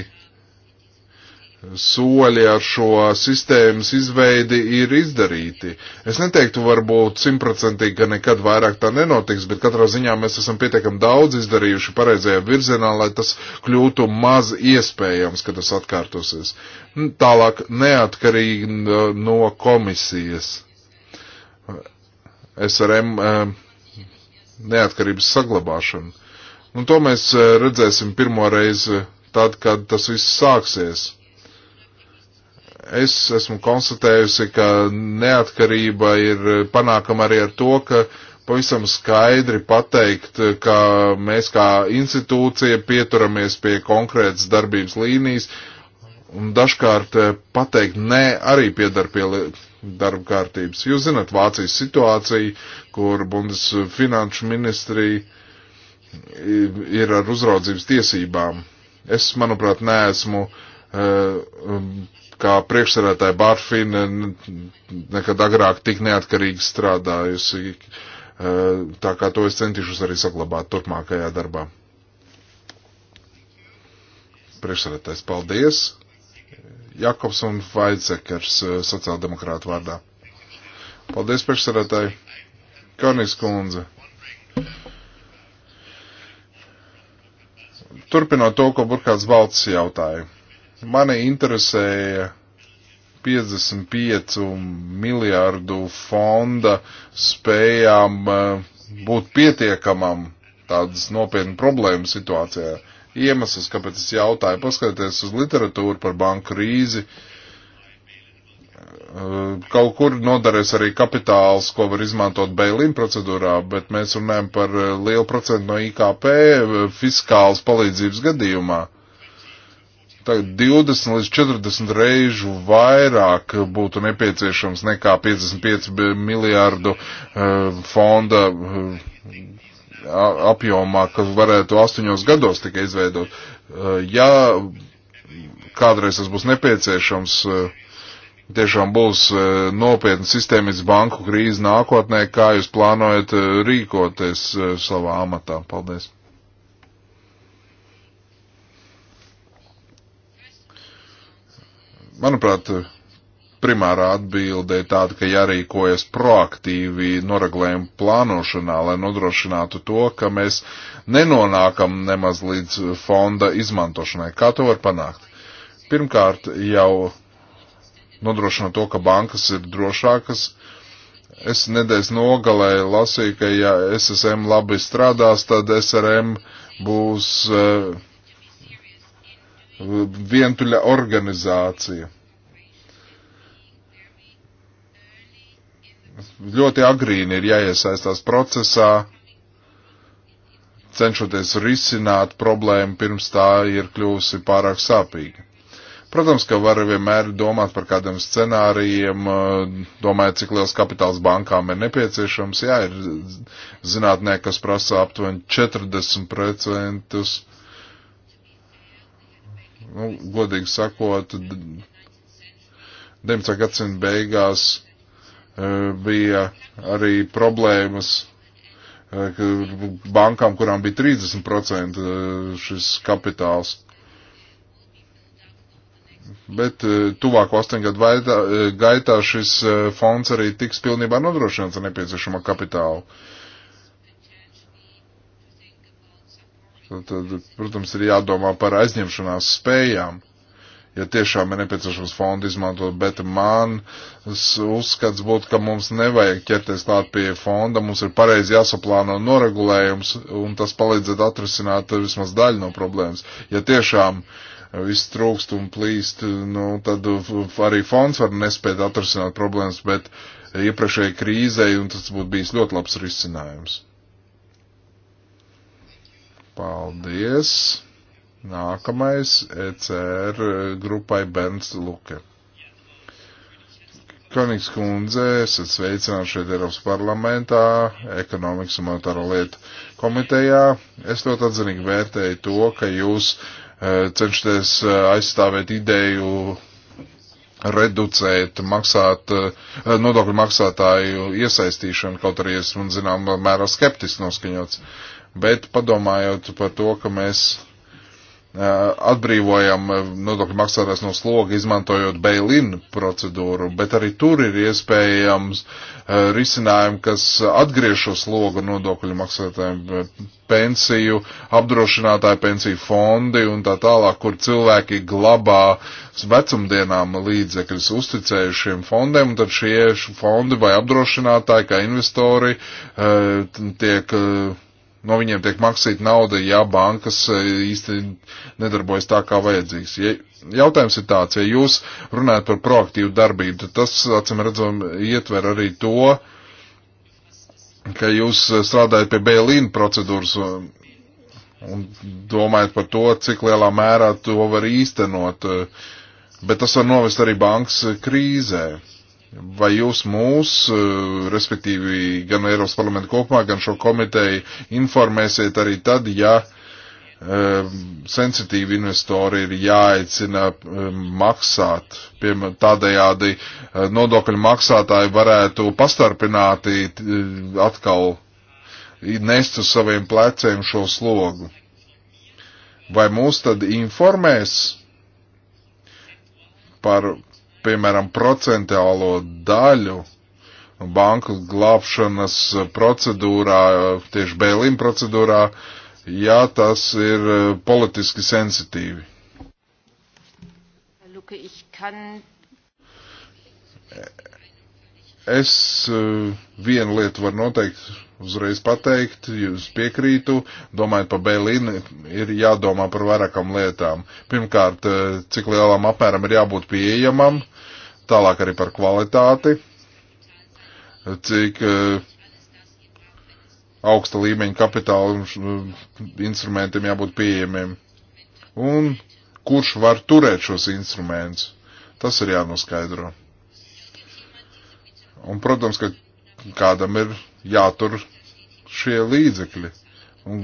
soļi ar šo sistēmas izveidi ir izdarīti. Es neteiktu varbūt simtprocentīgi, ka nekad vairāk tā nenotiks, bet katrā ziņā mēs esam pietiekam daudz izdarījuši pareizajā virzienā, lai tas kļūtu maz iespējams, ka tas atkārtosies. Tālāk neatkarīgi no komisijas SRM eh, neatkarības saglabāšanu. Un nu, to mēs eh, redzēsim pirmo reizi tad, kad tas viss sāksies. Es esmu konstatējusi, ka neatkarība ir eh, panākama arī ar to, ka pavisam skaidri pateikt, ka mēs kā institūcija pieturamies pie konkrētas darbības līnijas, un dažkārt pateikt nē arī piedar pie darba kārtības. Jūs zināt Vācijas situāciju, kur Bundesfinanšu ministrija ir ar uzraudzības tiesībām. Es, manuprāt, neesmu eh, um, kā priekšsarētāja Barfina nekad agrāk tik neatkarīgi strādājusi, eh, tā kā to es centīšos arī saglabāt turpmākajā darbā. Priekšsarētājs, paldies! Jakobs un Vaidzekers eh, sociāldemokrātu vārdā. Paldies, priekšsarētāji. Kornīgs kundze. Turpinot to, ko Burkāds Valts jautāja. Mani interesēja 55 miljārdu fonda spējām eh, būt pietiekamam tādas nopietnas problēmas situācijā iemesls, kāpēc es jautāju. Paskatieties uz literatūru par banku krīzi. Eh, kaut kur noderēs arī kapitāls, ko var izmantot bailīm procedūrā, bet mēs runājam par eh, lielu procentu no IKP eh, fiskālas palīdzības gadījumā. Tagad 20 līdz 40 reižu vairāk būtu nepieciešams nekā 55 miljārdu fonda apjomā, kas varētu astoņos gados tikai izveidot. E, ja kādreiz tas būs nepieciešams, e, tiešām būs e, nopietna sistēmisks banku krīze nākotnē, kā jūs plānojat rīkoties savā amatā. Paldies! Manuprāt, primārā atbilde ir tāda, ka jārīkojas proaktīvi noraglējuma plānošanā, lai nodrošinātu to, ka mēs nenonākam nemaz līdz fonda izmantošanai. Kā to var panākt? Pirmkārt, jau nodrošinot to, ka bankas ir drošākas. Es nedēļas nogalē lasīju, ka ja SSM labi strādās, tad SRM būs uh, vientuļa organizācija ļoti agrīni ir jāiesaistās procesā, cenšoties risināt problēmu pirms tā ir kļūsi pārāk sāpīga. Protams, ka var vienmēr domāt par kādiem scenārijiem, eh, domājot, cik liels kapitāls bankām ir nepieciešams. Jā, ir zinātnē, kas prasa aptuveni 40%. Nu, godīgi sakot, 19. gadsimta beigās Eh, bija arī problēmas eh, bankām, kurām bija 30% eh, šis kapitāls. Bet tuvāko astoņgadu gaitā šis fonds arī tiks pilnībā nodrošināts ar nepieciešamo kapitālu. Tad, protams, ir jādomā par aizņemšanās spējām ja tiešām ir nepieciešams fondu izmantot, bet man uzskats būtu, ka mums nevajag ķerties klāt pie fonda, mums ir pareizi jāsaplāno noregulējums, un tas palīdzētu atrisināt vismaz daļu no problēmas. Ja tiešām viss trūkst un plīst, nu, tad arī fonds var nespēt atrisināt problēmas, bet iepriekšēji krīzei, un tas būtu bijis ļoti labs risinājums. Paldies! Nākamais ECR grupai Bernds Luke. Konīgs kundze, esat sveicināti šeit Eiropas parlamentā, ekonomikas un monetāro lietu komitejā. Es ļoti atzinīgi vērtēju to, ka jūs uh, cenšaties uh, aizstāvēt ideju reducēt maksāt, e, nodokļu maksātāju iesaistīšanu, kaut arī es, man zinām, mērā skeptiski noskaņots. Bet padomājot par to, ka mēs Eh, atbrīvojam eh, nodokļu maksātājs no sloga, izmantojot bail-in procedūru, bet arī tur ir iespējams eh, risinājumi, kas atgriež šo slogu nodokļu maksātājiem - pensiju, apdrošinātāju pensiju fondi un tā tālāk, kur cilvēki glabā vecumdienām līdzekļus uzticējušiem fondiem, un tad šie fondi vai apdrošinātāji kā investori tiek no viņiem tiek maksīta nauda, ja bankas e, īsti nedarbojas tā, kā vajadzīgs. Ja, jautājums ir tāds, ja jūs runājat par proaktīvu darbību, tad tas, acim redzam, ietver arī to, ka jūs strādājat pie Bēlīna procedūras un domājat par to, cik lielā mērā to var īstenot, e, bet tas var novest arī bankas krīzē. Vai jūs mūs, eh, respektīvi gan Eiropas parlamentu kopumā, gan šo komiteju informēsiet arī tad, ja eh, sensitīvi investori ir jāaicina eh, maksāt. Piemēram, tādējādi nodokļu maksātāji varētu pastarpināti atkal nest uz saviem pleciem šo slogu. Vai mūs tad informēs par piemēram, procentuālo daļu banku glābšanas procedūrā, tieši bēlīm procedūrā, ja tas ir e, politiski sensitīvi. Luka, kan... Es e, vienu lietu varu noteikt, uzreiz pateikt, jūs piekrītu, domājot par Bēlīnu, ir jādomā par vairākam lietām. Pirmkārt, e, cik lielam apmēram ir jābūt pieejamam, Tālāk arī par kvalitāti, cik eh, augsta līmeņa kapitāla eh, instrumentiem jābūt pieejamiem un kurš var turēt šos instrumentus. Tas ir jānoskaidro. Un, protams, ka kādam ir jātur šie līdzekļi. Un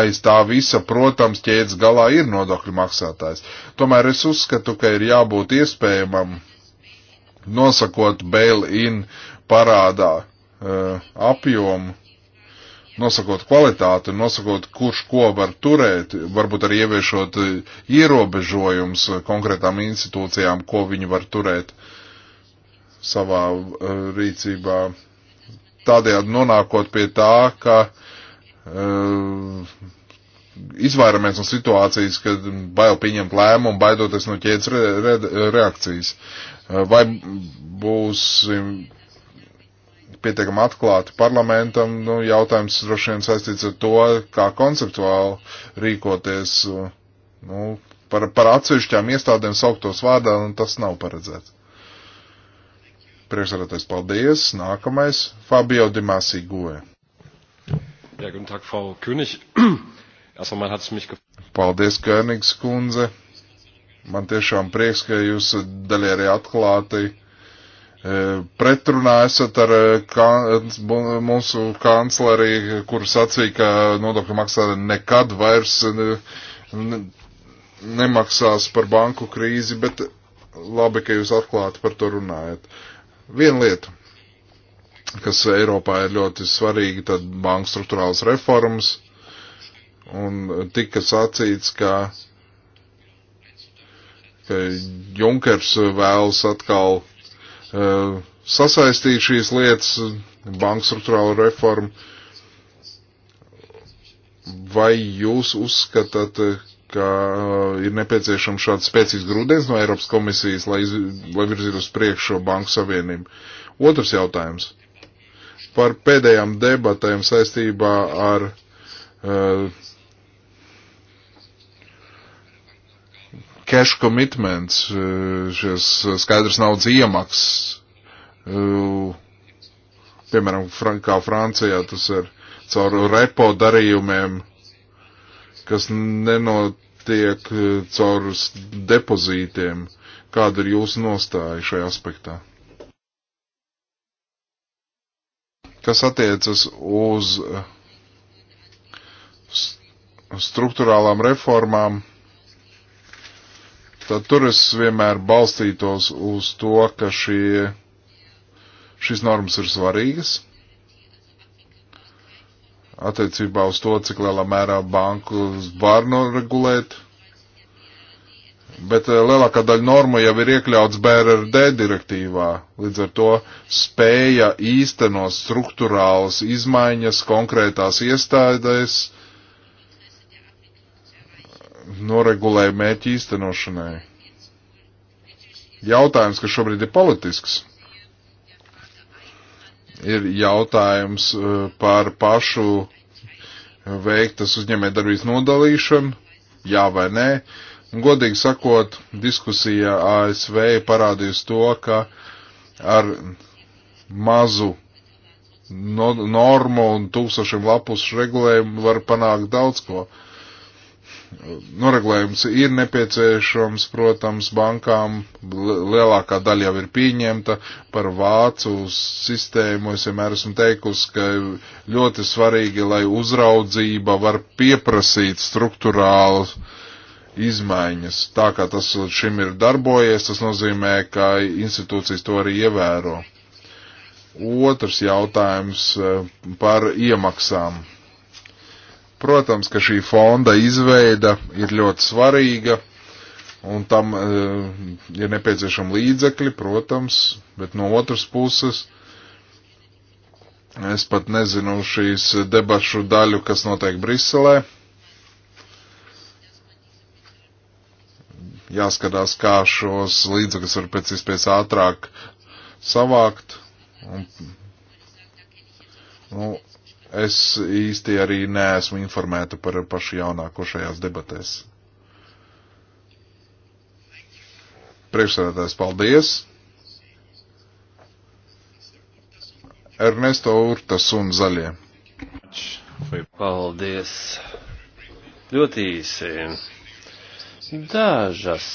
aiz tā visa, protams, ķēdes galā ir nodokļu maksātājs. Tomēr es uzskatu, ka ir jābūt iespējamam nosakot bail-in parādā uh, apjomu, nosakot kvalitāti, nosakot, kurš ko var turēt, varbūt arī ieviešot ierobežojums konkrētām institūcijām, ko viņi var turēt savā uh, rīcībā. Tādējādi nonākot pie tā, ka uh, izvairamies no situācijas, kad bail pieņemt lēmumu, baidoties no ķēdes re re reakcijas. Eh, vai būsim pietiekami atklāti parlamentam, nu, jautājums droši vien saistīts ar to, kā konceptuāli rīkoties, eh, nu, par, par atsevišķām iestādēm sauktos vārdā, un tas nav paredzēts. Priekšsēdētais, paldies. Nākamais, Fabio Dimasi Goe. Ja, guten Tag, Frau König. Erstmal hat es mich Paldies, Königs kundze. Man tiešām prieks, ka jūs daļai arī atklāti e, pretrunā esat ar e, kan, mūsu kanclerī, kur sacīja, ka nodokļu maksātāji nekad vairs ne, ne, nemaksās par banku krīzi, bet labi, ka jūs atklāti par to runājat. Viena lieta, kas Eiropā ir ļoti svarīga, tad banku struktūrāls reformas, un tika sacīts, ka ka Junkers vēlas atkal uh, sasaistīt šīs lietas, banku struktūrālu reformu. Vai jūs uzskatāt, ka uh, ir nepieciešams šāds spēcīgs grūdienis no Eiropas komisijas, lai, iz, lai virzītu uz priekšu šo banku savienību? Otrs jautājums. Par pēdējām debatēm saistībā ar uh, cash commitments, eh, šis skaidrs naudas iemaksas. Eh, piemēram, kā Francijā tas ir caur repo darījumiem, kas nenotiek eh, caur depozītiem. Kāda ir jūsu nostāja šajā aspektā? Kas attiecas uz struktūrālām reformām, Tad tur es vienmēr balstītos uz to, ka šie, šis normas ir svarīgas attiecībā uz to, cik lielā mērā banku var noregulēt. Bet eh, lielākā daļa norma jau ir iekļauts BRD direktīvā, līdz ar to spēja īstenot struktūrālas izmaiņas konkrētās iestādēs noregulē mērķi īstenošanai. Jautājums, kas šobrīd ir politisks, ir jautājums uh, par pašu veiktas uzņēmē darbības nodalīšanu, jā vai nē. Un, godīgi sakot, diskusija ASV parādījusi to, ka ar mazu no, normu un tūkstošiem lapus regulējumu var panākt daudz ko. Uh, Noregulējums ir nepieciešams, protams, bankām. Lielākā daļa jau ir pieņemta par vācu sistēmu. Es vienmēr esmu teikusi, ka ļoti svarīgi, lai uzraudzība var pieprasīt struktūrālu izmaiņas. Tā kā tas šim ir darbojies, tas nozīmē, ka institūcijas to arī ievēro. Otrs jautājums eh, par iemaksām Protams, ka šī fonda izveida ir ļoti svarīga, un tam uh, ir nepieciešama līdzekļi, protams, bet no otras puses es pat nezinu šīs debašu daļu, kas notiek Briselē. jāskatās, kā šos līdzekļus var pēc iespējas ātrāk savākt. Un, nu, Es īsti arī neesmu informēta par pašu jaunāko šajās debatēs. Priekšsēdētājs, paldies! Ernesto Urtas un Zaļie. Paldies! Ļoti īsi. Dažas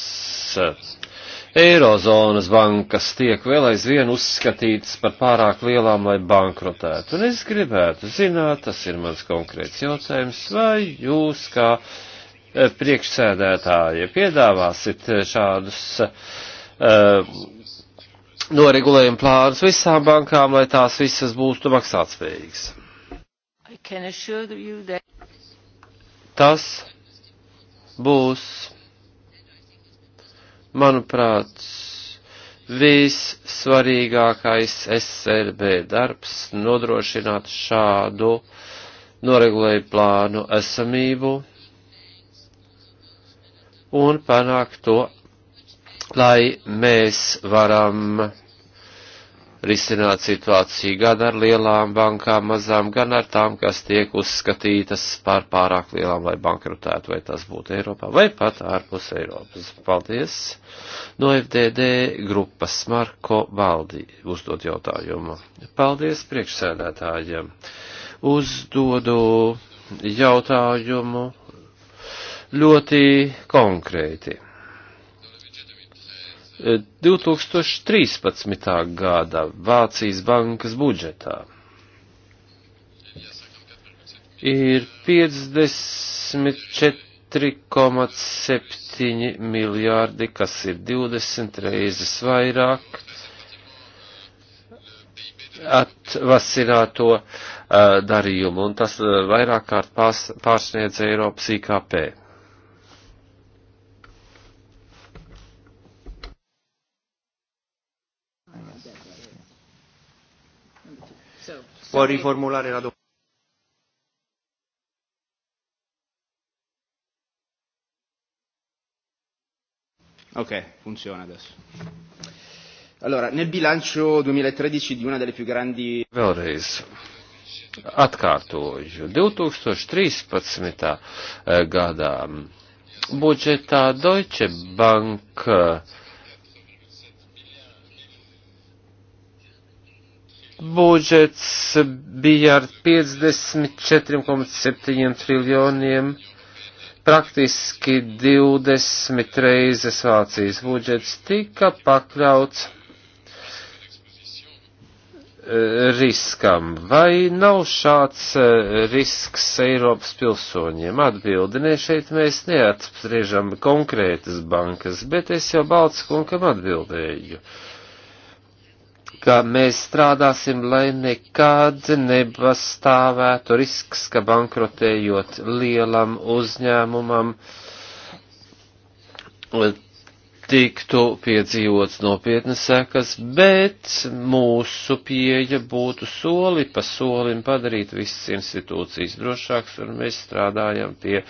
Eirozonas bankas tiek vēl aizvien uzskatītas par pārāk lielām, lai bankrotētu. Un es gribētu zināt, tas ir mans konkrēts jautājums, vai jūs kā eh, priekšsēdētāji piedāvāsit eh, šādus uh, noregulējumu plānus visām bankām, lai tās visas būtu maksātspējīgas. That... Tas būs Manuprāt, vissvarīgākais SRB darbs nodrošināt šādu noregulēju plānu esamību un panākt to, lai mēs varam risināt situāciju gan ar lielām bankām, mazām, gan ar tām, kas tiek uzskatītas par pārāk lielām, lai bankrutētu, vai tas būtu Eiropā, vai pat ārpus Eiropas. Paldies! No FDD grupas Marko Baldi uzdod jautājumu. Paldies priekšsēdētājiem! Uzdodu jautājumu ļoti konkrēti 2013. gada Vācijas bankas budžetā ir 54,7 miljārdi, kas ir 20 reizes vairāk atvasināto uh, darījumu, un tas uh, vairāk kārt pārs, pārsniedz Eiropas IKP. Può riformulare la domanda. Ok, funziona adesso. Allora, nel bilancio 2013 di una delle più grandi... Vēlreiz atkārtoju. 2013. Eh, gadā budžetā Deutsche Bank uh, budžets bija ar 54,7 triljoniem, praktiski 20 reizes Vācijas budžets tika pakļauts e, riskam. Vai nav šāds e, risks Eiropas pilsoņiem? Atbildi, ne šeit mēs neatspriežam konkrētas bankas, bet es jau Balts kungam atbildēju. Uh, ka mēs strādāsim, lai nekad nepastāvētu risks, ka bankrotējot lielam uzņēmumam tiktu piedzīvots nopietnas sekas, bet mūsu pieeja būtu soli pa solim padarīt visas institūcijas drošākas, un mēs strādājam pie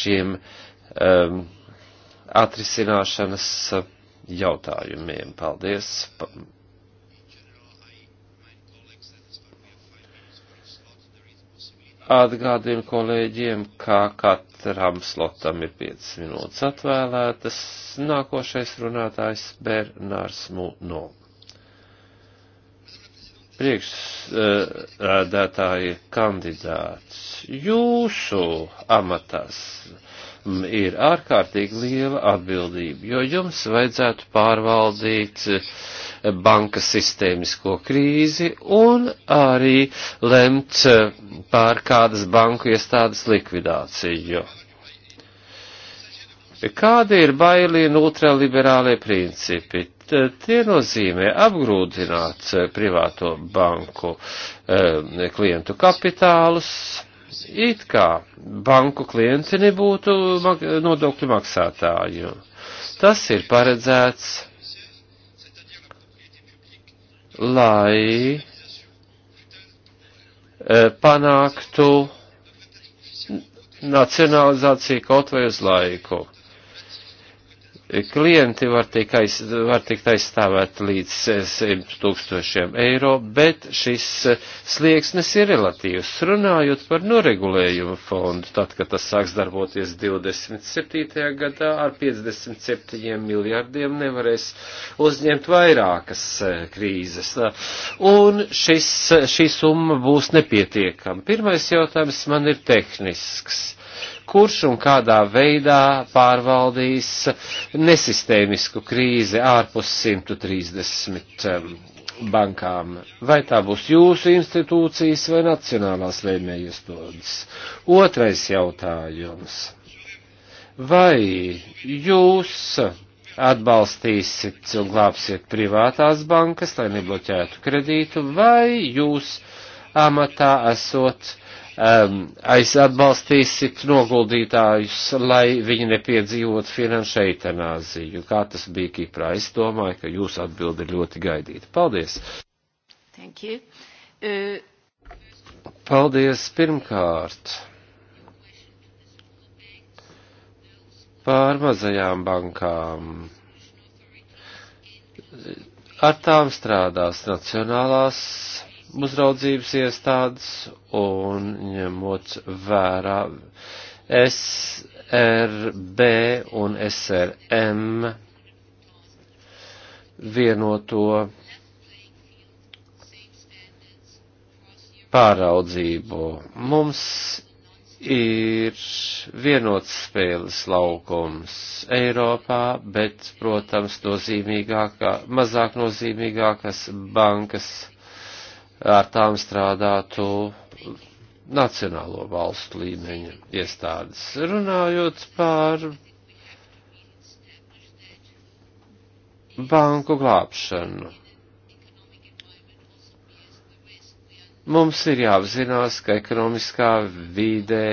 šiem um, atrisināšanas jautājumiem. Paldies! Pa Atgādinu kolēģiem, kā katram slotam ir 5 minūtes atvēlētas. Nākošais runātājs Bernārs Mūno. Priekšsēdētāji uh, kandidāts, jūsu amatās ir ārkārtīgi liela atbildība, jo jums vajadzētu pārvaldīt eh, bankas sistēmisko krīzi un arī lemt eh, pār kādas banku iestādes likvidāciju. Kādi ir bailīgi un ultraliberālie principi? Tie nozīmē apgrūdināt eh, privāto banku klientu kapitālus, It kā banku klienti nebūtu nodokļu maksātāju. Tas ir paredzēts, lai e, panāktu nacionalizāciju kaut vai uz laiku klienti var tikt, aiz, var tikt aizstāvēt līdz 100 tūkstošiem eiro, bet šis slieksnis ir relatīvs. Runājot par noregulējumu fondu, tad, kad tas sāks darboties 27. gadā, ar 57 miljardiem nevarēs uzņemt vairākas eh, krīzes. Un šis, šī summa būs nepietiekama. Pirmais jautājums man ir tehnisks kurš un kādā veidā pārvaldīs nesistēmisku krīzi ārpus 130 bankām. Vai tā būs jūsu institūcijas vai nacionālās lēmējiestādes? Otrais jautājums. Vai jūs atbalstīsit un glābsiet privātās bankas, lai nebloķētu kredītu, vai jūs amatā esot um, aiz atbalstīsit noguldītājus, lai viņi nepiedzīvot finanšu eitanāziju, kā tas bija Kiprā. Es domāju, ka jūsu atbildi ir ļoti gaidīta. Paldies! Thank you. Uh... Paldies pirmkārt par mazajām bankām. Ar tām strādās nacionālās uzraudzības iestādes un ņemot vērā SRB un SRM vienoto pāraudzību. Mums ir vienots spēles laukums Eiropā, bet, protams, nozīmīgākā, mazāk nozīmīgākas bankas ar tām strādātu nacionālo valstu līmeņa iestādes. Runājot par banku glābšanu. Mums ir jāapzinās, ka ekonomiskā vidē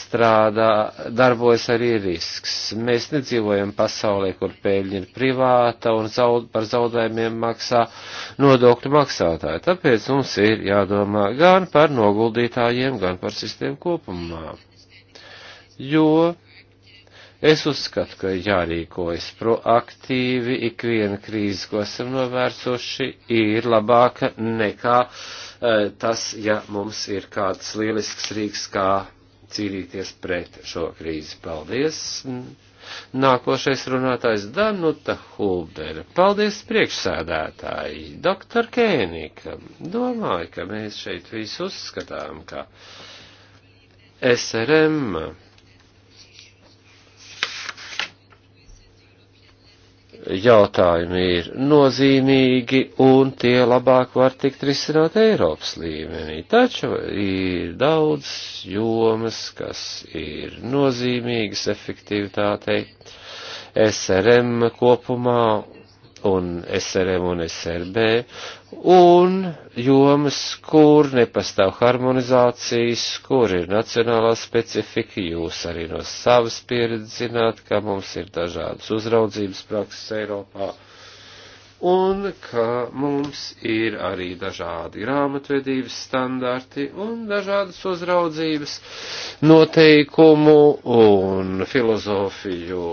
strādā, darbojas arī risks. Mēs nedzīvojam pasaulē, kur pēļņi ir privāta un zaud, par zaudējumiem maksā nodokļu maksātāji. Tāpēc mums ir jādomā gan par noguldītājiem, gan par sistēmu kopumā. Jo es uzskatu, ka jārīkojas proaktīvi, ikviena krīze, ko esam novērsoši, ir labāka nekā uh, tas, ja mums ir kāds lielisks rīks, kā cīnīties pret šo krīzi. Paldies! Nākošais runātājs Danuta Hulbera. Paldies priekšsēdētāji, doktor Kēnika. Domāju, ka mēs šeit visu uzskatām, ka SRM jautājumi ir nozīmīgi un tie labāk var tikt risināt Eiropas līmenī. Taču ir daudz jomas, kas ir nozīmīgas efektivitātei, SRM kopumā un SRM un SRB, un jomas, kur nepastāv harmonizācijas, kur ir nacionālā specifika, jūs arī no savas pieredzes zināt, ka mums ir dažādas uzraudzības prakses Eiropā, un ka mums ir arī dažādi grāmatvedības standarti un dažādas uzraudzības noteikumu un filozofiju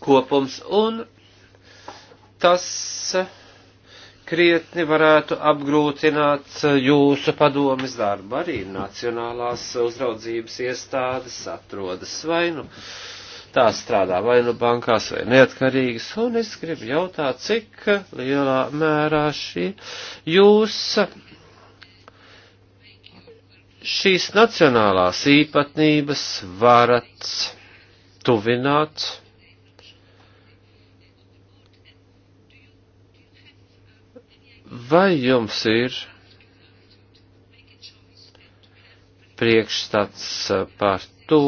kopums, un tas krietni varētu apgrūtināt jūsu padomis darbu. Arī nacionālās uzraudzības iestādes atrodas vai nu tā strādā vai nu bankās vai neatkarīgas, un es gribu jautāt, cik lielā mērā šī jūs šīs nacionālās īpatnības varat tuvināt Vai jums ir priekšstats eh, par to,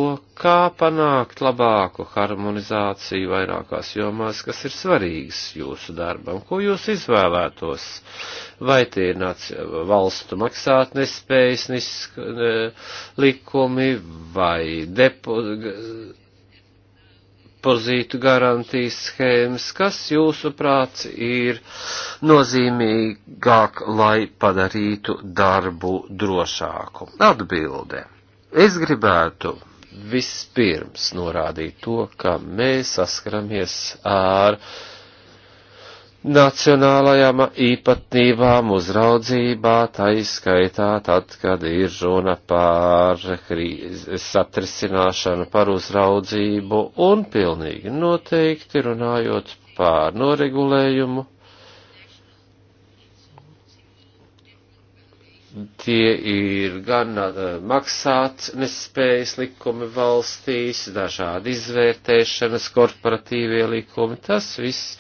kā panākt labāku harmonizāciju vairākās jomās, kas ir svarīgas jūsu darbam, ko jūs izvēlētos, vai tie ir valstu maksāt nespējas eh, likumi, vai depo, depozītu garantijas schēmas, kas jūsuprāt ir nozīmīgāk, lai padarītu darbu drošāku? Atbilde. Es gribētu vispirms norādīt to, ka mēs saskaramies ar uh, nacionālajām īpatnībām uzraudzībā, taiskaitā tad, kad ir runa par krīzes atrisināšanu, par uzraudzību un pilnīgi noteikti runājot par noregulējumu, Tie ir gan eh, maksāt nespējas likumi valstīs, dažādi izvērtēšanas, korporatīvie likumi, tas viss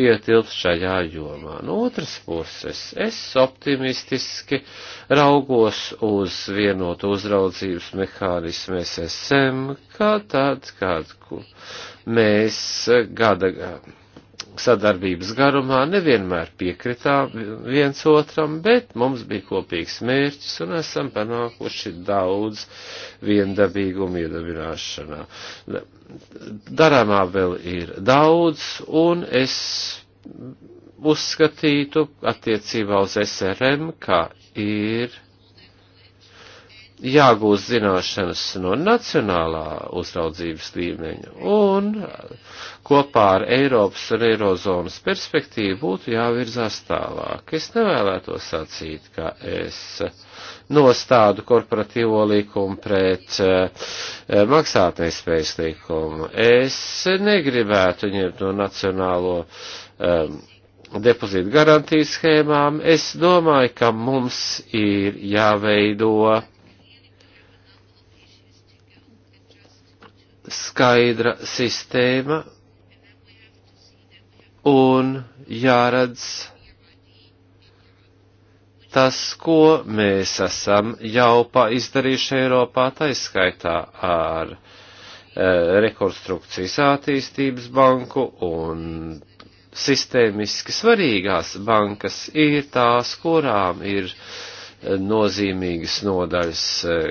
ietilps šajā jomā. No otras puses, es optimistiski raugos uz vienotu uzraudzības mehānismu SSM, kā tad, kad mēs gada sadarbības garumā nevienmēr piekritām viens otram, bet mums bija kopīgs mērķis un esam panākuši daudz viendabīgumu iedabināšanā. Darāmā vēl ir daudz, un es uzskatītu attiecībā uz SRM, ka ir jāgūst zināšanas no nacionālā uzraudzības līmeņa un kopā ar Eiropas un Eirozonas perspektīvu būtu jāvirzās tālāk. Es nevēlētos sacīt, ka es nostādu korporatīvo likumu pret eh, maksātnespējas likumu. Es negribētu ņemt no nacionālo um, depozītu garantijas schēmām. Es domāju, ka mums ir jāveido skaidra sistēma un jāredz tas, ko mēs esam jau izdarījuši Eiropā, taiskaitā ar e, rekonstrukcijas attīstības banku un sistēmiski svarīgās bankas ir tās, kurām ir eh, nozīmīgas nodaļas eh,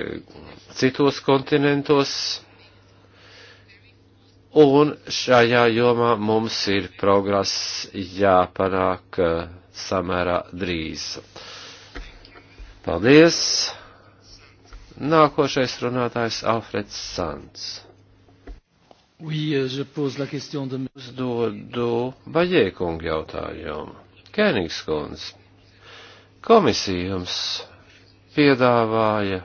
citos kontinentos, Un šajā jomā mums ir progress jāpanāk eh, samērā drīz. Paldies! Nākošais runātājs Alfreds Sants. Oui, euh, je pose la question de... Uzdodu Baļiekungu jautājumu. Kēnigskunds, komisija jums piedāvāja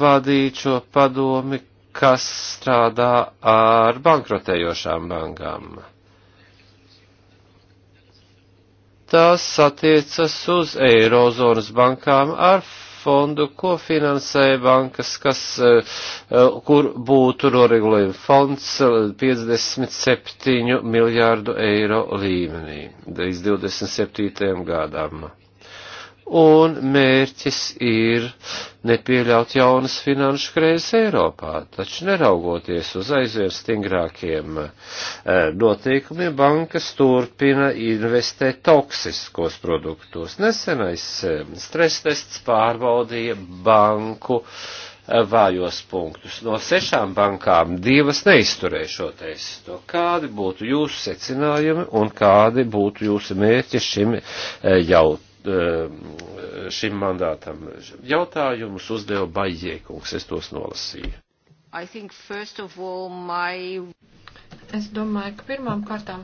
vadīt šo padomi, kas strādā ar bankrotējošām bankām. Tas attiecas uz Eirozonas bankām ar fondu, ko finansē bankas, kas, eh, eh, kur būtu noregulējuma fonds 57 eh, miljārdu eiro līmenī līdz 27 gadam un mērķis ir nepieļaut jaunas finanšu krēzes Eiropā. Taču neraugoties uz aizvien stingrākiem eh, noteikumiem, bankas turpina investēt toksiskos produktos. Nesenais eh, stres tests pārbaudīja banku eh, vājos punktus. No sešām bankām divas neizturēja šo testu. Kādi būtu jūsu secinājumi un kādi būtu jūsu mērķi šim jautājumam? Eh, šim mandātam. Jautājumus uzdeva Baijiekungs, es tos nolasīju. All, my... Es domāju, ka pirmām kārtām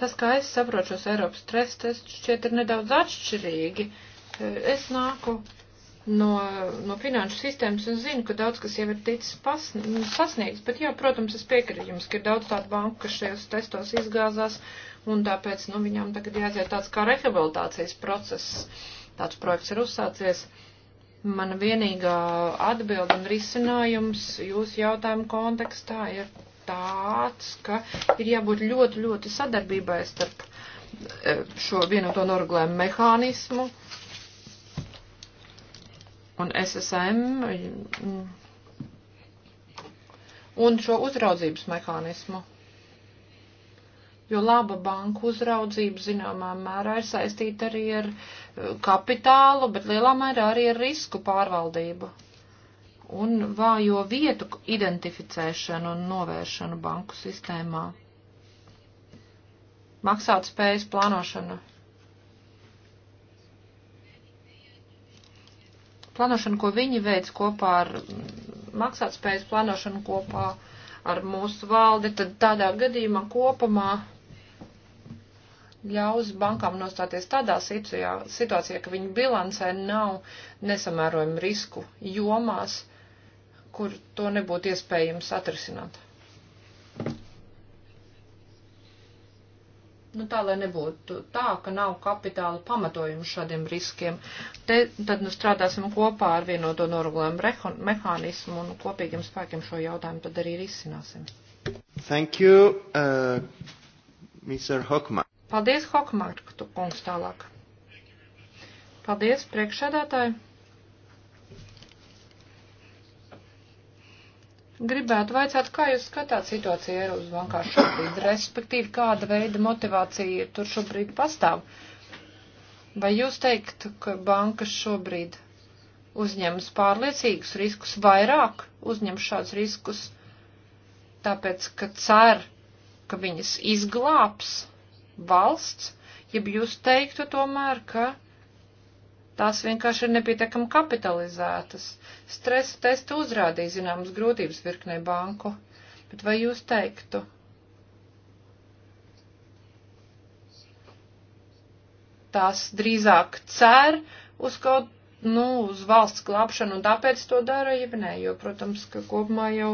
tas, kā es saprotu šos Eiropas stresa testus, šķiet ir nedaudz atšķirīgi. Eh, es nāku no, no finanšu sistēmas un zinu, ka daudz kas jau ir ticis pasn, sasniegts, bet jā, protams, es piekrītu jums, ka ir daudz tādu banku, kas šajos testos izgāzās. Uh, un tāpēc, nu, viņām tagad jāiziet tāds kā rehabilitācijas process. Tāds projekts ir uzsācies. Mana vienīgā atbilda un risinājums jūsu jautājumu kontekstā ir tāds, ka ir jābūt ļoti, ļoti sadarbībai starp e, šo vienoto noregulējumu mehānismu un SSM mm, un šo uzraudzības mehānismu jo laba banku uzraudzība zināmā mērā ir saistīta arī ar eh, kapitālu, bet lielā mērā arī ar risku pārvaldību un vājo vietu identificēšanu un novēršanu banku sistēmā. Maksāt spējas plānošana. Plānošana, ko viņi veids kopā ar mm, maksāt spējas plānošanu kopā ar mūsu valdi, tad tādā gadījumā kopumā ļaus bankām nostāties tādā situācijā, ka viņu bilancē nav nesamērojumu risku jomās, kur to nebūtu iespējams atrisināt. Nu, tā, lai nebūtu tā, ka nav kapitāla pamatojumu šādiem riskiem. Te, tad nu, strādāsim kopā ar vienoto noregulējumu mehānismu un kopīgiem spēkiem šo jautājumu tad arī risināsim. Thank you, uh, Mr. Hockman. Paldies, Hokmārktu kungs tālāk. Paldies, priekšsēdētāji. Gribētu vaicāt, kā jūs skatāt situāciju Eiropas bankā šobrīd, respektīvi kāda veida motivācija tur šobrīd pastāv? Vai jūs teiktu, ka bankas šobrīd uzņemas pārliecīgus riskus, vairāk uzņem šādus riskus, tāpēc, ka cer, ka viņas izglābs valsts, ja jūs teiktu tomēr, ka tās vienkārši ir nepietiekami kapitalizētas. Stresa testi uzrādīja zināmas grūtības virknē banku, bet vai jūs teiktu? Tās drīzāk cer uz kaut nu, uz valsts glābšanu, un tāpēc to dara, ja nē, jo, protams, ka kopumā jau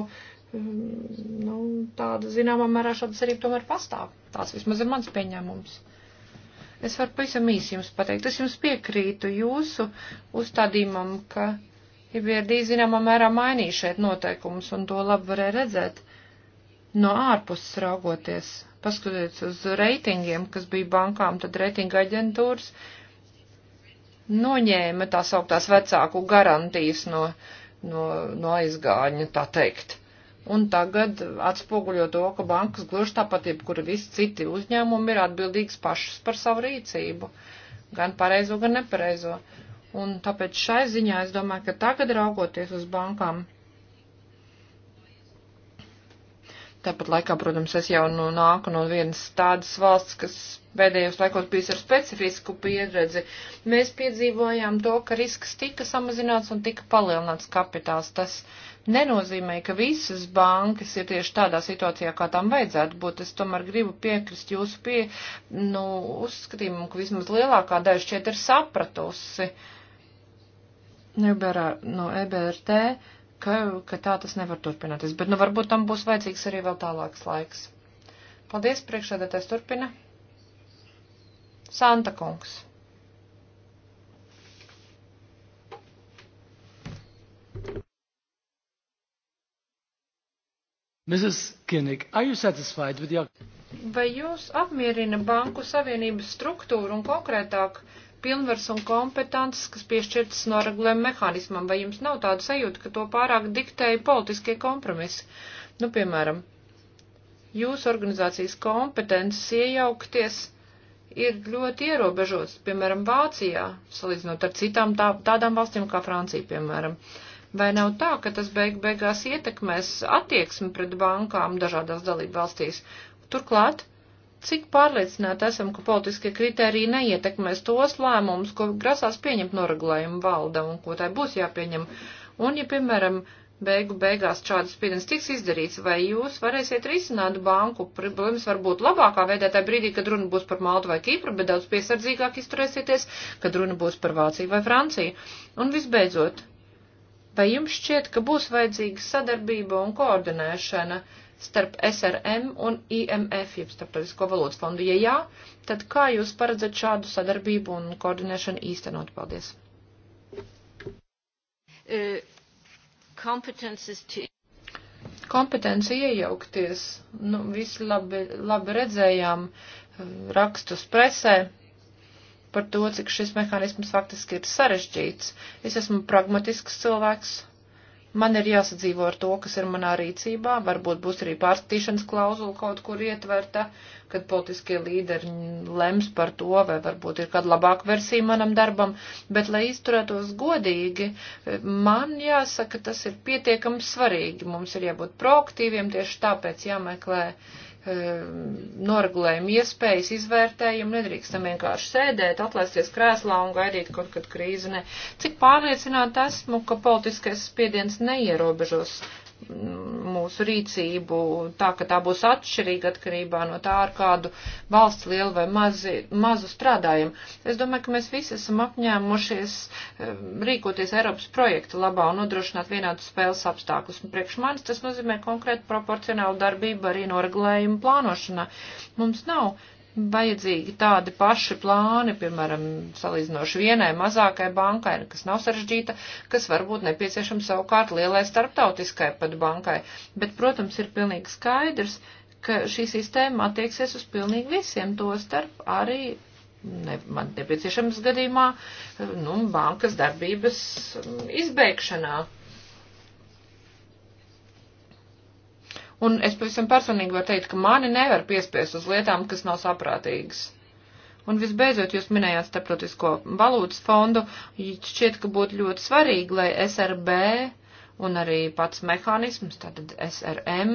Mm, nu, tāda zināmā mērā šāda cerība tomēr pastāv. Tāds vismaz ir mans pieņēmums. Es varu pavisam īsi jums pateikt. Es jums piekrītu jūsu uzstādījumam, ka IBRD zināmā mērā mainīja šeit noteikumus, un to labi varēja redzēt no ārpuses raugoties. Paskatieties uz reitingiem, kas bija bankām, tad reitinga aģentūras noņēma tās augtās vecāku garantijas no, no, no aizgāņa, tā teikt. Un tagad atspoguļo to, ka bankas gluži tāpat, jebkura visi citi uzņēmumi ir atbildīgs pašas par savu rīcību, gan pareizo, gan nepareizo. Un tāpēc šai ziņā es domāju, ka tagad raugoties uz bankām, tāpat laikā, protams, es jau nu, nāku no vienas tādas valsts, kas pēdējos laikos bijusi ar specifisku pieredzi. Mēs piedzīvojām to, ka risks tika samazināts un tika palielināts kapitāls. Tas nenozīmē, ka visas bankas ir tieši tādā situācijā, kā tam vajadzētu būt. Es tomēr gribu piekrist jūsu pie, nu, uzskatījumam, ka vismaz lielākā daļa šķiet ir sapratusi Eberā, no EBRT, ka, ka tā tas nevar turpināties. Bet, nu, varbūt tam būs vajadzīgs arī vēl tālāks laiks. Paldies, priekšsēdētājs turpina. Santa kungs. Mrs. Kinnick, are you satisfied with your... Vai jūs apmierina Banku Savienības struktūru un konkrētāk pilnvars un kompetences, kas piešķirtas no regulējuma mehānismam? Vai jums nav tāda sajūta, ka to pārāk diktēja politiskie kompromisi? Nu, piemēram, jūsu organizācijas kompetences iejaukties ir ļoti ierobežots, piemēram, Vācijā, salīdzinot ar citām tā, tādām valstīm kā Francija, piemēram. Uh, Vai nav tā, ka tas beig beigās ietekmēs attieksmi pret bankām dažādās dalību valstīs? Turklāt, cik pārliecināti esam, ka politiskie kriteriji neietekmēs tos lēmumus, ko grasās pieņemt noregulējuma valda un ko tai būs jāpieņem? Un, ja, piemēram, beigu beigās šāds spiediens tiks izdarīts, vai jūs varēsiet risināt banku problēmas varbūt labākā veidā tajā brīdī, kad runa būs par Maltu vai Kipru, bet daudz piesardzīgāk izturēsieties, kad runa būs par Vāciju vai Franciju. Un visbeidzot, Vai jums šķiet, ka būs vajadzīga sadarbība un koordinēšana starp SRM un IMF, jeb starptautisko valūtas fondu? Ja jā, tad kā jūs paredzat šādu sadarbību un koordinēšanu īstenot? Paldies. Uh, Kompetence iejaukties. Nu, visi labi, labi redzējām uh, rakstus presē par to, cik šis mehānisms faktiski ir sarežģīts. Es esmu pragmatisks cilvēks. Man ir jāsadzīvo ar to, kas ir manā rīcībā, varbūt būs arī pārskatīšanas klauzula kaut kur ietverta, kad politiskie līderi lems par to, vai varbūt ir kāda labāka versija manam darbam, bet, lai izturētos godīgi, man jāsaka, tas ir pietiekami svarīgi. Mums ir jābūt proaktīviem, tieši tāpēc jāmeklē uh, Um, noregulējumu iespējas, izvērtējumu, nedrīkstam vienkārši sēdēt, atlaisties krēslā un gaidīt kaut kad krīzi. Ne. Cik pārliecināta esmu, ka politiskais spiediens neierobežos mūsu rīcību, tā ka tā būs atšķirīga atkarībā no tā, ar kādu valsts lielu vai mazi, mazu strādājam. Es domāju, ka mēs visi esam apņēmušies eh, rīkoties Eiropas projekta labā un nodrošināt vienādu spēles apstākļus. Priekš manis tas nozīmē konkrētu proporcionālu darbību arī noregulējumu plānošanā. Mums nav vajadzīgi tādi paši plāni, piemēram, salīdzinoši vienai mazākai bankai, kas nav sarežģīta, kas varbūt nepieciešams savukārt lielai starptautiskai pat bankai. Bet, protams, ir pilnīgi skaidrs, ka šī sistēma attieksies uz pilnīgi visiem, to starp arī ne, man nepieciešams gadījumā, nu, bankas darbības izbeigšanā. Un es pavisam personīgi varu teikt, ka mani nevar piespiest uz lietām, kas nav saprātīgas. Un visbeidzot, jūs minējāt starptautisko valūtas fondu, šķiet, ka būtu ļoti svarīgi, lai SRB un arī pats mehānisms, tātad SRM,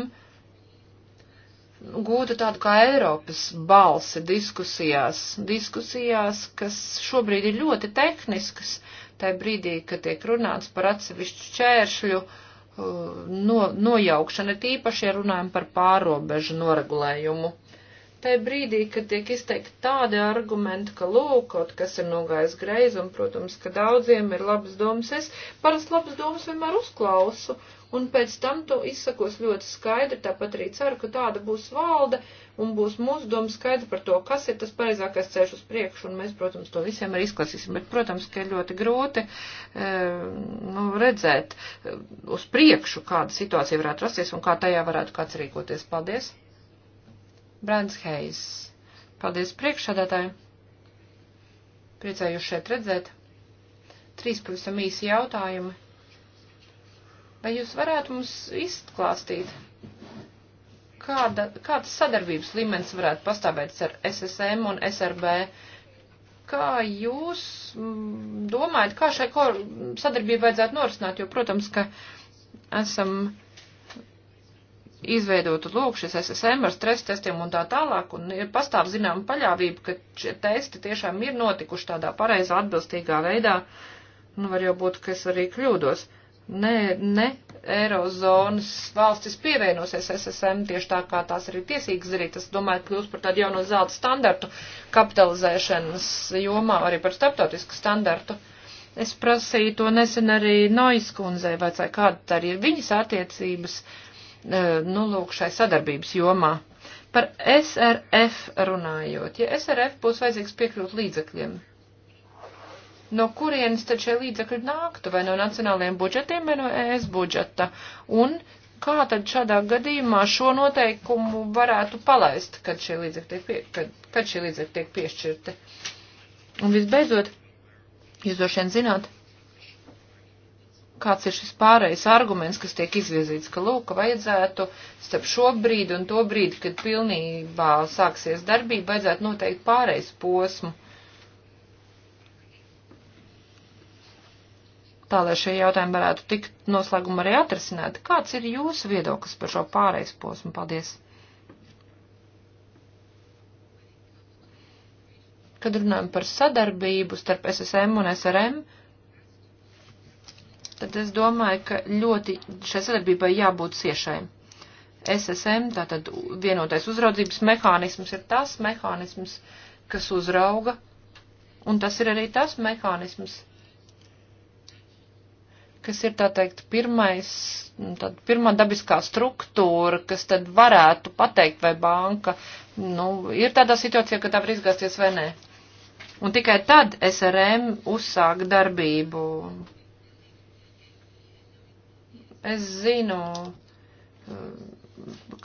gūtu tādu kā Eiropas balsi diskusijās, diskusijās, kas šobrīd ir ļoti tehniskas, tai brīdī, kad tiek runāts par atsevišķu čēršļu, uh, Uh, no, nojaukšana, tīpaši, ja runājam par pārobežu noregulējumu. Tā brīdī, kad tiek izteikti tādi argumenti, ka lūk, kaut kas ir nogājis greizi, un, protams, ka daudziem ir labas domas, es parasti labas domas vienmēr uzklausu, un pēc tam to izsakos ļoti skaidri, tāpat arī ceru, ka tāda būs valde, uh, un būs mūsu doma skaidra par to, kas ir tas pareizākais ceļš uz priekšu, un mēs, protams, to visiem arī izklāsīsim. Bet, protams, ka ir ļoti grūti eh, nu, redzēt eh, uz priekšu, kāda situācija varētu rasties un kā tajā varētu kāds rīkoties. Paldies! Brands Heijs. Paldies priekšsādātāji. Priecājos šeit redzēt. Trīs pavisam īsi jautājumi. Vai jūs varētu mums izklāstīt? kāda, kāds sadarbības līmenis varētu pastāvēt ar SSM un SRB. Kā jūs mm, domājat, kā šai sadarbībai vajadzētu norisināt, jo, protams, ka esam izveidotu lūk šis SSM ar stresa testiem un tā tālāk, un ir pastāv zinām paļāvība, ka šie testi tiešām ir notikuši tādā pareizā atbilstīgā veidā, nu var jau būt, ka es arī kļūdos. Uh, ne, ne Eirozonas valstis pievienosies SSM tieši tā, kā tās arī tiesīgas darīt. Es domāju, ka kļūst par tādu jauno zelta standartu kapitalizēšanas jomā, arī par starptautisku standartu. Es prasīju to nesen arī Noiskundzei, vajadzēja kāda arī ir viņas attiecības, e, nu, lūk, šai sadarbības jomā. Par SRF runājot, ja SRF būs vajadzīgs piekļūt līdzekļiem, no kurienes tad šie līdzekļi nāktu, vai no nacionālajiem budžetiem, vai no ES budžeta. Un kā tad šādā gadījumā šo noteikumu varētu palaist, kad šie līdzekļi tiek, pie, kad, kad šie līdzekļi tiek piešķirti? Un visbeidzot, jūs droši vien zināt, kāds ir šis pārējais arguments, kas tiek izvirzīts, ka lūk, ka vajadzētu starp šo brīdi un to brīdi, kad pilnībā sāksies darbība, vajadzētu noteikt pārējais posmu. Uh, tā lai šie jautājumi varētu tikt noslēgumā arī atrasināti. Kāds ir jūsu viedoklis par šo pārejas posmu? Paldies! Kad runājam par sadarbību starp SSM un SRM, tad es domāju, ka ļoti šai sadarbībai jābūt ciešai. SSM, tātad vienotais uzraudzības mehānisms, ir tas mehānisms, kas uzrauga, un tas ir arī tas mehānisms, kas ir tā teikt pirmais, tad pirmā dabiskā struktūra, kas tad varētu pateikt, vai banka, nu, ir tādā situācijā, ka tā var izgāzties vai nē. Un tikai tad SRM uzsāk darbību. Es zinu,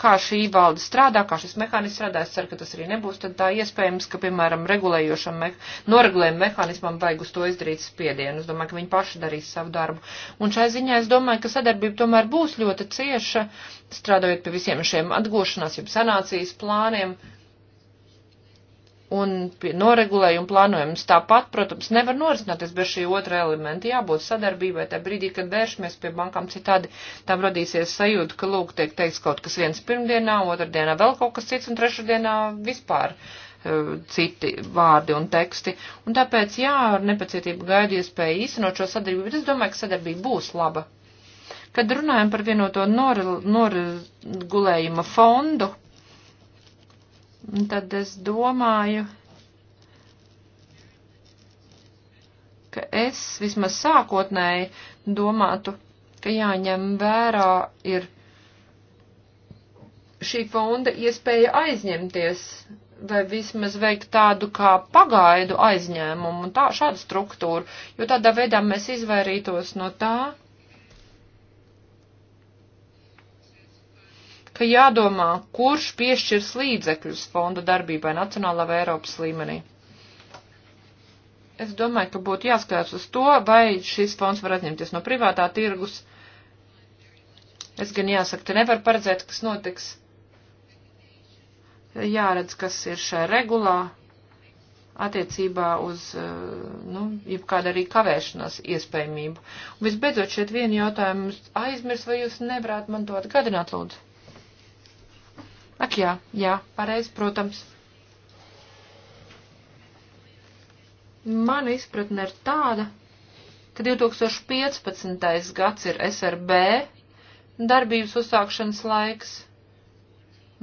kā šī valde strādā, kā šis mehānisms strādā. Es ceru, ka tas arī nebūs. Tad tā iespējams, ka, piemēram, regulējošam, me noregulējuma mehānismam vajag uz to izdarīt spiedienu. Es domāju, ka viņi paši darīs savu darbu. Un šai ziņā es domāju, ka sadarbība tomēr būs ļoti cieša, strādājot pie visiem šiem atgūšanās, jeb sanācijas plāniem. Uh, un noregulējuma plānojums. Tāpat, protams, nevar norisināties bez šī otra elementa. Jābūt sadarbībai tajā brīdī, kad vēršamies pie bankām citādi, tam radīsies sajūta, ka, lūk, tiek teiks kaut kas viens pirmdienā, otrdienā vēl kaut kas cits un trešdienā vispār uh, citi vārdi un teksti. Un tāpēc, jā, ar nepacietību gaidu iespēju īstenot šo sadarbību, bet es domāju, ka sadarbība būs laba. Kad runājam par vienoto noregulējuma fondu, tad es domāju, ka es vismaz sākotnēji domātu, ka jāņem vērā ir šī fonda iespēja aizņemties vai vismaz veikt tādu kā pagaidu aizņēmumu un tā, šādu struktūru, jo tādā veidā mēs izvairītos no tā, ka jādomā, kurš piešķirs līdzekļus fonda darbībai nacionālā vai Eiropas līmenī. Es domāju, ka būtu jāskatās uz to, vai šis fonds var atņemties no privātā tirgus. Es gan jāsaka, te nevar paredzēt, kas notiks. Jāredz, kas ir šajā regulā attiecībā uz, eh, nu, jebkāda arī kavēšanās iespējamību. Un visbeidzot, šeit vienu jautājumu aizmirs, vai jūs nevarētu man to atgādināt, lūdzu? Ak jā, jā, pareizi, protams. Mana izpratne ir tāda, ka 2015. gads ir SRB darbības uzsākšanas laiks.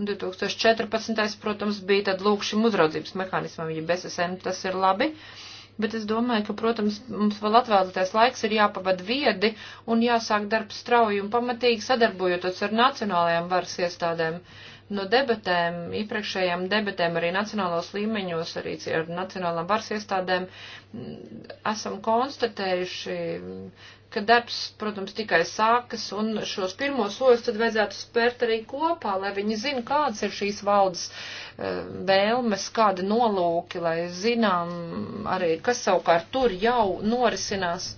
2014. protams, bija tad lūk šim uzraudzības mehānismam, ja BSSM tas ir labi, bet es domāju, ka, protams, mums vēl atvēlētais laiks ir jāpavad viedi un jāsāk darbs strauji un pamatīgi sadarbojoties ar nacionālajām varas iestādēm. Uh, no debatēm, iepriekšējām debatēm arī nacionālos līmeņos, arī ar nacionālām varas iestādēm, mm, esam konstatējuši, ka darbs, protams, tikai sākas, un šos pirmos soļus tad vajadzētu spērt arī kopā, lai viņi zina, kādas ir šīs valdes eh, vēlmes, kādi nolūki, lai zinām arī, kas savukārt tur jau norisinās.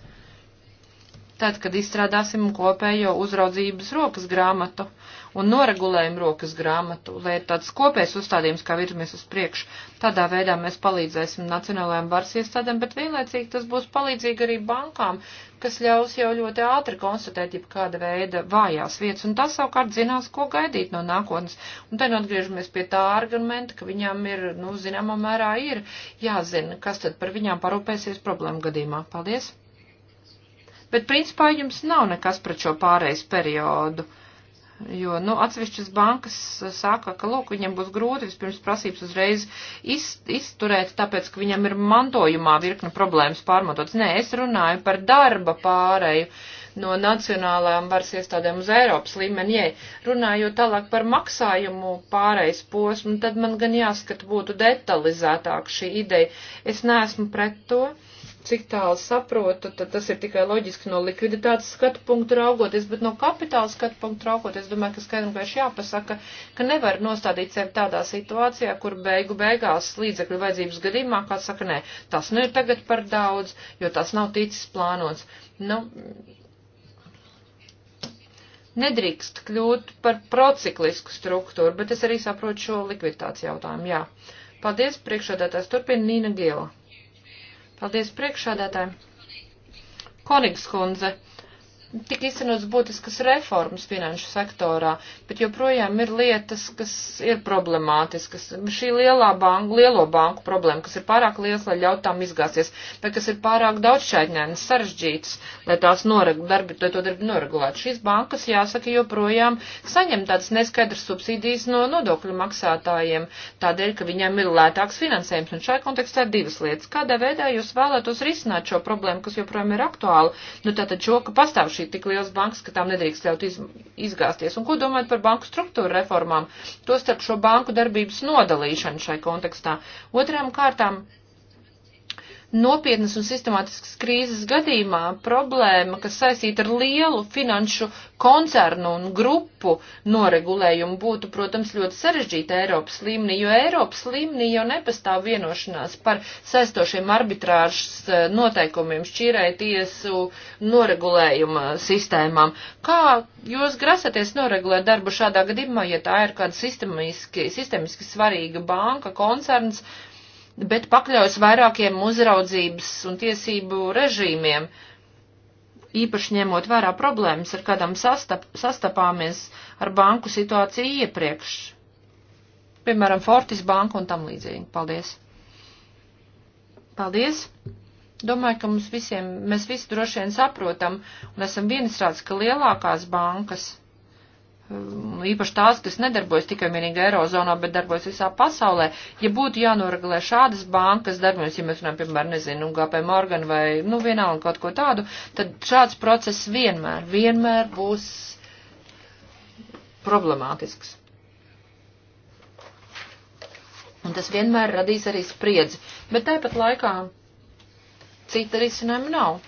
Tad, kad izstrādāsim kopējo uzraudzības rokas grāmatu un noregulējam rokas grāmatu, lai ir tāds kopējs uzstādījums, kā virzamies uz priekšu. Tādā veidā mēs palīdzēsim nacionālajām varas iestādēm, bet vienlaicīgi tas būs palīdzīgi arī bankām, kas ļaus jau ļoti ātri konstatēt, ja kāda veida vājās vietas, un tas savukārt zinās, ko gaidīt no nākotnes. Un te atgriežamies pie tā argumenta, ka viņām ir, nu, zināmā mērā ir jāzina, kas tad par viņām parūpēsies problēmu gadījumā. Paldies! bet principā jums nav nekas pret šo pārejas periodu. Jo, nu, atsevišķas bankas uh, saka, ka, lūk, viņam būs grūti vispirms prasības uzreiz iz, izturēt, tāpēc, ka viņam ir mantojumā virkne problēmas pārmantotas. Nē, es runāju par darba pārēju no nacionālajām varas iestādēm uz Eiropas līmeni. Jē, runājot tālāk par maksājumu pārējais posmu, tad man gan jāskata būtu detalizētāk šī ideja. Es neesmu pret to. Uh, cik tālu saprotu, tad tas ir tikai loģiski no likviditātes skatu punktu raugoties, bet no kapitāla skatu punktu raugoties, domāju, ka skaidri vienkārši jāpasaka, ka nevar nostādīt sevi tādā situācijā, kur beigu beigās līdzekļu vajadzības gadījumā, kā saka, nē, tas nu ir tagad par daudz, jo tas nav ticis plānots. Nu, nedrīkst kļūt par prociklisku struktūru, bet es arī saprotu šo likviditāciju jautājumu, jā. Paldies, priekšādātājs turpina Nīna Giela. Paldies priekšādātājiem. Konigs kundze tik izcenots būtiskas reformas finanšu sektorā, bet joprojām ir lietas, kas ir problemātiskas. Šī lielā banku, lielo banku problēma, kas ir pārāk liels, lai ļautām izgāsies, vai kas ir pārāk daudzšķaidņēnas sarežģītas, lai tās noreg, darbi, lai to darbi noregulētu. Šīs bankas, jāsaka, joprojām saņem tādas neskaidras subsīdijas no nodokļu maksātājiem, tādēļ, ka viņiem ir lētāks finansējums. Un šai kontekstā ir divas lietas. Kādā veidā jūs vēlētos risināt šo problēmu, kas joprojām ir aktuāla? Nu, tātad šo, ka pastāv šī tik liels bankas, ka tām nedrīkst ļaut iz, izgāzties. Un ko domājat par banku struktūru reformām? Tostarp šo banku darbības nodalīšanu šai kontekstā. Otrām kārtām nopietnas un sistemātiskas krīzes gadījumā problēma, kas saistīta ar lielu finanšu koncernu un grupu noregulējumu, būtu, protams, ļoti sarežģīta Eiropas līmenī, jo Eiropas līmenī jau nepastāv vienošanās par saistošiem arbitrāžas eh, noteikumiem šķīrēja tiesu noregulējuma sistēmām. Kā jūs grasaties noregulēt darbu šādā gadījumā, ja tā ir kāda sistemiski, sistemiski svarīga banka, koncerns? bet pakļaujas vairākiem uzraudzības un tiesību režīmiem. Īpaši ņemot vērā problēmas, ar kādām sastap, sastapāmies ar banku situāciju iepriekš. Piemēram, Fortis banka un tam līdzīgi. Paldies! Paldies! Domāju, ka mums visiem, mēs visi droši vien saprotam un esam viensprāts, ka lielākās bankas Um, īpaši tās, kas nedarbojas tikai vienīgi Eirozonā, bet darbojas visā pasaulē, ja būtu jānoregulē šādas bankas darbojas, ja mēs runājam, piemēram, nezinu, GP Morgan vai, nu, vienalga kaut ko tādu, tad šāds process vienmēr, vienmēr būs problemātisks. Un tas vienmēr radīs arī spriedzi. Bet tāpat laikā cita risinājuma nav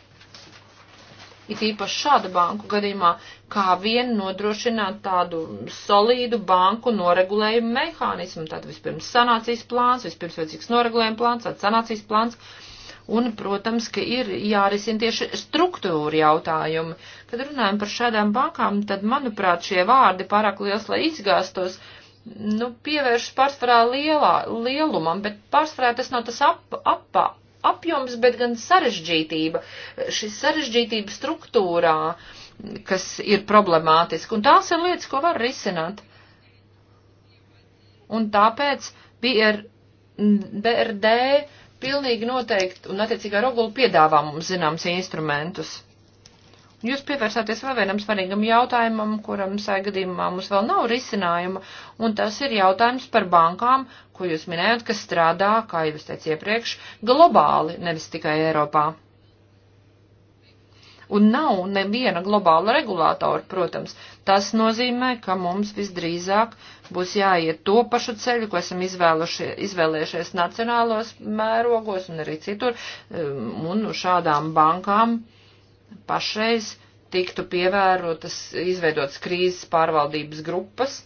it īpaši šādu banku gadījumā, kā vien nodrošināt tādu solīdu banku noregulējumu mehānismu. Tad vispirms sanācijas plāns, vispirms vajadzīgs noregulējuma plāns, tad sanācijas plāns. Un, protams, ka ir jārisina tieši struktūra jautājumi. Kad runājam par šādām bankām, tad, manuprāt, šie vārdi pārāk liels, lai izgāstos nu, pievēršas pārsvarā lielā, lielumam, bet pārsvarā tas nav tas ap, ap, apjoms, bet gan sarežģītība. Šis sarežģītība struktūrā, kas ir problemātiska. Un tās ir lietas, ko var risināt. Un tāpēc bija ar BRD pilnīgi noteikti un attiecīgā regula piedāvā mums zināms instrumentus. Jūs pievērsāties vēl vienam svarīgam jautājumam, kuram sagadījumā mums vēl nav risinājuma, un tas ir jautājums par bankām, ko jūs minējat, kas strādā, kā jau es teicu iepriekš, globāli, nevis tikai Eiropā. Un nav neviena globāla regulātora, protams. Tas nozīmē, ka mums visdrīzāk būs jāiet to pašu ceļu, ko esam izvēlējušies nacionālos mērogos un arī citur, um, un šādām bankām pašreiz tiktu pievērotas, izveidotas krīzes pārvaldības grupas,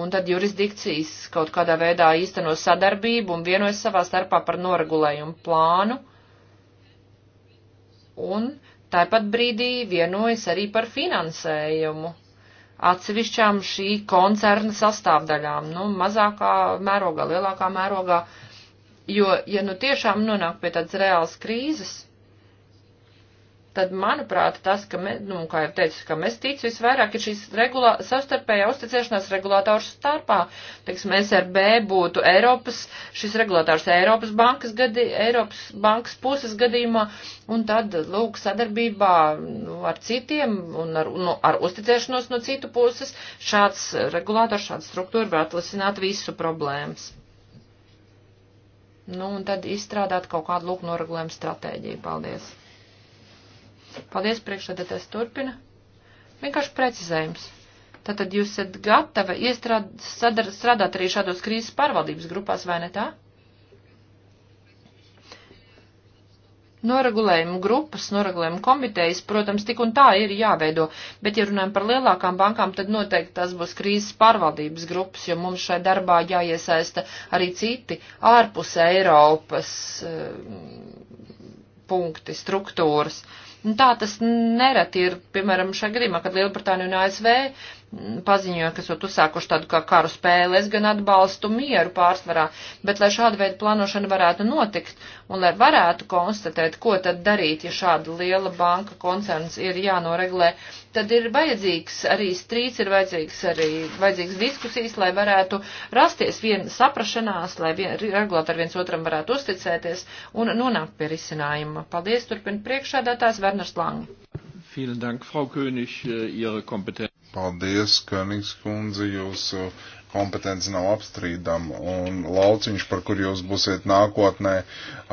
un tad jurisdikcijas kaut kādā veidā īsteno sadarbību un vienojas savā starpā par noregulējumu plānu, un tāpat brīdī vienojas arī par finansējumu atsevišķām šī koncerna sastāvdaļām, nu, mazākā mērogā, lielākā mērogā Jo, ja nu tiešām nonāk pie tādas reālas krīzes, tad, manuprāt, tas, ka, me, nu, kā jau teicu, ka mēs ticu visvairāk, ir šīs regulā, savstarpējā uzticēšanās regulātoru starpā. Teiksim, SRB būtu Eiropas, šis regulātors Eiropas bankas, gadi, Eiropas bankas puses gadījumā, un tad, lūk, sadarbībā nu, ar citiem un ar, nu, ar uzticēšanos no citu puses, šāds regulātors, šāda struktūra var atlisināt visu problēmas. Nu, un tad izstrādāt kaut kādu lūk noregulējumu stratēģiju. Paldies. Paldies, priekšsēdētājs turpina. Vienkārši precizējums. Tātad jūs esat gatava iestrādāt, strādāt arī šādos krīzes pārvaldības grupās, vai ne tā? Noregulējumu grupas, noregulējumu komitejas, protams, tik un tā ir jāveido, bet, ja runājam par lielākām bankām, tad noteikti tas būs krīzes pārvaldības grupas, jo mums šai darbā jāiesaista arī citi ārpus Eiropas eh, punkti, struktūras. Un tā tas nereti ir, piemēram, šajā gadījumā, kad Lielbritānija un ASV paziņoja, kas jau uzsākuši tādu kā karu spēli. Es gan atbalstu mieru pārsvarā, bet lai šāda veida plānošana varētu notikt un lai varētu konstatēt, ko tad darīt, ja šāda liela banka koncerns ir jānoregulē, tad ir vajadzīgs arī strīds, ir vajadzīgs arī vajadzīgs diskusijas, lai varētu rasties viena saprašanās, lai vien, regulātori viens otram varētu uzticēties un nonākt pie risinājuma. Paldies, turpin priekšādātājs Werners Lang. Vielen Dank, Frau König, äh, Ihre Kompetenz. Paldies, Kanīgs kundze, jūsu kompetence nav apstrīdama, un lauciņš, par kur jūs būsiet nākotnē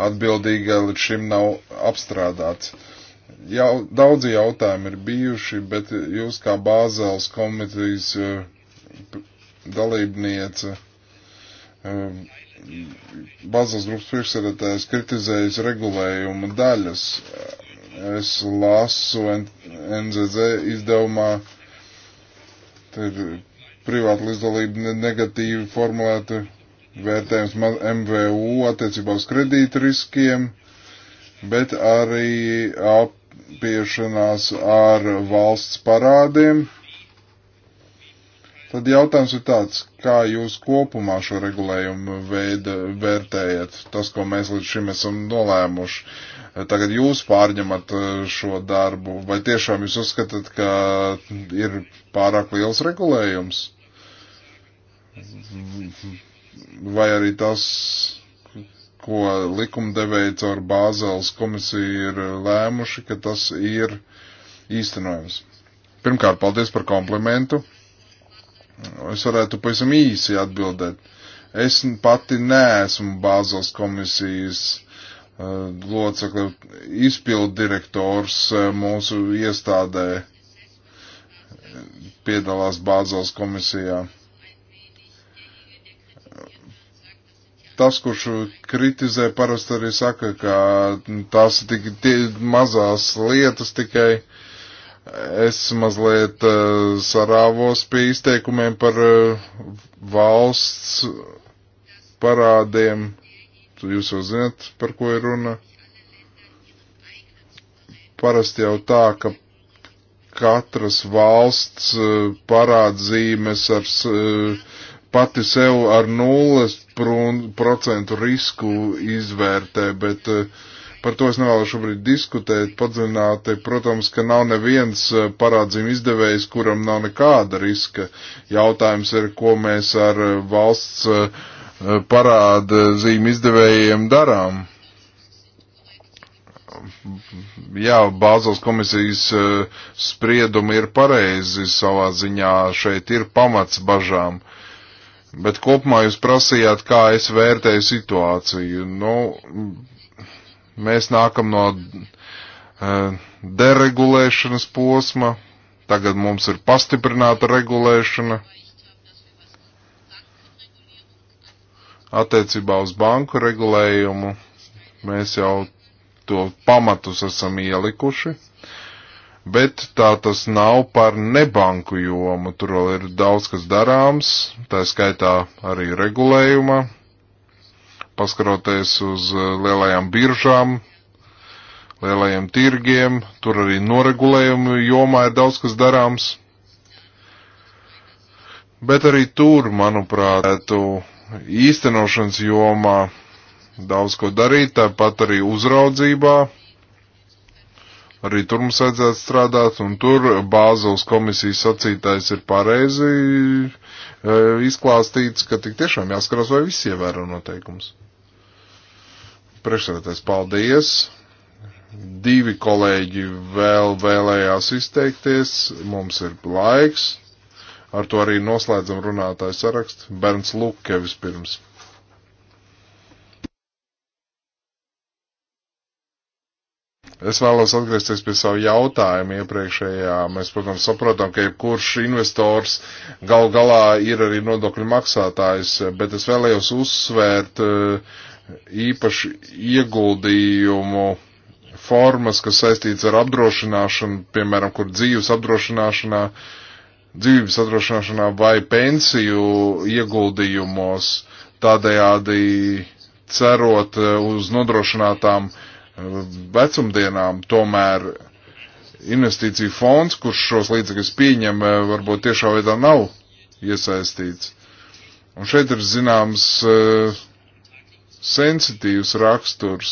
atbildīga, līdz šim nav apstrādāts. Jau, daudzi jautājumi ir bijuši, bet jūs kā Bāzēls komitejas eh, dalībniece, eh, Bāzēls grupas priekšsēdētājs kritizējas regulējumu daļas. Es lasu NZZ izdevumā Te eh, ir privāta līdzdalība negatīvi formulēta vērtējums MVU attiecībā uz kredīta riskiem, bet arī apiešanās ar valsts parādiem Tad jautājums ir tāds, kā jūs kopumā šo regulējumu veidu vērtējat, tas, ko mēs līdz šim esam nolēmuši. Tagad jūs pārņemat eh, šo darbu, vai tiešām jūs uzskatāt, ka ir pārāk liels regulējums? Vai arī tas, ko likumdevēji caur Bāzeles komisiju ir lēmuši, ka tas ir īstenojams? Pirmkārt, paldies par komplimentu Es varētu pavisam īsi atbildēt. Es pati neesmu Bāzels komisijas uh, locekli, izpildu direktors uh, mūsu iestādē eh, piedalās Bāzels komisijā. Tas, kurš kritizē, parasti arī saka, ka tās ir tik tie, mazās lietas tikai. Uh, Es mazliet uh, sarāvos pie izteikumiem par uh, valsts parādiem. Jūs jau zināt, par ko ir runa. Parasti jau tā, ka katras valsts uh, eh, parādzīmes ar pati sev ar nulles procentu risku izvērtē, bet uh, Par to es nevēlu šobrīd diskutēt padziļināti. Protams, ka nav neviens eh, parādzījuma izdevējs, kuram nav nekāda riska. Jautājums ir, ko mēs ar eh, valsts eh, parāda zīmu izdevējiem darām. Jā, Bāzels komisijas spriedumi ir pareizi savā ziņā. Šeit ir pamats bažām. Bet kopumā jūs prasījāt, kā es vērtēju situāciju. Nu, Mēs nākam no uh, deregulēšanas posma, tagad mums ir pastiprināta regulēšana. Attiecībā uz banku regulējumu mēs jau to pamatus esam ielikuši, bet tā tas nav par nebanku jomu. Tur vēl ir daudz kas darāms, tā skaitā arī regulējuma paskaroties uz eh, lielajām biržām, lielajiem tirgiem, tur arī noregulējumu jomā ir daudz kas darāms. Bet arī tur, manuprāt, īstenošanas jomā daudz ko darīt, tāpat arī uzraudzībā. Arī tur mums vajadzētu strādāt, un tur Bāzels komisijas sacītais ir pareizi eh, izklāstīts, ka tik tiešām jāskarās, vai visi ievēro noteikumus. Priekšsēdētājs, paldies! Divi kolēģi vēl vēlējās izteikties, mums ir laiks. Ar to arī noslēdzam runātāju sarakstu. Bērns Luke vispirms. Es vēlos atgriezties pie savu jautājumu iepriekšējā. Mēs, protams, saprotam, ka jebkurš investors gal galā ir arī nodokļu maksātājs, bet es vēlējos uzsvērt uh, īpašu ieguldījumu formas, kas saistīts ar apdrošināšanu, piemēram, kur dzīves apdrošināšanā, dzīves apdrošināšanā vai pensiju ieguldījumos, tādējādi cerot eh, uz nodrošinātām eh, vecumdienām, tomēr investīciju fonds, kurš šos līdzekļus pieņem, eh, varbūt tiešā veidā nav iesaistīts. Un šeit ir zināms uh, sensitīvs raksturs.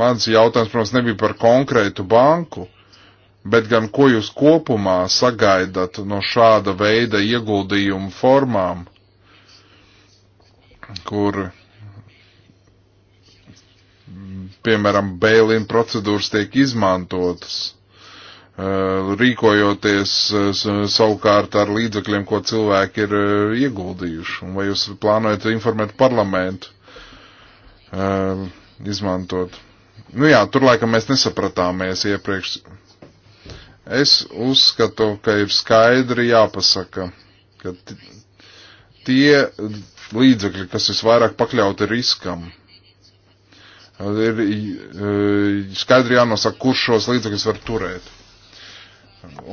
Mans jautājums, protams, nebija par konkrētu banku, bet gan ko jūs kopumā sagaidat no šāda veida ieguldījumu formām, kur, piemēram, bēlīna procedūras tiek izmantotas Uh, rīkojoties uh, savukārt ar līdzekļiem, ko cilvēki ir uh, ieguldījuši? Un vai jūs plānojat informēt parlamentu izmantot? Nu jā, tur laikam mēs nesapratāmies iepriekš. Es uzskatu, ka ir skaidri jāpasaka, ka tie līdzekļi, kas visvairāk pakļauti riskam, ir skaidri jānosaka, kurš šos līdzekļus var turēt.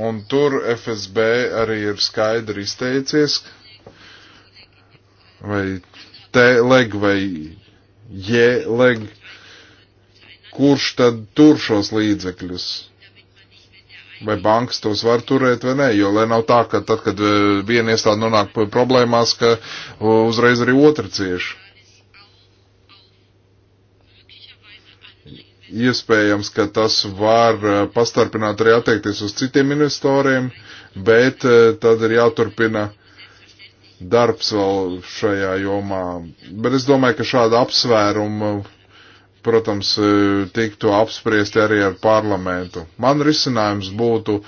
Un tur FSB arī ir skaidri izteicies, vai T-leg vai J-leg, kurš tad tur šos līdzekļus vai bankas tos var turēt vai nē, jo lai nav tā, ka tad, kad eh, viena iestāde nonāk problēmās, ka uzreiz arī otra cieši. Iespējams, ka tas var eh, pastarpināt arī attiekties uz citiem investoriem, bet eh, tad ir jāturpina darbs vēl šajā jomā. Bet es domāju, ka šāda apsvēruma, protams, eh, tiktu apspriesti arī ar parlamentu. Man risinājums būtu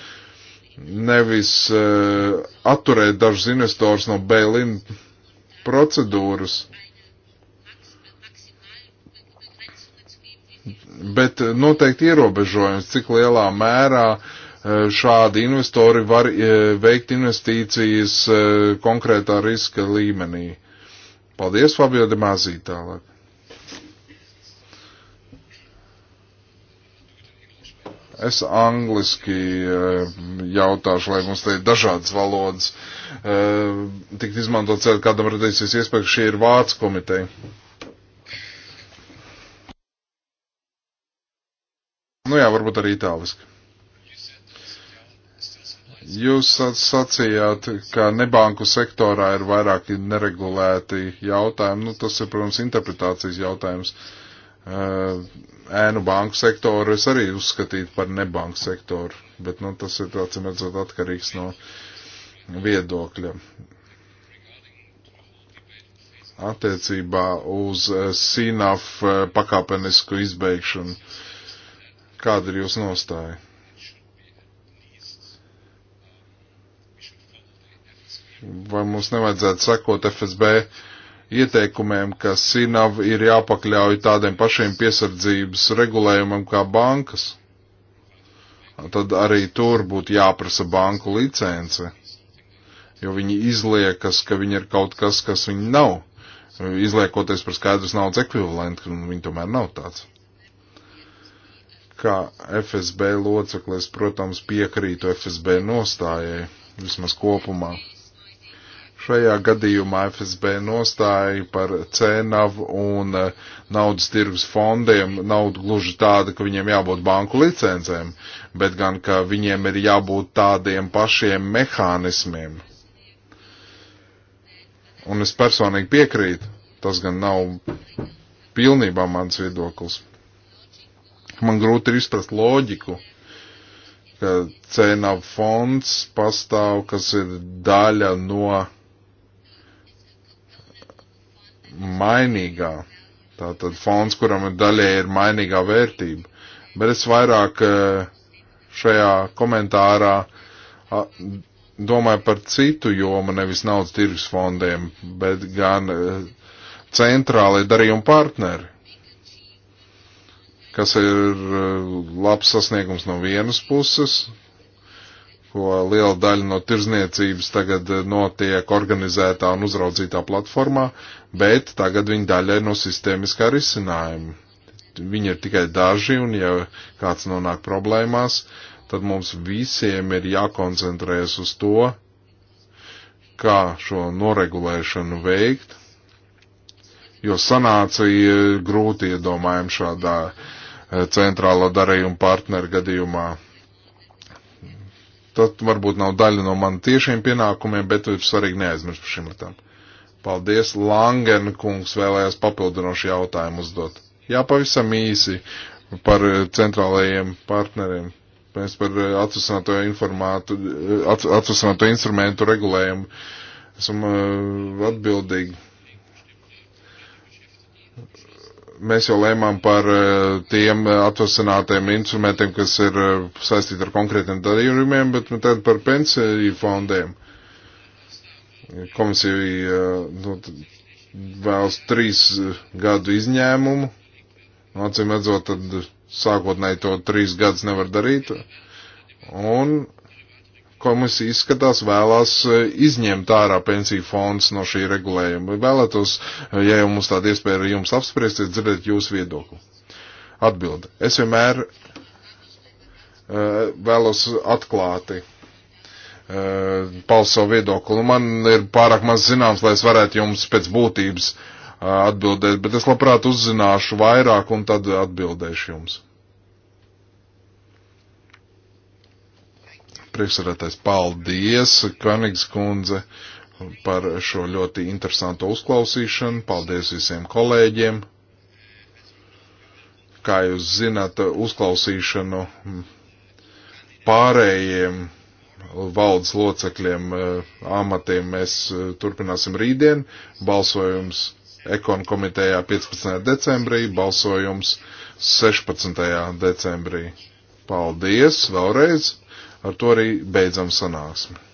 nevis uh, atturēt dažus investors no Bēlina procedūras, bet eh, noteikti ierobežojums, cik lielā mērā eh, šādi investori var eh, veikt investīcijas konkrētā riska līmenī. Paldies, Fabio de Mazī tālāk. Es angliski jautāšu, lai mums te ir dažādas valodas. Tikt izmantot ceļu, kādam radīsies iespēja, ka šī ir Vācu komiteja. Nu jā, varbūt arī itāliski. Jūs sacījāt, ka nebanku sektorā ir vairāki neregulēti jautājumi. Nu, tas ir, protams, interpretācijas jautājums. Ēnu banku sektoru es arī uzskatītu par nebanku sektoru, bet nu, tas ir, acīm redzot, atkarīgs no viedokļa attiecībā uz eh, SINAF eh, pakāpenisku izbeigšanu. Kāda ir jūsu nostāja? Vai mums nevajadzētu sekot FSB ieteikumiem, ka SINAV ir jāpakļauj tādiem pašiem piesardzības regulējumam kā bankas? Tad arī tur būtu jāprasa banku licence, jo viņi izliekas, ka viņi ir kaut kas, kas viņi nav, izliekoties par skaidrs naudas ekvivalentu, un viņi tomēr nav tāds kā FSB loceklis, protams, piekrītu FSB nostājai, vismaz kopumā. Šajā gadījumā FSB nostāja par cēnavu un eh, naudas tirgus fondiem nav gluži tāda, ka viņiem jābūt banku licencēm, bet gan, ka viņiem ir jābūt tādiem pašiem mehānismiem. Un es personīgi piekrītu, tas gan nav pilnībā mans viedoklis. Man grūti ir izprast loģiku, ka cēnā fonds pastāv, kas ir daļa no mainīgā. Tātad fonds, kuram ir daļai ir mainīgā vērtība. Bet es vairāk eh, šajā komentārā domāju par citu jomu, nevis naudas tirgus fondiem, bet gan eh, centrālai darījuma partneri kas ir eh, labs sasniegums no vienas puses, ko liela daļa no tirzniecības tagad eh, notiek organizētā un uzraudzītā platformā, bet tagad viņa daļa ir no sistēmiskā risinājuma. Viņi ir tikai daži, un ja kāds nonāk problēmās, tad mums visiem ir jākoncentrējas uz to, kā šo noregulēšanu veikt, jo sanācija grūti iedomājam šādā uh, Eh, centrālā darījuma partneru gadījumā. Tad varbūt nav daļa no man tiešiem pienākumiem, bet ir svarīgi neaizmirst par šīm lietām. Paldies, Langen kungs vēlējās papildinošu jautājumu uzdot. Jā, pavisam īsi par eh, centrālajiem partneriem. Mēs par eh, atvasināto informātu, atvasināto instrumentu regulējumu esam atbildīgi mēs jau lēmām par eh, tiem eh, atvasinātiem instrumentiem, kas ir eh, saistīti ar konkrētiem darījumiem, bet nu, tad par pensiju fondiem. Komisija nu, vēlas trīs gadu izņēmumu. Nu, acīm redzot, tad sākotnēji to trīs gadus nevar darīt. Un komisija izskatās vēlās e, izņemt ārā pensiju fonds no šī regulējuma. Vēlētos, e, ja jau mums tāda iespēja ir jums apspriesties, dzirdēt jūsu viedokli. Atbilde. Es vienmēr e, vēlos atklāti paust savu viedokli. Nu, man ir pārāk maz zināms, lai es varētu jums pēc būtības atbildēt, bet es labprāt uzzināšu vairāk un tad atbildēšu jums. Priekšsēdētājs, paldies, Kanigs kundze, par šo ļoti interesantu uzklausīšanu. Paldies visiem kolēģiem. Kā jūs zināt, uzklausīšanu pārējiem valdes locekļiem amatiem mēs turpināsim rītdien. Balsojums Ekon komitejā 15. decembrī, balsojums 16. decembrī. Paldies vēlreiz! Ar to arī beidzam sanāksmi.